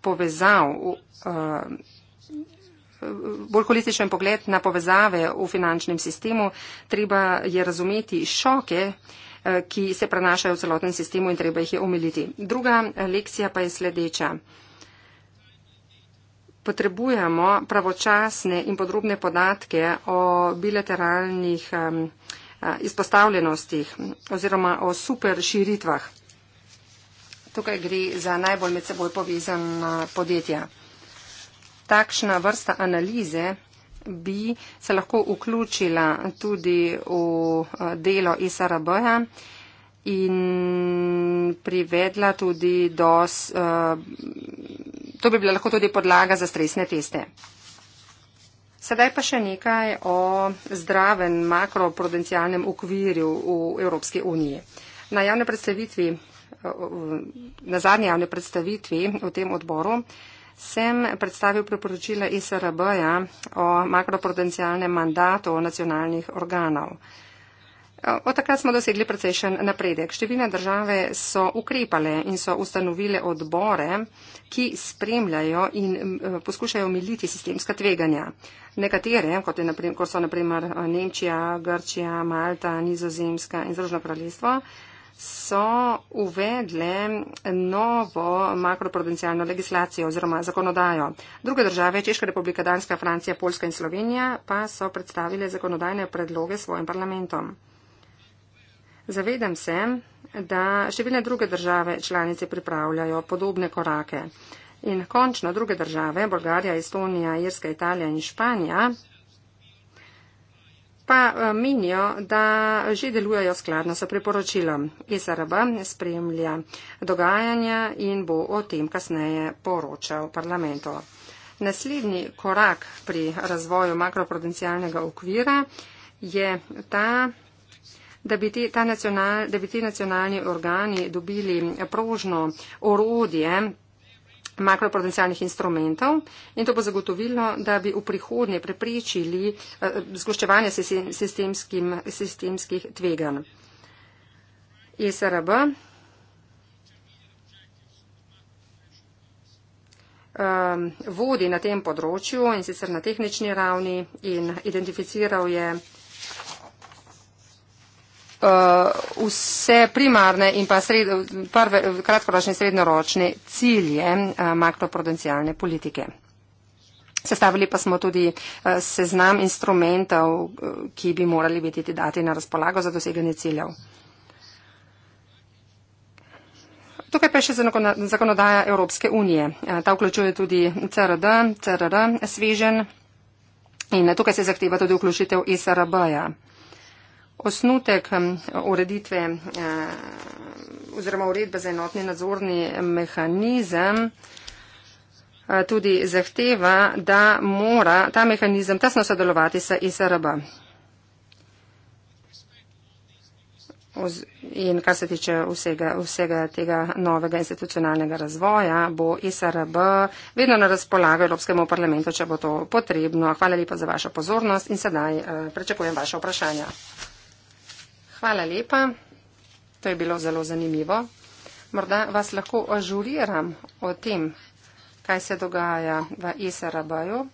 povezav, eh, bolj holističen pogled na povezave v finančnem sistemu. Treba je razumeti šoke eh, ki se prenašajo v celoten sistemu in treba jih je omiliti. Druga lekcija pa je sledeča. Potrebujemo pravočasne in podrobne podatke o bilateralnih izpostavljenostih oziroma o super širitvah tukaj gre za najbolj med seboj povezana podjetja. Takšna vrsta analize bi se lahko vključila tudi v eh, delo ISRB-ja in privedla tudi do. Eh, to bi bila lahko tudi podlaga za stresne teste. Sedaj pa še nekaj o zdravem makroprudencialnem okvirju v Evropski uniji. Na javne predstavitvi na zadnji javni predstavitvi v tem odboru sem predstavil priporočila ISRB-ja o makroprudencialnem mandatu nacionalnih organov. Od takrat smo dosegli precejšen napredek. Številne države so ukrepale in so ustanovile odbore, ki spremljajo in poskušajo omiliti sistemska tveganja. Nekatere, kot, naprimer, kot so naprimer eh, Nemčija, Grčija, Malta, Nizozemska in Združeno kraljestvo, so uvedle novo makroprudencialno legislacijo oziroma zakonodajo. Druge države, Češka republika, Danska, Francija, Poljska in Slovenija, pa so predstavile zakonodajne predloge svojim parlamentom. Zavedam se, da številne druge države članice pripravljajo podobne korake. In končno druge države, Bolgarija, Estonija, Irska, Italija in Španija, pa eh, menijo, da že delujejo skladno s priporočilom. ESRB spremlja dogajanja in bo o tem kasneje poročal parlamentu. Naslednji korak pri razvoju makroprudencialnega okvira je ta, da bi, ti, nacional, da bi ti nacionalni organi dobili prožno orodje makroprudencialnih instrumentov in to bo zagotovilo, da bi v prihodnje preprečili eh, zgoščevanje sistemskih tvegan. ESRB ehm, vodi na tem področju in sicer na tehnični ravni in identificiral je uh, vse primarne in pa sred, prve, kratkoročne in srednjeročne cilje uh, makroprudencialne politike. Sestavili pa smo tudi uh, seznam instrumentov, uh, ki bi morali biti dati na razpolago za doseganje ciljev. Tukaj pa je še zakonodaja Evropske unije. Ta vključuje tudi CRD, CRR, svežen in tukaj se zahteva tudi vključitev ISRB-ja. Osnutek um, ureditve uh, oziroma uredbe za enotni nadzorni mehanizem uh, tudi zahteva, da mora ta mehanizem tesno sodelovati s ISRB. In kar se tiče vsega, vsega tega novega institucionalnega razvoja, bo ISRB vedno na razpolago Evropskemu parlamentu, če bo to potrebno. Hvala lepa za vašo pozornost in sedaj uh, pričakujem vaše vprašanja. Hvala lepa. To je bilo zelo zanimivo. Morda vas lahko ažuriram o tem, kaj se dogaja v ISRB-ju.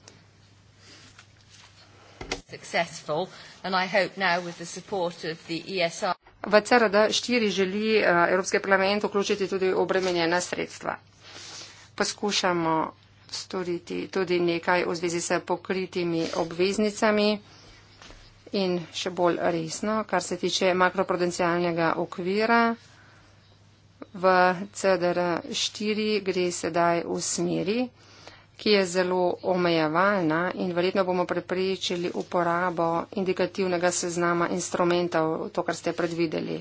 E v CRD 4 želi eh, Evropski parlament vključiti tudi obremenjena sredstva. Poskušamo storiti tudi nekaj v zvezi s pokritimi obveznicami in še bolj resno, kar se tiče makroprudencialnega okvira. V CDR4 gre sedaj v smeri, ki je zelo omejevalna in verjetno bomo preprečili uporabo indikativnega seznama instrumentov, to, kar ste predvideli.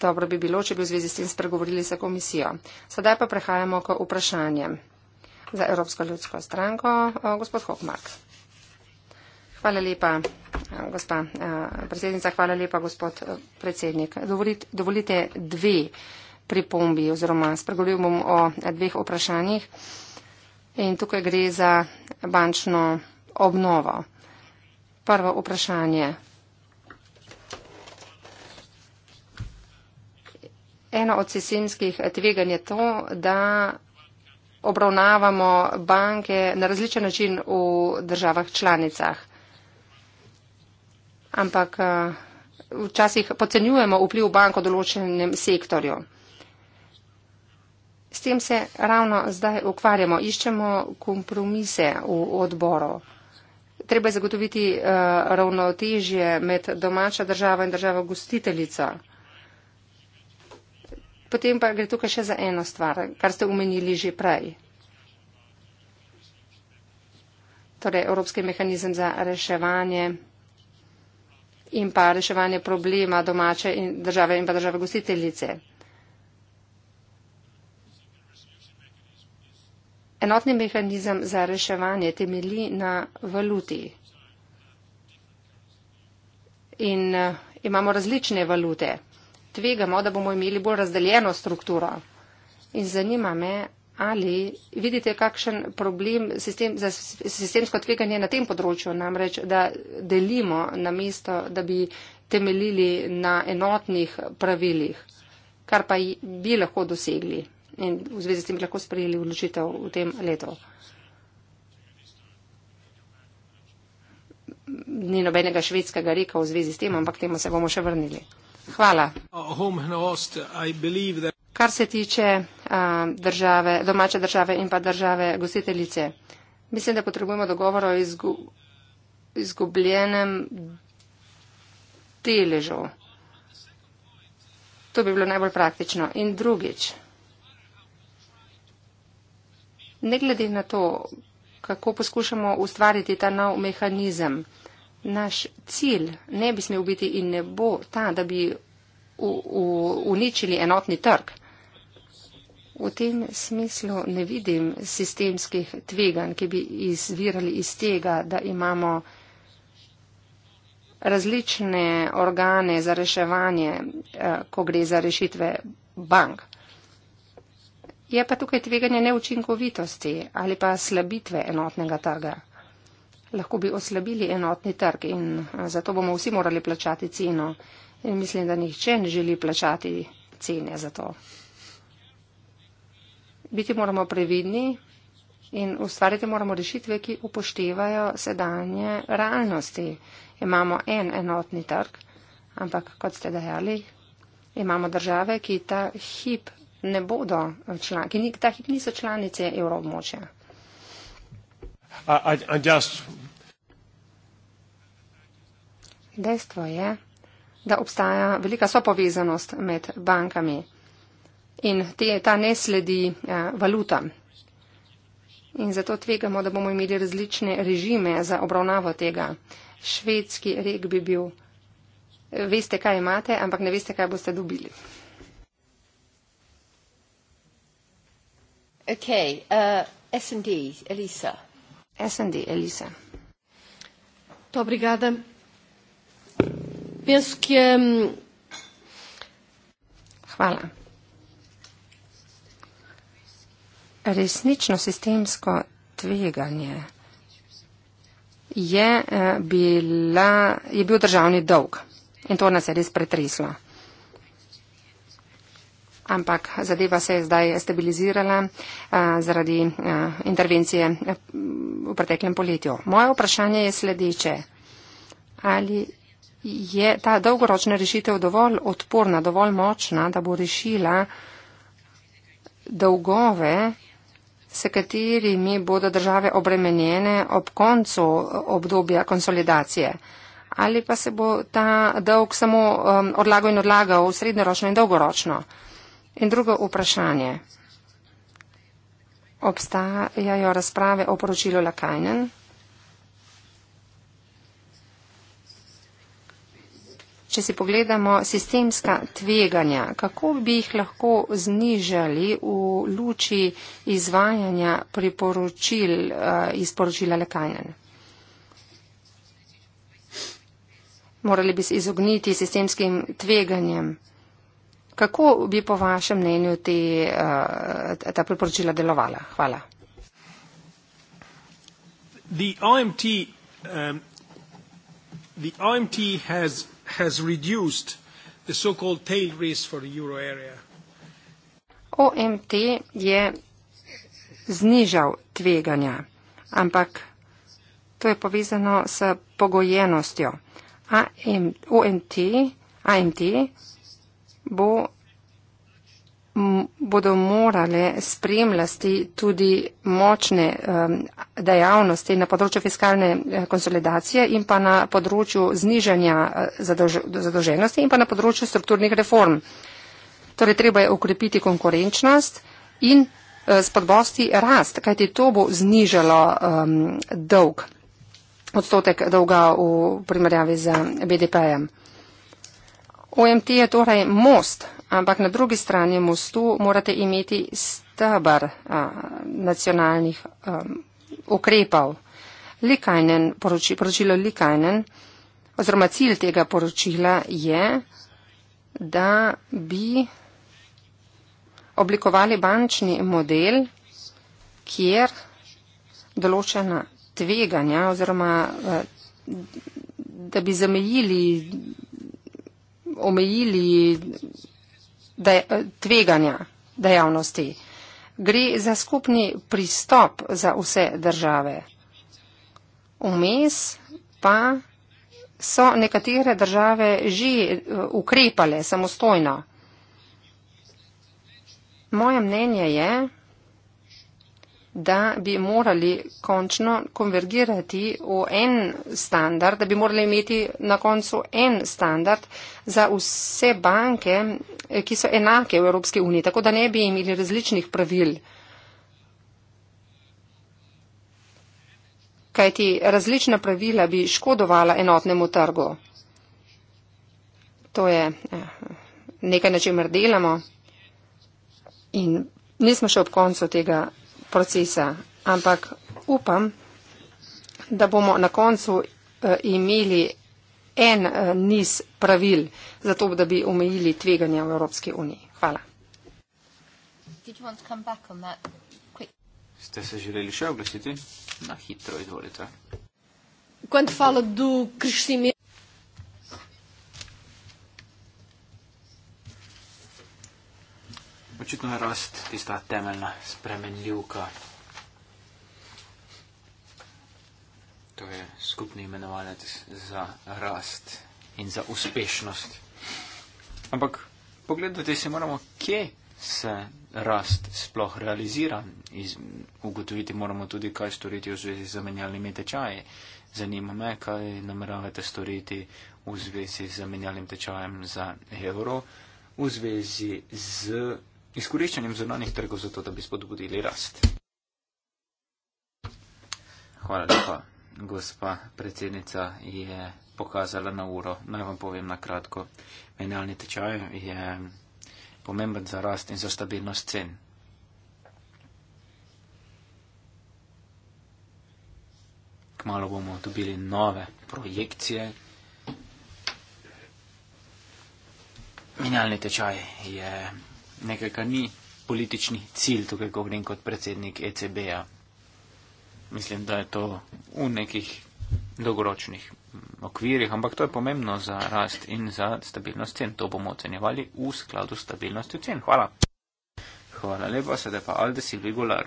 Dobro bi bilo, če bi v zvezi s tem spregovorili sa komisijo. Sedaj pa prehajamo k vprašanjem za Evropsko ljudsko stranko, eh, gospod Hokmark. Hvala lepa, gospa eh, predsednica, hvala lepa, gospod eh, predsednik. Dovolite, dovolite dve pripombi oziroma spregovoril bom o eh, dveh vprašanjih. In tukaj gre za bančno obnovo. Prvo vprašanje. Eno od sistemskih tveganj je to, da obravnavamo banke na različen način v državah članicah ampak eh, včasih podcenjujemo vpliv bank v določenem sektorju. S tem se ravno zdaj ukvarjamo, iščemo kompromise v odboru. Treba je zagotoviti uh, ravnotežje med domača država in država gostiteljica. Potem pa gre tukaj še za eno stvar, kar ste omenili že prej. Torej, Evropski mehanizem za reševanje in pa reševanje problema domače in države in pa države gostiteljice. Enotni mehanizem za reševanje temeli na valuti. In eh, imamo različne valute. Tvegamo, da bomo imeli bolj razdeljeno strukturo. In zanima me, Ali vidite, kakšen problem sistem, za sistemsko tveganje na tem področju, namreč, da delimo na mesto, da bi temeljili na enotnih pravilih, kar pa bi lahko dosegli in v zvezi s tem lahko sprejeli odločitev v tem letu. Ni nobenega švedskega reka v zvezi s tem, ampak temu se bomo še vrnili. Hvala. Kar se tiče države, domače države in pa države gostiteljice, mislim, da potrebujemo dogovor o izgu, izgubljenem deležu. To bi bilo najbolj praktično. In drugič, ne glede na to, kako poskušamo ustvariti ta nov mehanizem, naš cilj ne bi smel biti in ne bo ta, da bi uničili enotni trg. V tem smislu ne vidim sistemskih tveganj, ki bi izvirali iz tega, da imamo različne organe za reševanje, eh, ko gre za rešitve bank. Je pa tukaj tveganje neučinkovitosti ali pa slabitve enotnega trga. Lahko bi oslabili enotni trg in eh, zato bomo vsi morali plačati ceno. In mislim, da nihče ne želi plačati cene za to biti moramo previdni in ustvariti moramo rešitve, ki upoštevajo sedanje realnosti. Imamo en enotni trg, ampak kot ste dejali, imamo države, ki ta hip ne bodo član, ki ni, ta hip niso članice evroobmočja. Dejstvo je, da obstaja velika sopovezanost med bankami in te, ta ne sledi eh, valutam. In zato tvegamo, da bomo imeli različne režime za obravnavo tega. Švedski rek bi bil, veste, kaj imate, ampak ne veste, kaj boste dobili. Ok, uh, SND, Elisa. SND, Elisa. Dobrigada. Penso que. Hum... Hvala. resnično sistemsko tveganje je, eh, bila, je bil državni dolg in to nas je res pretreslo. Ampak zadeva se je zdaj stabilizirala a, eh, zaradi a, eh, intervencije v preteklem poletju. Moje vprašanje je sledeče. Ali je ta dolgoročna rešitev dovolj odporna, dovolj močna, da bo rešila dolgove s katerimi bodo države obremenjene ob koncu obdobja konsolidacije. Ali pa se bo ta dolg samo um, odlagal in odlagal srednjeročno in dolgoročno? In drugo vprašanje. Obstajajo razprave o poročilu Lakajnen. če si pogledamo sistemska tveganja, kako bi jih lahko znižali v luči izvajanja priporočil eh, iz poročila Lekajnen? Morali bi se izogniti sistemskim tveganjem. Kako bi po vašem mnenju te, eh, ta priporočila delovala? Hvala. The IMT, um, the IMT has has reduced the so-called tail risk for the euro area. OMT je znižal tveganja, ampak to je povezano s pogojenostjo. AM, OMT, AMT bo bodo morale spremljati tudi močne dejavnosti na področju fiskalne eh, konsolidacije in pa na področju znižanja eh, zadolženosti in pa na področju strukturnih reform. Torej, treba je ukrepiti konkurenčnost in eh, spodbosti rast, kajti to bo znižalo um, dolg, odstotek dolga v primerjavi z BDP-jem. OMT je torej most ampak na drugi strani mostu morate imeti stabar a, nacionalnih a, ukrepov. Likajnen, poroči, poročilo Likajnen, oziroma cilj tega poročila je, da bi oblikovali bančni model, kjer določena tveganja oziroma da bi zamejili, omejili dej, tveganja dejavnosti. Gre za skupni pristop za vse države. Vmes pa so nekatere države že eh, ukrepale samostojno. Moje mnenje je, da bi morali končno konvergirati v en standard, da bi morali imeti na koncu en standard za vse banke, eh, ki so enake v Evropski uniji, tako da ne bi imeli različnih pravil. Kajti različna pravila bi škodovala enotnemu trgu. To je eh, nekaj, na čemer delamo. In nismo še ob koncu tega procesa, ampak upam, da bomo na koncu eh, imeli en eh, niz pravil za to, da bi omejili tveganja v Evropski uniji. Hvala. Ste se želeli še oglasiti? Na hitro, izvolite. Kaj je bilo do Krišnjega? Očitno je rast tista temeljna spremenljivka. To je skupni imenovalec za rast in za uspešnost. Ampak pogledajte si moramo, kje se rast sploh realizira. Iz, ugotoviti moramo tudi, kaj storiti v zvezi z menjalnimi tečaji. Zanima me, kaj nameravate storiti v zvezi z menjalnim tečajem za evro, v zvezi z izkoriščanjem zunanih trgov zato, da bi spodbudili rast. Hvala lepa. Gospa predsednica je pokazala na uro. Naj vam povem na kratko. Menjalni tečaj je pomemben za rast in za stabilnost cen. Kmalo bomo dobili nove projekcije. Menjalni tečaj je nekaj, kar ni politični cilj, tukaj govorim kot predsednik ECB-a. Mislim, da je to v nekih dolgoročnih okvirih, ampak to je pomembno za rast in za stabilnost cen. To bomo ocenjevali v skladu s stabilnostjo cen. Hvala. Hvala lepa, sedaj pa Alde Silvi Gular.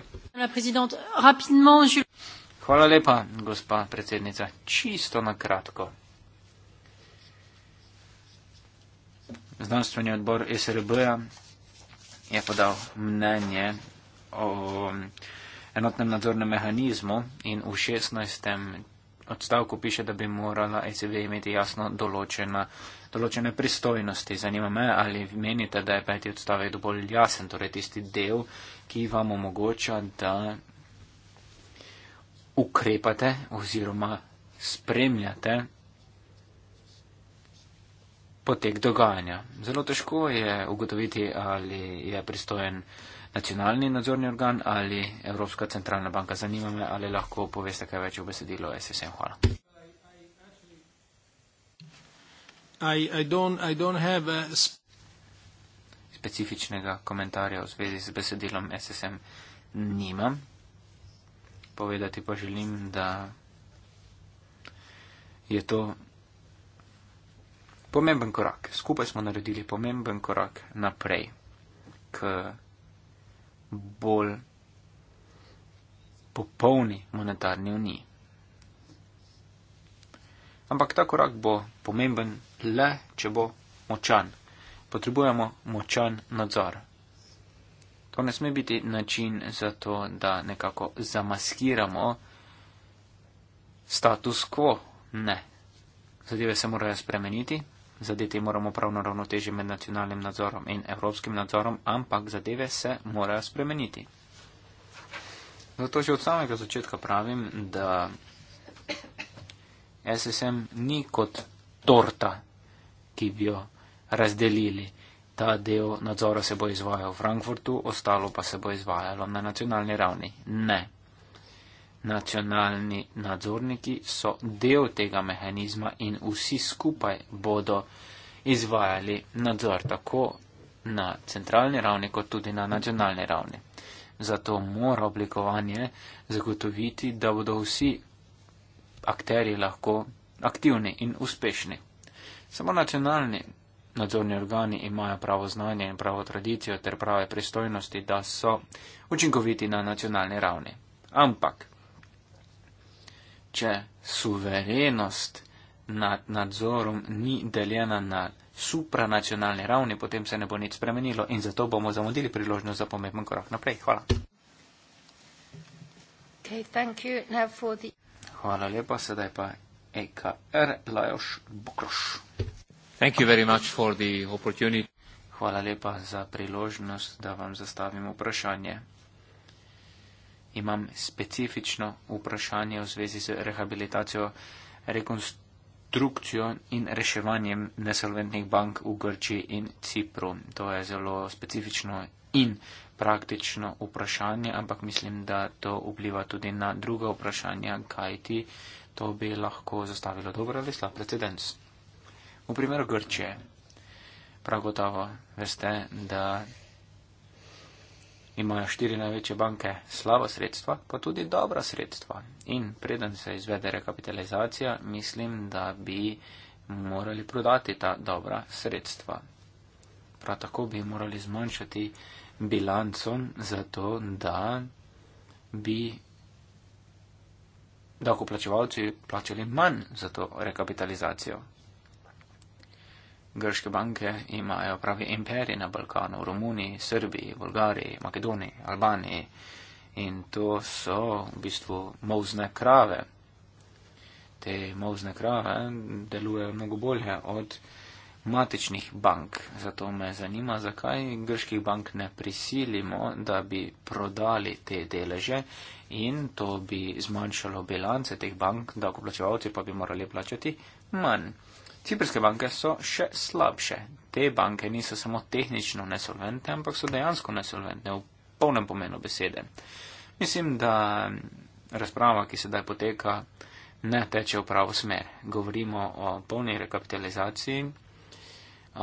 Hvala lepa, gospa predsednica. Čisto na kratko. Znanstveni odbor e SRB-a je podal mnenje o enotnem nadzornem mehanizmu in v 16. odstavku piše, da bi morala ECB imeti jasno določena, določene pristojnosti. Zanima me, ali menite, da je peti odstavek dovolj jasen, torej tisti del, ki vam omogoča, da ukrepate oziroma spremljate potek dogajanja. Zelo težko je ugotoviti, ali je pristojen nacionalni nadzorni organ ali Evropska centralna banka. Zanima me, ali lahko poveste kaj več v besedilo SSM. Hvala. I, I don't, I don't have sp Specifičnega komentarja v zvezi z besedilom SSM nimam. Povedati pa želim, da je to pomemben korak. Skupaj smo naredili pomemben korak naprej k bolj popolni monetarni uniji. Ampak ta korak bo pomemben le, če bo močan. Potrebujemo močan nadzor. To ne sme biti način za to, da nekako zamaskiramo status quo. Ne. Zadeve se morajo spremeniti, zadeti moramo pravno ravnoteže med nacionalnim nadzorom in evropskim nadzorom, ampak zadeve se morajo spremeniti. Zato že od samega začetka pravim, da SSM ni kot torta, ki bi jo razdelili. Ta del nadzora se bo izvajal v Frankfurtu, ostalo pa se bo izvajalo na nacionalni ravni. Ne, nacionalni nadzorniki so del tega mehanizma in vsi skupaj bodo izvajali nadzor tako na centralni ravni kot tudi na nacionalni ravni. Zato mora oblikovanje zagotoviti, da bodo vsi akteri lahko aktivni in uspešni. Samo nacionalni nadzorni organi imajo pravo znanje in pravo tradicijo ter prave pristojnosti, da so učinkoviti na nacionalni ravni. Ampak če suverenost nad nadzorom ni deljena na supranacionalni ravni, potem se ne bo nič spremenilo in zato bomo zamudili priložnost za pomemben korak naprej. Hvala. Okay, thank you. Now for the... Hvala lepa, sedaj pa EKR Lajoš Bokroš. Thank you very much for the opportunity. Hvala lepa za priložnost, da vam zastavim vprašanje imam specifično vprašanje v zvezi z rehabilitacijo, rekonstrukcijo in reševanjem nesolventnih bank v Grčiji in Cipru. To je zelo specifično in praktično vprašanje, ampak mislim, da to vpliva tudi na druga vprašanja, kaj ti to bi lahko zastavilo dobro ali slab precedens. V primeru Grčije, prav gotovo veste, da imajo štiri največje banke slaba sredstva, pa tudi dobra sredstva. In preden se izvede rekapitalizacija, mislim, da bi morali prodati ta dobra sredstva. Prav tako bi morali zmanjšati bilanco, zato da bi davkoplačevalci plačali manj za to rekapitalizacijo grške banke imajo pravi imperij na Balkanu, v Romuniji, Srbiji, Bolgariji, Makedoniji, Albaniji in to so v bistvu mozne krave. Te mozne krave delujejo mnogo bolje od matičnih bank, zato me zanima, zakaj grških bank ne prisilimo, da bi prodali te deleže in to bi zmanjšalo bilance teh bank, da okoplačevalci pa bi morali plačati manj. Ciprske banke so še slabše. Te banke niso samo tehnično nesolvente, ampak so dejansko nesolvente v polnem pomenu besede. Mislim, da razprava, ki sedaj poteka, ne teče v pravo smer. Govorimo o polni rekapitalizaciji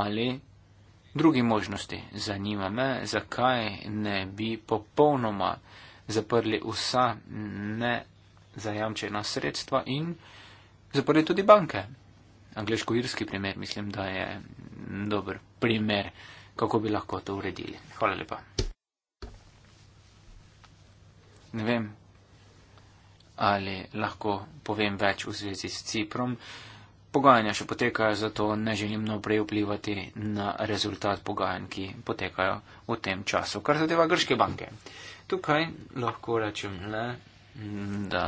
ali drugi možnosti. Zanima me, zakaj ne bi popolnoma zaprli vsa nezajamčena sredstva in zaprli tudi banke angliško-irski primer, mislim, da je dober primer, kako bi lahko to uredili. Hvala lepa. Ne vem, ali lahko povem več v zvezi s Ciprom. Pogajanja še potekajo, zato ne želim naprej vplivati na rezultat pogajanj, ki potekajo v tem času. Kar zadeva grške banke. Tukaj lahko rečem le, da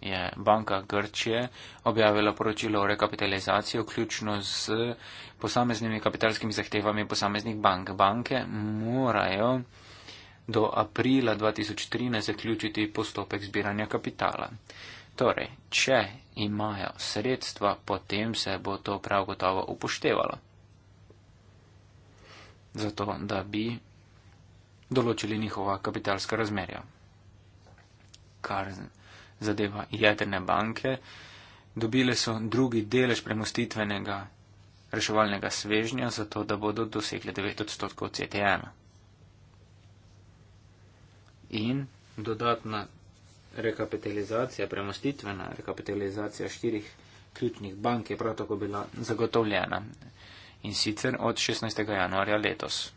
je banka Grčije objavila poročilo o rekapitalizaciji, vključno z posameznimi kapitalskimi zahtevami posameznih bank. Banke morajo do aprila 2013 zaključiti postopek zbiranja kapitala. Torej, če imajo sredstva, potem se bo to prav gotovo upoštevalo. Zato, da bi določili njihova kapitalska razmerja. Kar zadeva jedrne banke. Dobile so drugi delež premustitvenega reševalnega svežnja, zato da bodo dosegli 9 odstotkov CTN. In dodatna rekapitalizacija, premustitvena rekapitalizacija štirih ključnih bank je prav tako bila zagotovljena in sicer od 16. januarja letos.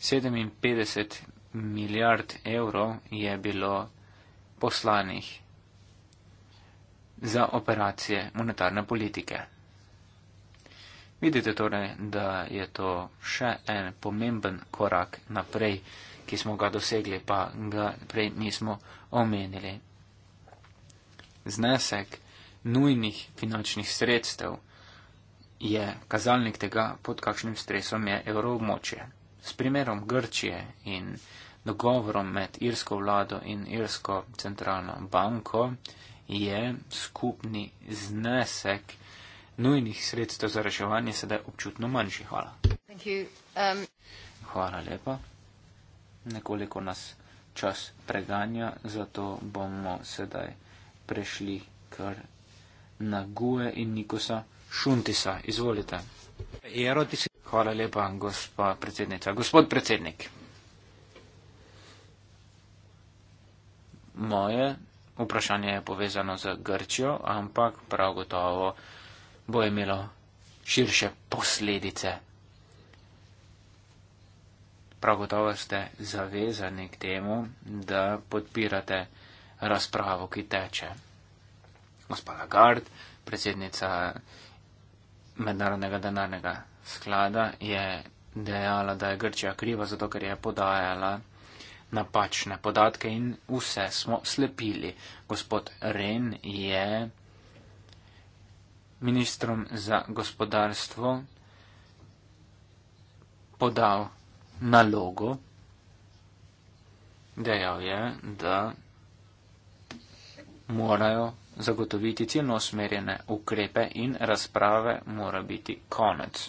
57 milijard evrov je bilo poslanih za operacije monetarne politike. Vidite torej, da je to še en pomemben korak naprej, ki smo ga dosegli, pa ga prej nismo omenili. Znesek nujnih finančnih sredstev je kazalnik tega, pod kakšnim stresom je evroobmočje. S primerom Grčije in dogovorom med irsko vlado in irsko centralno banko je skupni znesek nujnih sredstev za reševanje sedaj občutno manjši. Hvala. Um... Hvala lepa. Nekoliko nas čas preganja, zato bomo sedaj prešli kar na Gue in Nikosa Šuntisa. Izvolite. Hvala lepa, gospa predsednica. Gospod predsednik. moje vprašanje je povezano z Grčijo, ampak prav gotovo bo imelo širše posledice. Prav gotovo ste zavezani k temu, da podpirate razpravo, ki teče. Gospa Lagarde, predsednica Mednarodnega denarnega sklada, je dejala, da je Grčija kriva zato, ker je podajala napačne podatke in vse smo slepili. Gospod Ren je ministrom za gospodarstvo podal nalogo, dejal je, da morajo zagotoviti ciljno usmerjene ukrepe in razprave mora biti konec.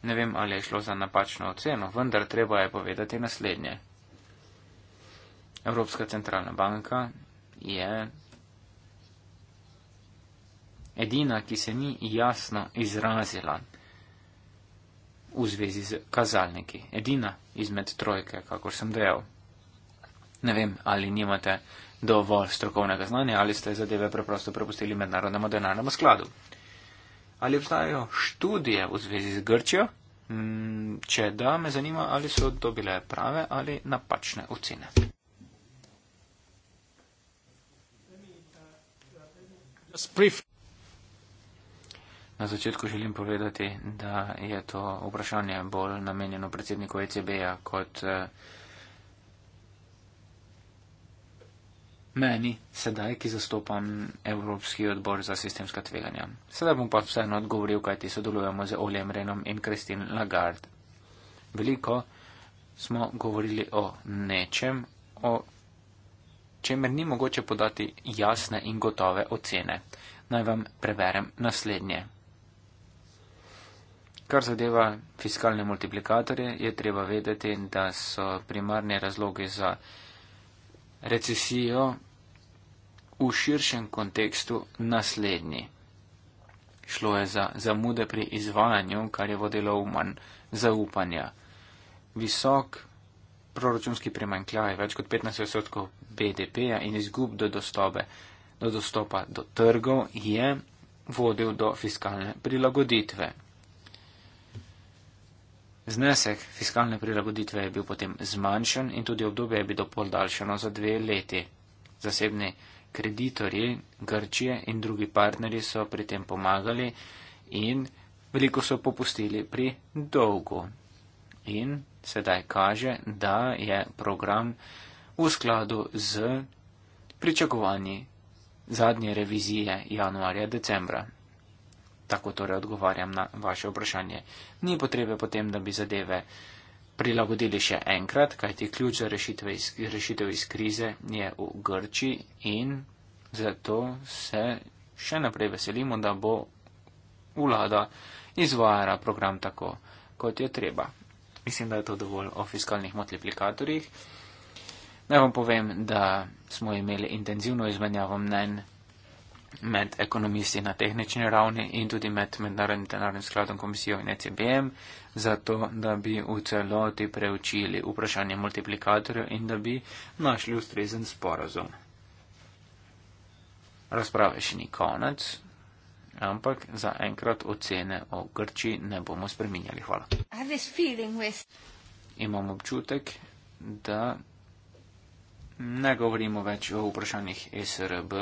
Ne vem, ali je šlo za napačno oceno, vendar treba je povedati naslednje. Evropska centralna banka je edina, ki se ni jasno izrazila v zvezi z kazalniki. Edina izmed trojke, kakor sem dejal. Ne vem, ali nimate dovolj strokovnega znanja, ali ste zadeve preprosto prepustili mednarodnemu denarnemu skladu ali obstajajo študije v zvezi z Grčijo? Mm, če da, me zanima, ali so dobile prave ali napačne ocene. Na začetku želim povedati, da je to vprašanje bolj namenjeno predsedniku ECB-ja kot eh, meni, sedaj, ki zastopam Evropski odbor za sistemska tveganja. Sedaj bom pa vseeno odgovoril, kaj ti sodelujemo z Oljem Renom in Kristin Lagarde. Veliko smo govorili o nečem, o čemer ni mogoče podati jasne in gotove ocene. Naj vam preberem naslednje. Kar zadeva fiskalne multiplikatorje, je treba vedeti, da so primarni razlogi za recesijo v širšem kontekstu naslednji. Šlo je za zamude pri izvajanju, kar je vodilo v manj zaupanja. Visok proračunski premankljaj, več kot 15 odstotkov BDP-ja in izgub do, dostobe, do dostopa do trgov je vodil do fiskalne prilagoditve. Znesek fiskalne prilagoditve je bil potem zmanjšan in tudi obdobje je bilo podaljšano za dve leti. Zasebni kreditorji Grčije in drugi partnerji so pri tem pomagali in veliko so popustili pri dolgu. In sedaj kaže, da je program v skladu z pričakovanji zadnje revizije januarja-decembra. Tako torej odgovarjam na vaše vprašanje. Ni potrebe potem, da bi zadeve prilagodili še enkrat, kajti ključ za iz, rešitev iz krize je v Grči in zato se še naprej veselimo, da bo vlada izvajala program tako, kot je treba. Mislim, da je to dovolj o fiskalnih multiplikatorjih. Naj vam povem, da smo imeli intenzivno izmenjavo mnen med ekonomisti na tehnični ravni in tudi med Mednarodnim denarnim skladom komisijo in ECBM, zato da bi v celoti preučili vprašanje multiplikatorjev in da bi našli ustrezen sporazum. Razprave še ni konec, ampak zaenkrat ocene o Grči ne bomo spreminjali. Hvala. With... Imam občutek, da ne govorimo več o vprašanjih SRB.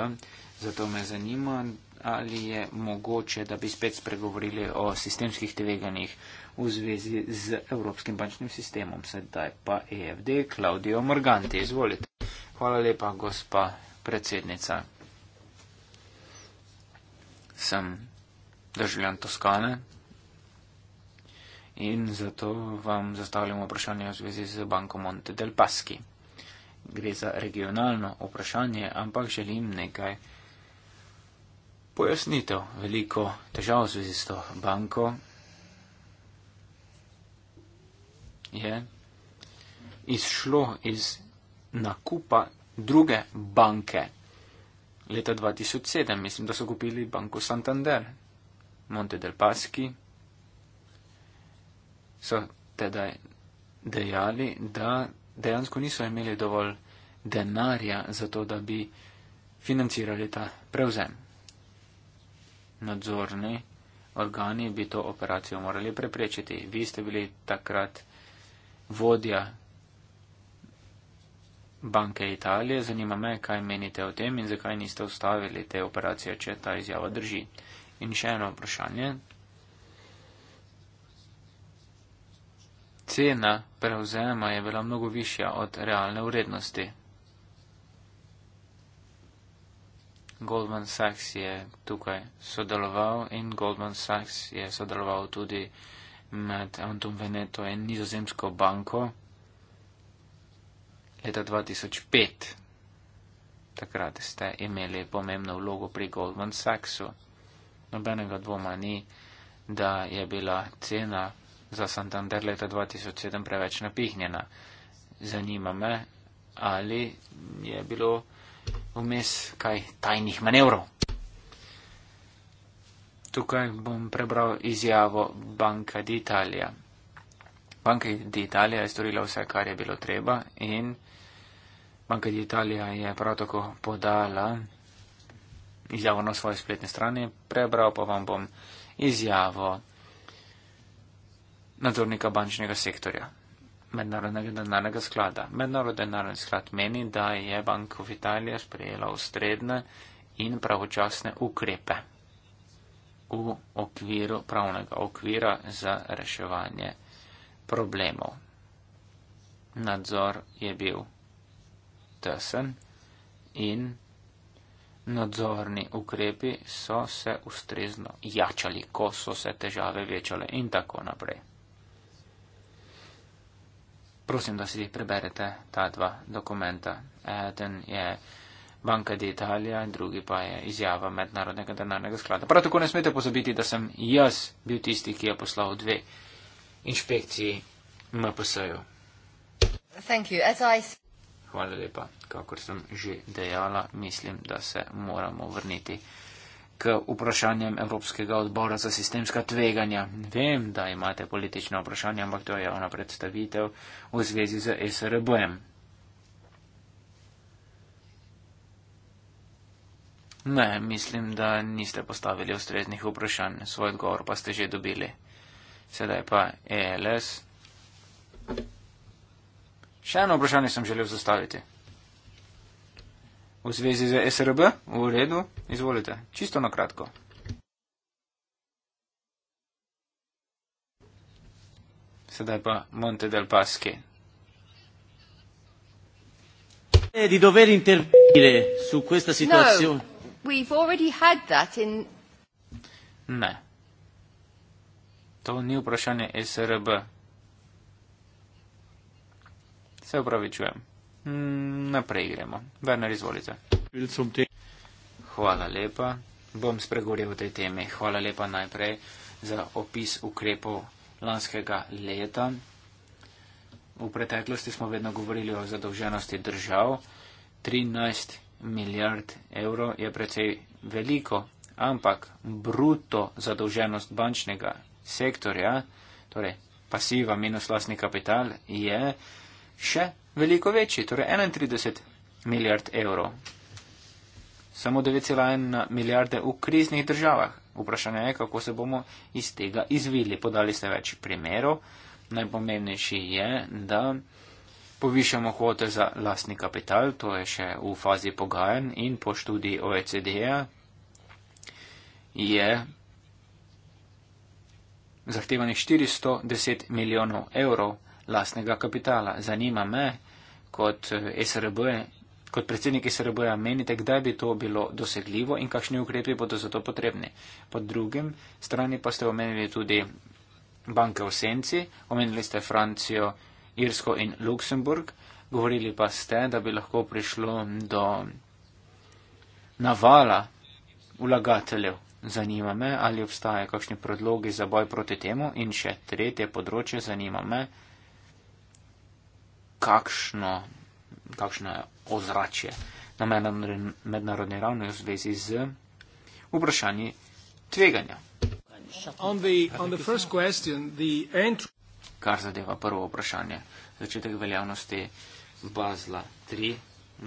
Zato me zanima, ali je mogoče, da bi spet spregovorili o sistemskih tveganjih v zvezi z Evropskim bančnim sistemom. Sedaj pa EFD, Claudio Morganti, izvolite. Hvala lepa, gospa predsednica. Sem državljan Toskane in zato vam zastavljam vprašanje v zvezi z banko Monte del Paschi. Gre za regionalno vprašanje, ampak želim nekaj pojasnitev, veliko težav z isto banko je izšlo iz nakupa druge banke. Leta 2007 mislim, da so kupili banko Santander, Monte del Paschi. So tedaj dejali, da dejansko niso imeli dovolj denarja za to, da bi financirali ta prevzem nadzorni organi bi to operacijo morali preprečiti. Vi ste bili takrat vodja banke Italije. Zanima me, kaj menite o tem in zakaj niste ustavili te operacije, če ta izjava drži. In še eno vprašanje. Cena prevzema je bila mnogo višja od realne vrednosti. Goldman Sachs je tukaj sodeloval in Goldman Sachs je sodeloval tudi med Antum Veneto in Nizozemsko banko leta 2005. Takrat ste imeli pomembno vlogo pri Goldman Sachsu. Nobenega dvoma ni, da je bila cena za Santander leta 2007 preveč napihnjena. Zanima me, ali je bilo vmes kaj tajnih manevrov. Tukaj bom prebral izjavo Banka d'Italia. Banka d'Italia je storila vse, kar je bilo treba in Banka d'Italia je prav tako podala izjavo na svoje spletne strani, prebral pa vam bom izjavo nadzornika bančnega sektorja. Mednarodnega denarnega sklada. Mednarodni denarni sklad meni, da je Bank of Italija sprejela ustredne in pravočasne ukrepe v okviru pravnega okvira za reševanje problemov. Nadzor je bil tesen in nadzorni ukrepi so se ustrezno jačali, ko so se težave večale in tako naprej prosim, da si jih preberete, ta dva dokumenta. Eden je Banka d'Italia in drugi pa je izjava Mednarodnega denarnega sklada. Prav tako ne smete pozabiti, da sem jaz bil tisti, ki je poslal dve inšpekciji MPS-ju. Hvala lepa. Kakor sem že dejala, mislim, da se moramo vrniti k vprašanjem Evropskega odbora za sistemska tveganja. Vem, da imate politično vprašanje, ampak to je javna predstavitev v zvezi z SRB-em. Ne, mislim, da niste postavili ustreznih vprašanj, svoj odgovor pa ste že dobili. Sedaj pa ELS. Še eno vprašanje sem želel zastaviti v zvezi z SRB? V redu, izvolite, čisto na kratko. Sedaj pa Monte del Paschi. Eh, di dover intervenire su questa no, situazione? No, we've already had that in... Ne. To ni vprašanje SRB. Se upravičujem naprej gremo. Werner, izvolite. Hvala lepa. Bom spregovoril o tej temi. Hvala lepa najprej za opis ukrepov lanskega leta. V preteklosti smo vedno govorili o zadolženosti držav. 13 milijard evrov je precej veliko, ampak bruto zadolženost bančnega sektorja, torej pasiva minus lasni kapital, je še veliko večji, torej 31 milijard evrov. Samo 9,1 milijarde v kriznih državah. Vprašanje je, kako se bomo iz tega izvili. Podali ste več primerov. Najpomembnejši je, da povišamo kvote za lastni kapital, to je še v fazi pogajanj in po študiji OECD-ja je zahtevanih 410 milijonov evrov lastnega kapitala. Zanima me, kot eh, SRB, kot predsednik SRB, menite, kdaj bi to bilo dosegljivo in kakšni ukrepi bodo za to potrebni. Po drugem strani pa ste omenili tudi banke v senci, omenili ste Francijo, Irsko in Luksemburg, govorili pa ste, da bi lahko prišlo do navala vlagateljev. Zanima me, ali obstajajo kakšni predlogi za boj proti temu in še tretje področje zanima me kakšno, kakšno je ozračje na mednarodni ravni v zvezi z vprašanji tveganja. Kar zadeva prvo vprašanje, začetek veljavnosti Bazla 3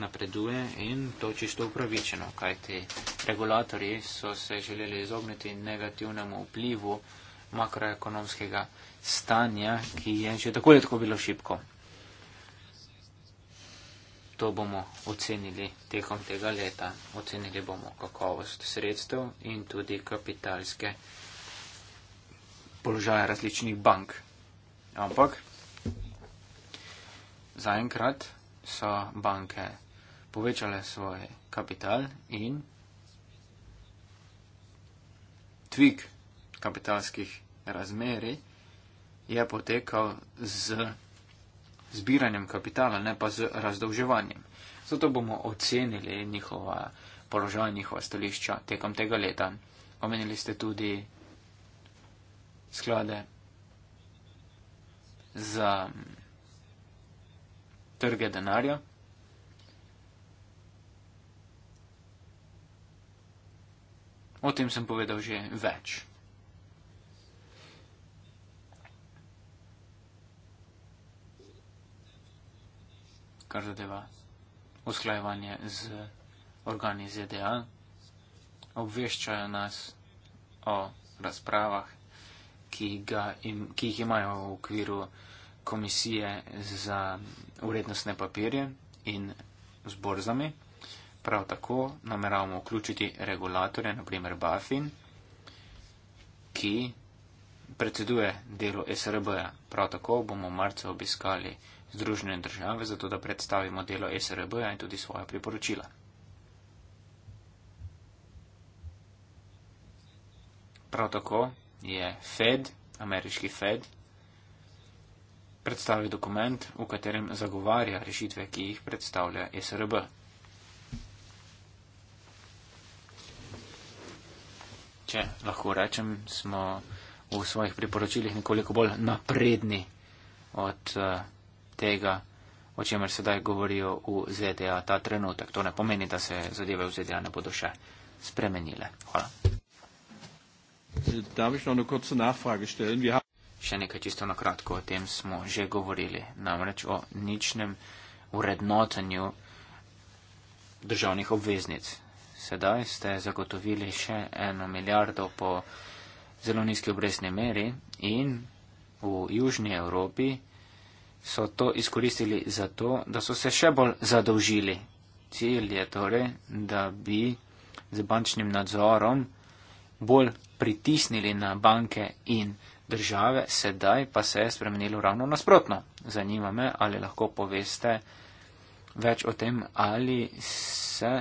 napreduje in to čisto upravičeno, kajti regulatorji so se želeli izogniti negativnemu vplivu makroekonomskega stanja, ki je že tako ali tako bilo šipko to bomo ocenili tekom tega leta. Ocenili bomo kakovost sredstev in tudi kapitalske položaje različnih bank. Ampak zaenkrat so banke povečale svoj kapital in tvik kapitalskih razmeri je potekal z zbiranjem kapitala, ne pa z razdolževanjem. Zato bomo ocenili njihova položaj, njihova stališča tekom tega leta. Omenili ste tudi sklade za trge denarja. O tem sem povedal že več. kar zadeva usklajevanje z organi ZDA, obveščajo nas o razpravah, ki, ga, im, ki jih imajo v okviru komisije za urednostne papirje in z borzami. Prav tako nameravamo vključiti regulatorje, naprimer BaFin, ki predseduje delu SRB-ja. Prav tako bomo marca obiskali Združene države, zato da predstavimo delo SRB in tudi svoja priporočila. Prav tako je Fed, ameriški Fed, predstavil dokument, v katerem zagovarja rešitve, ki jih predstavlja SRB. Če lahko rečem, smo v svojih priporočilih nekoliko bolj napredni od. Uh, tega, o čemer sedaj govorijo v ZDA ta trenutek. To ne pomeni, da se zadeve v ZDA ne bodo še spremenile. Hvala. Še nekaj čisto na kratko, o tem smo že govorili, namreč o ničnem urednotenju državnih obveznic. Sedaj ste zagotovili še eno milijardo po zelo nizki obresni meri in v Južni Evropi so to izkoristili za to, da so se še bolj zadolžili. Cilj je torej, da bi z bančnim nadzorom bolj pritisnili na banke in države, sedaj pa se je spremenilo ravno nasprotno. Zanima me, ali lahko poveste več o tem, ali se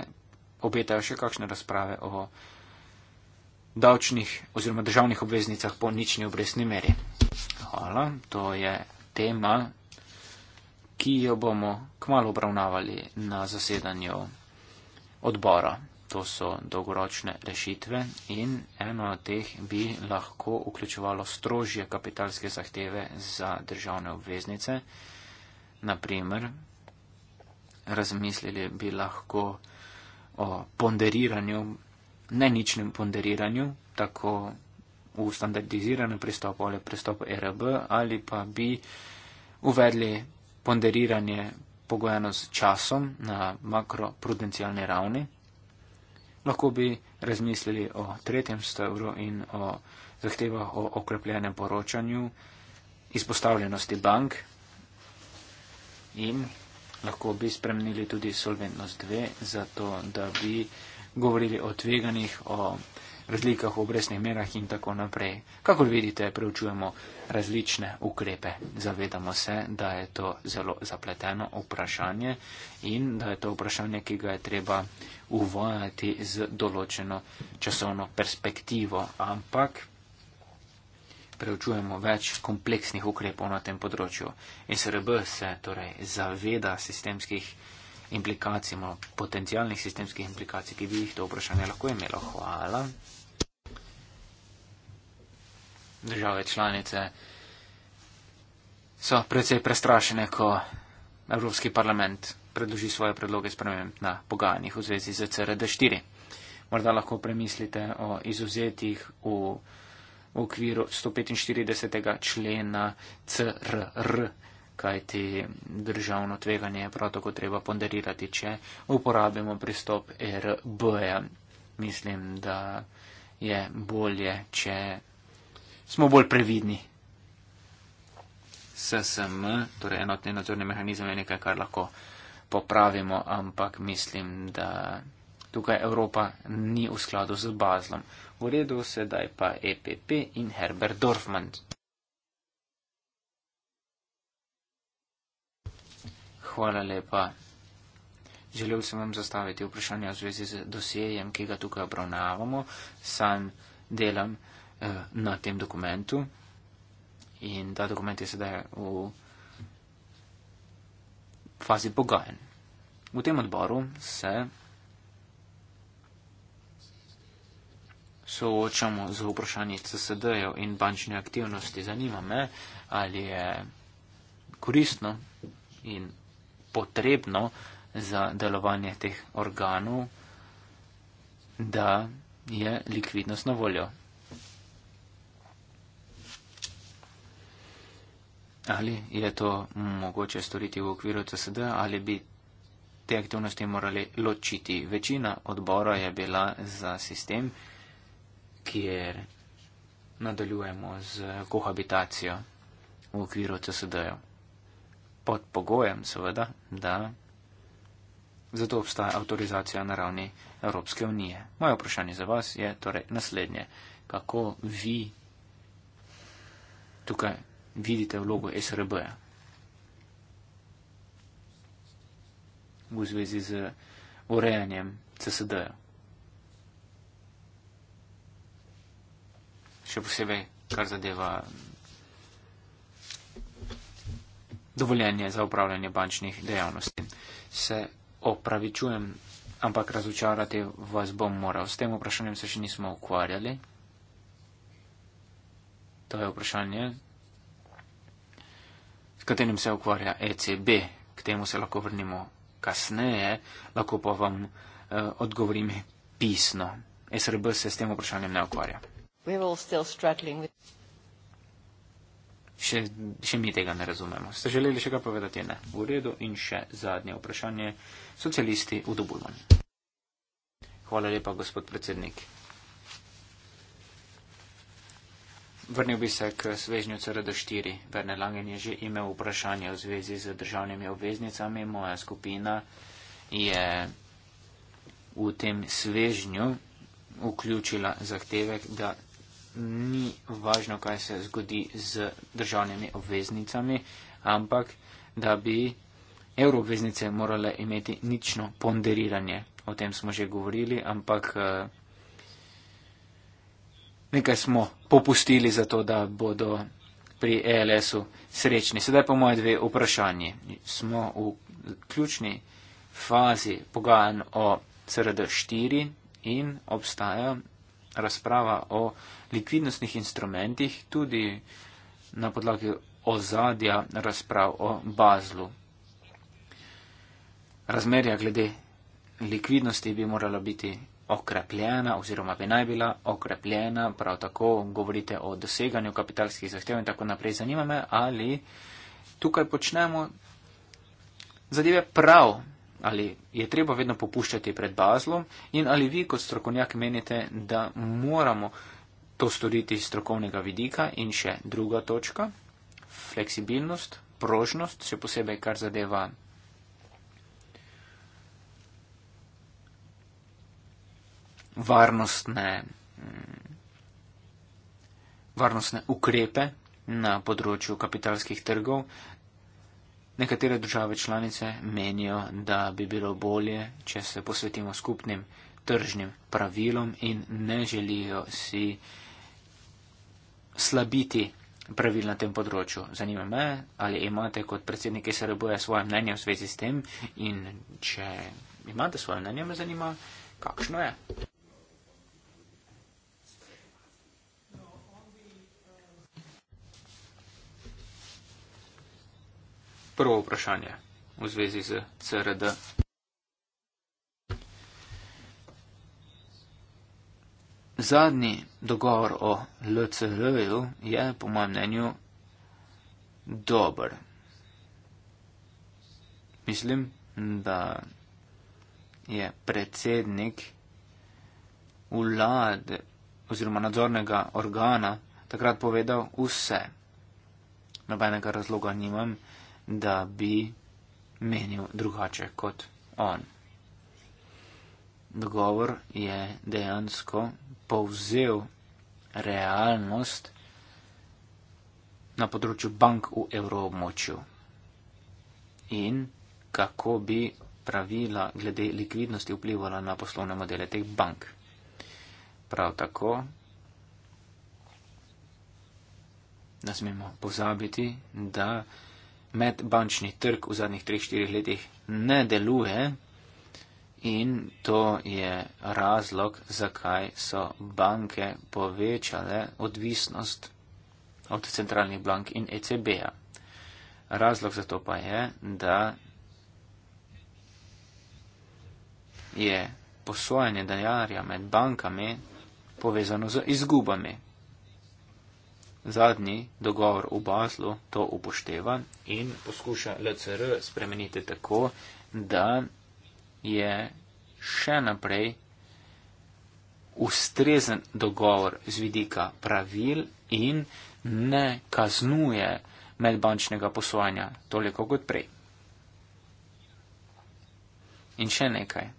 obetajo še kakšne razprave o davčnih oziroma državnih obveznicah po nični obresni meri. Hvala, to je tema ki jo bomo kmalo obravnavali na zasedanju odbora. To so dolgoročne rešitve in eno od teh bi lahko vključevalo strožje kapitalske zahteve za državne obveznice. Naprimer, razmislili bi lahko o ponderiranju, neničnem ponderiranju, tako v standardiziranem pristopu ali pristopu e RB ali pa bi uvedli ponderiranje pogojeno s časom na makroprudencialne ravni. Lahko bi razmislili o tretjem stavru in o zahtevah o okrepljenem poročanju, izpostavljenosti bank in lahko bi spremenili tudi solventnost 2, zato da bi govorili o tveganjih, o razlikah v obresnih merah in tako naprej. Kakor vidite, preučujemo različne ukrepe. Zavedamo se, da je to zelo zapleteno vprašanje in da je to vprašanje, ki ga je treba uvajati z določeno časovno perspektivo. Ampak preučujemo več kompleksnih ukrepov na tem področju. SRB se torej zaveda sistemskih implikacij, potencijalnih sistemskih implikacij, ki bi jih to vprašanje lahko imelo. Hvala države članice so precej prestrašene, ko Evropski parlament predloži svoje predloge sprememb na pogajanjih v zvezi z CRD4. Morda lahko premislite o izuzetih v okviru 145. člena CRR, kajti državno tveganje je prav tako treba ponderirati, če uporabimo pristop RB. Mislim, da je bolje, če smo bolj previdni. SSM, torej enotni nadzorni mehanizem je nekaj, kar lahko popravimo, ampak mislim, da tukaj Evropa ni v skladu z bazlom. V redu sedaj pa EPP in Herbert Dorfman. Hvala lepa. Želel sem vam zastaviti vprašanje v zvezi z dosjejem, ki ga tukaj obravnavamo. San delam. Eh, na tem dokumentu. In ta dokument je sedaj v fazi pogajen. V tem odboru se soočamo z vprašanji CSD-jev in bančne aktivnosti. Zanima me, ali je koristno in potrebno za delovanje teh organov, da je likvidnost na voljo. Ali je to mogoče storiti v okviru CSD ali bi te aktivnosti morali ločiti? Večina odbora je bila za sistem, kjer nadaljujemo z kohabitacijo v okviru CSD-ja. Pod pogojem seveda, da zato obstaja avtorizacija na ravni Evropske unije. Moje vprašanje za vas je torej naslednje. Kako vi tukaj vidite vlogo SRB-ja. v zvezi z urejanjem CSD-ja. Še posebej, kar zadeva dovoljenje za upravljanje bančnih dejavnosti. Se opravičujem, ampak razočarati vas bom moral. S tem vprašanjem se še nismo ukvarjali. To je vprašanje, s katerim se ukvarja ECB, k temu se lahko vrnimo kasneje, lahko pa vam eh, odgovorim pisno. SRB se s tem vprašanjem ne ukvarja. With... Še, še mi tega ne razumemo. Ste želeli še kaj povedati? Ne. V redu. In še zadnje vprašanje. Socialisti v Dubulmanu. Hvala lepa, gospod predsednik. Vrnil bi se k svežnju CRD4. Verne Langen je že imel vprašanje v zvezi z državnimi obveznicami. Moja skupina je v tem svežnju vključila zahtevek, da ni važno, kaj se zgodi z državnimi obveznicami, ampak da bi evroobveznice morale imeti nično ponderiranje. O tem smo že govorili, ampak eh, nekaj smo popustili za to, da bodo pri ELS-u srečni. Sedaj pa moje dve vprašanje. Smo v ključni fazi pogajan o CRD4 in obstaja razprava o likvidnostnih instrumentih tudi na podlagi ozadja razprav o bazlu. Razmerja glede likvidnosti bi morala biti okrepljena oziroma bi naj bila okrepljena, prav tako govorite o doseganju kapitalskih zahtev in tako naprej. Zanima me, ali tukaj počnemo zadeve prav, ali je treba vedno popuščati pred bazlom in ali vi kot strokovnjak menite, da moramo to storiti iz strokovnega vidika in še druga točka, fleksibilnost, prožnost, še posebej kar zadeva varnostne, mm, varnostne ukrepe na področju kapitalskih trgov. Nekatere države članice menijo, da bi bilo bolje, če se posvetimo skupnim tržnim pravilom in ne želijo si slabiti pravil na tem področju. Zanima me, ali imate kot predsednik SRB-ja svoje mnenje v zvezi s tem in če imate svoje mnenje, me zanima, kakšno je. prvo vprašanje v zvezi z CRD. Zadnji dogovor o LCR-ju je, po mojem mnenju, dober. Mislim, da je predsednik vlade oziroma nadzornega organa takrat povedal vse. Nobenega razloga nimam, da bi menil drugače kot on. Dogovor je dejansko povzel realnost na področju bank v evroobmočju in kako bi pravila glede likvidnosti vplivala na poslovne modele teh bank. Prav tako ne smemo pozabiti, da medbančni trg v zadnjih 3-4 letih ne deluje in to je razlog, zakaj so banke povečale odvisnost od centralnih bank in ECB-ja. Razlog za to pa je, da je posojanje denarja med bankami povezano z izgubami zadnji dogovor v Baslu to upošteva in poskuša LCR spremeniti tako, da je še naprej ustrezen dogovor z vidika pravil in ne kaznuje medbančnega poslovanja toliko kot prej. In še nekaj.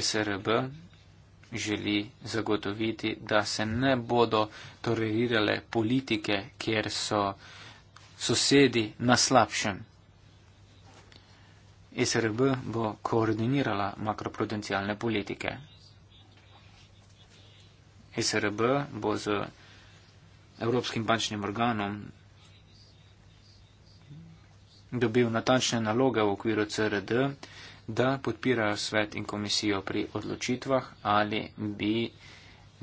SRB želi zagotoviti, da se ne bodo tolerirale politike, kjer so sosedi na slabšem. SRB bo koordinirala makroprudencialne politike. SRB bo z Evropskim bančnim organom dobil natančne naloge v okviru CRD, da podpirajo svet in komisijo pri odločitvah, ali bi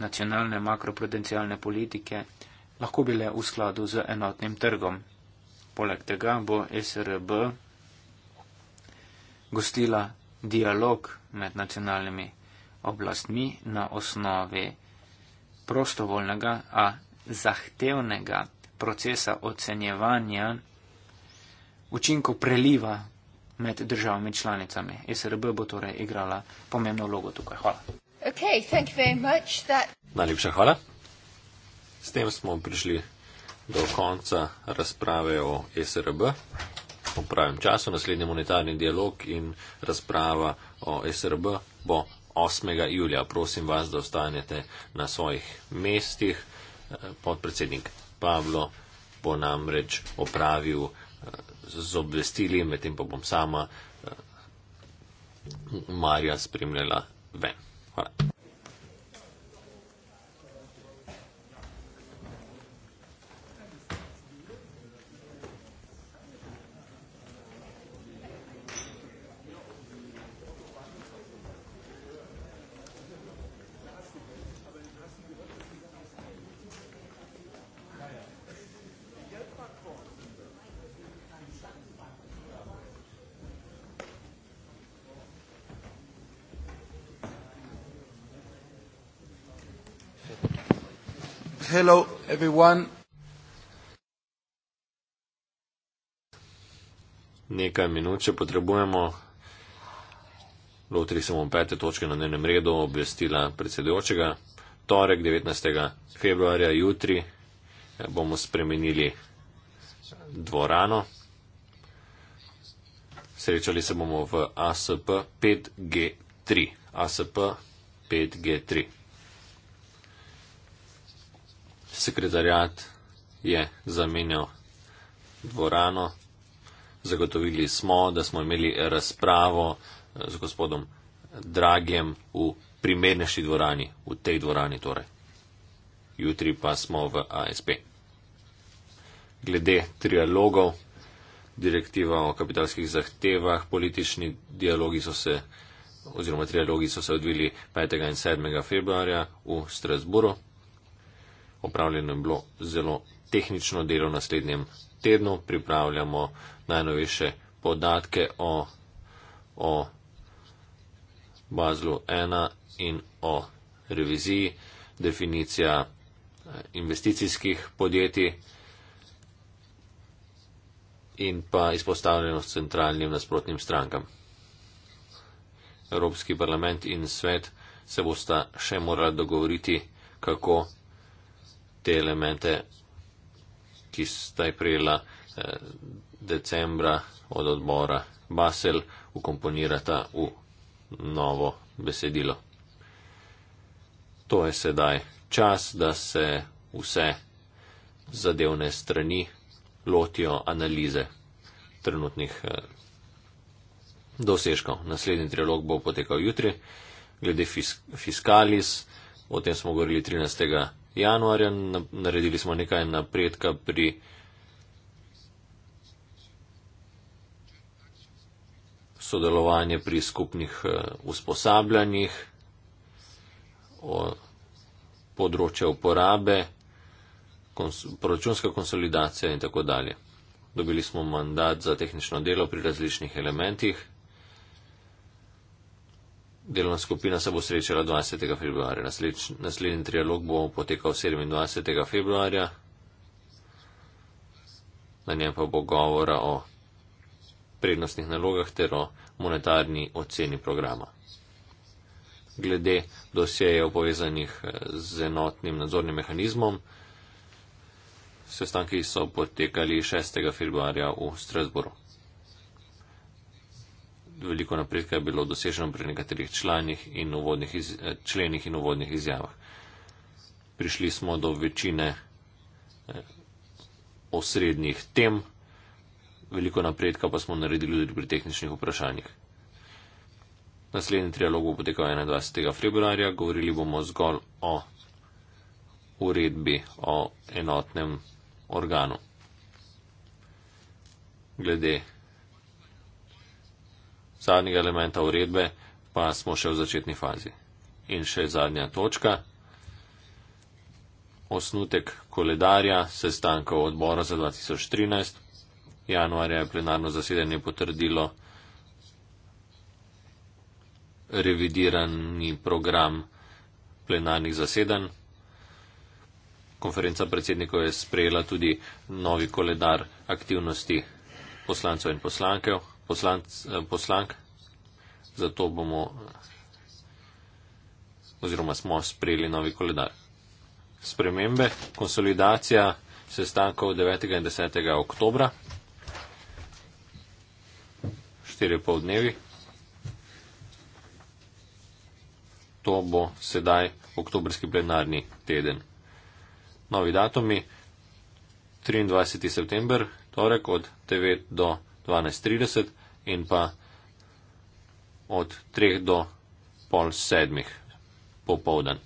nacionalne makroprudencialne politike lahko bile v skladu z enotnim trgom. Poleg tega bo SRB gostila dialog med nacionalnimi oblastmi na osnovi prostovoljnega, a zahtevnega procesa ocenjevanja učinkov preliva med državami članicami. SRB bo torej igrala pomembno vlogo tukaj. Hvala. Okay, That... Najlepša hvala. S tem smo prišli do konca razprave o SRB. V pravem času naslednji monetarni dialog in razprava o SRB bo 8. julija. Prosim vas, da ostanete na svojih mestih. Eh, podpredsednik Pavlo bo namreč opravil. Eh, z obvestili, medtem pa bom sama eh, Marja spremljala ven. Hvala. Hello, everyone. Nekaj minut še potrebujemo. Lotri se bomo pete točke na dnevnem redu obvestila predsedujočega. Torek 19. februarja jutri eh, bomo spremenili dvorano. Srečali se bomo v ASP 5G3. ASP 5G3 sekretarjat je zamenjal dvorano. Zagotovili smo, da smo imeli razpravo eh, z gospodom Dragjem v primernejši dvorani, v tej dvorani torej. Jutri pa smo v ASP. Glede trialogov, direktiva o kapitalskih zahtevah, politični dialogi so se, oziroma trialogi so se odvili 5. in 7. februarja v Strasburu opravljeno je bilo zelo tehnično delo v naslednjem tednu, pripravljamo najnovejše podatke o, o bazlu 1 in o reviziji, definicija eh, investicijskih podjetij in pa izpostavljenost centralnim nasprotnim strankam. Evropski parlament in svet se bosta še morali dogovoriti, kako te elemente, ki sta jih prijela eh, decembra od odbora Basel, ukomponirata v novo besedilo. To je sedaj čas, da se vse zadevne strani lotijo analize trenutnih eh, dosežkov. Naslednji trilog bo potekal jutri glede fiskalis, o tem smo govorili 13 januarja, naredili smo nekaj napredka pri sodelovanju pri skupnih eh, usposabljanjih o področju uporabe, kons proračunska konsolidacija in tako dalje. Dobili smo mandat za tehnično delo pri različnih elementih. Delovna skupina se bo srečala 20. februarja. Naslednj, naslednji trialog bo potekal 27. februarja. Na njem pa bo govora o prednostnih nalogah ter o monetarni oceni programa. Glede dosjejev povezanih z enotnim nadzornim mehanizmom, sestanki so potekali 6. februarja v Strasburu veliko napredka je bilo doseženo pri nekaterih in iz, eh, členih in uvodnih izjavah. Prišli smo do večine eh, osrednjih tem, veliko napredka pa smo naredili tudi pri tehničnih vprašanjih. Naslednji trialog bo potekal 21. februarja, govorili bomo zgolj o uredbi o enotnem organu. Glede zadnjega elementa uredbe, pa smo še v začetni fazi. In še zadnja točka. Osnutek koledarja sestankov odbora za 2013. Januarja je plenarno zasedanje potrdilo revidirani program plenarnih zasedanj. Konferenca predsednikov je sprejela tudi novi koledar aktivnosti poslancev in poslankev Eh, poslank, zato bomo oziroma smo sprejeli novi koledar. Spremembe, konsolidacija sestankov 9. in 10. oktobra, 4,5 dnevi. To bo sedaj oktobrski plenarni teden. Novi datumi 23. september, torek od 9 do 10. 12.30 in pa od 3 do pol sedmih popovdan.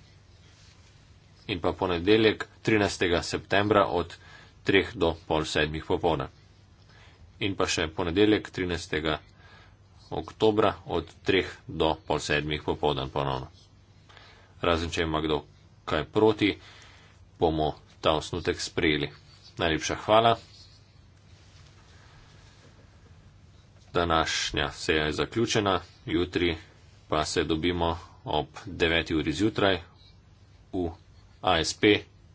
In pa ponedeljek 13. septembra od 3 do pol sedmih popovdan. In pa še ponedeljek 13. oktobra od 3 do pol sedmih popovdan ponovno. Razen če ima kdo kaj proti, bomo ta osnutek sprejeli. Najlepša hvala. današnja seja je zaključena, jutri pa se dobimo ob 9. uri zjutraj v ASP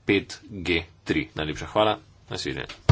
5G3. Najlepša hvala, nasvidenje.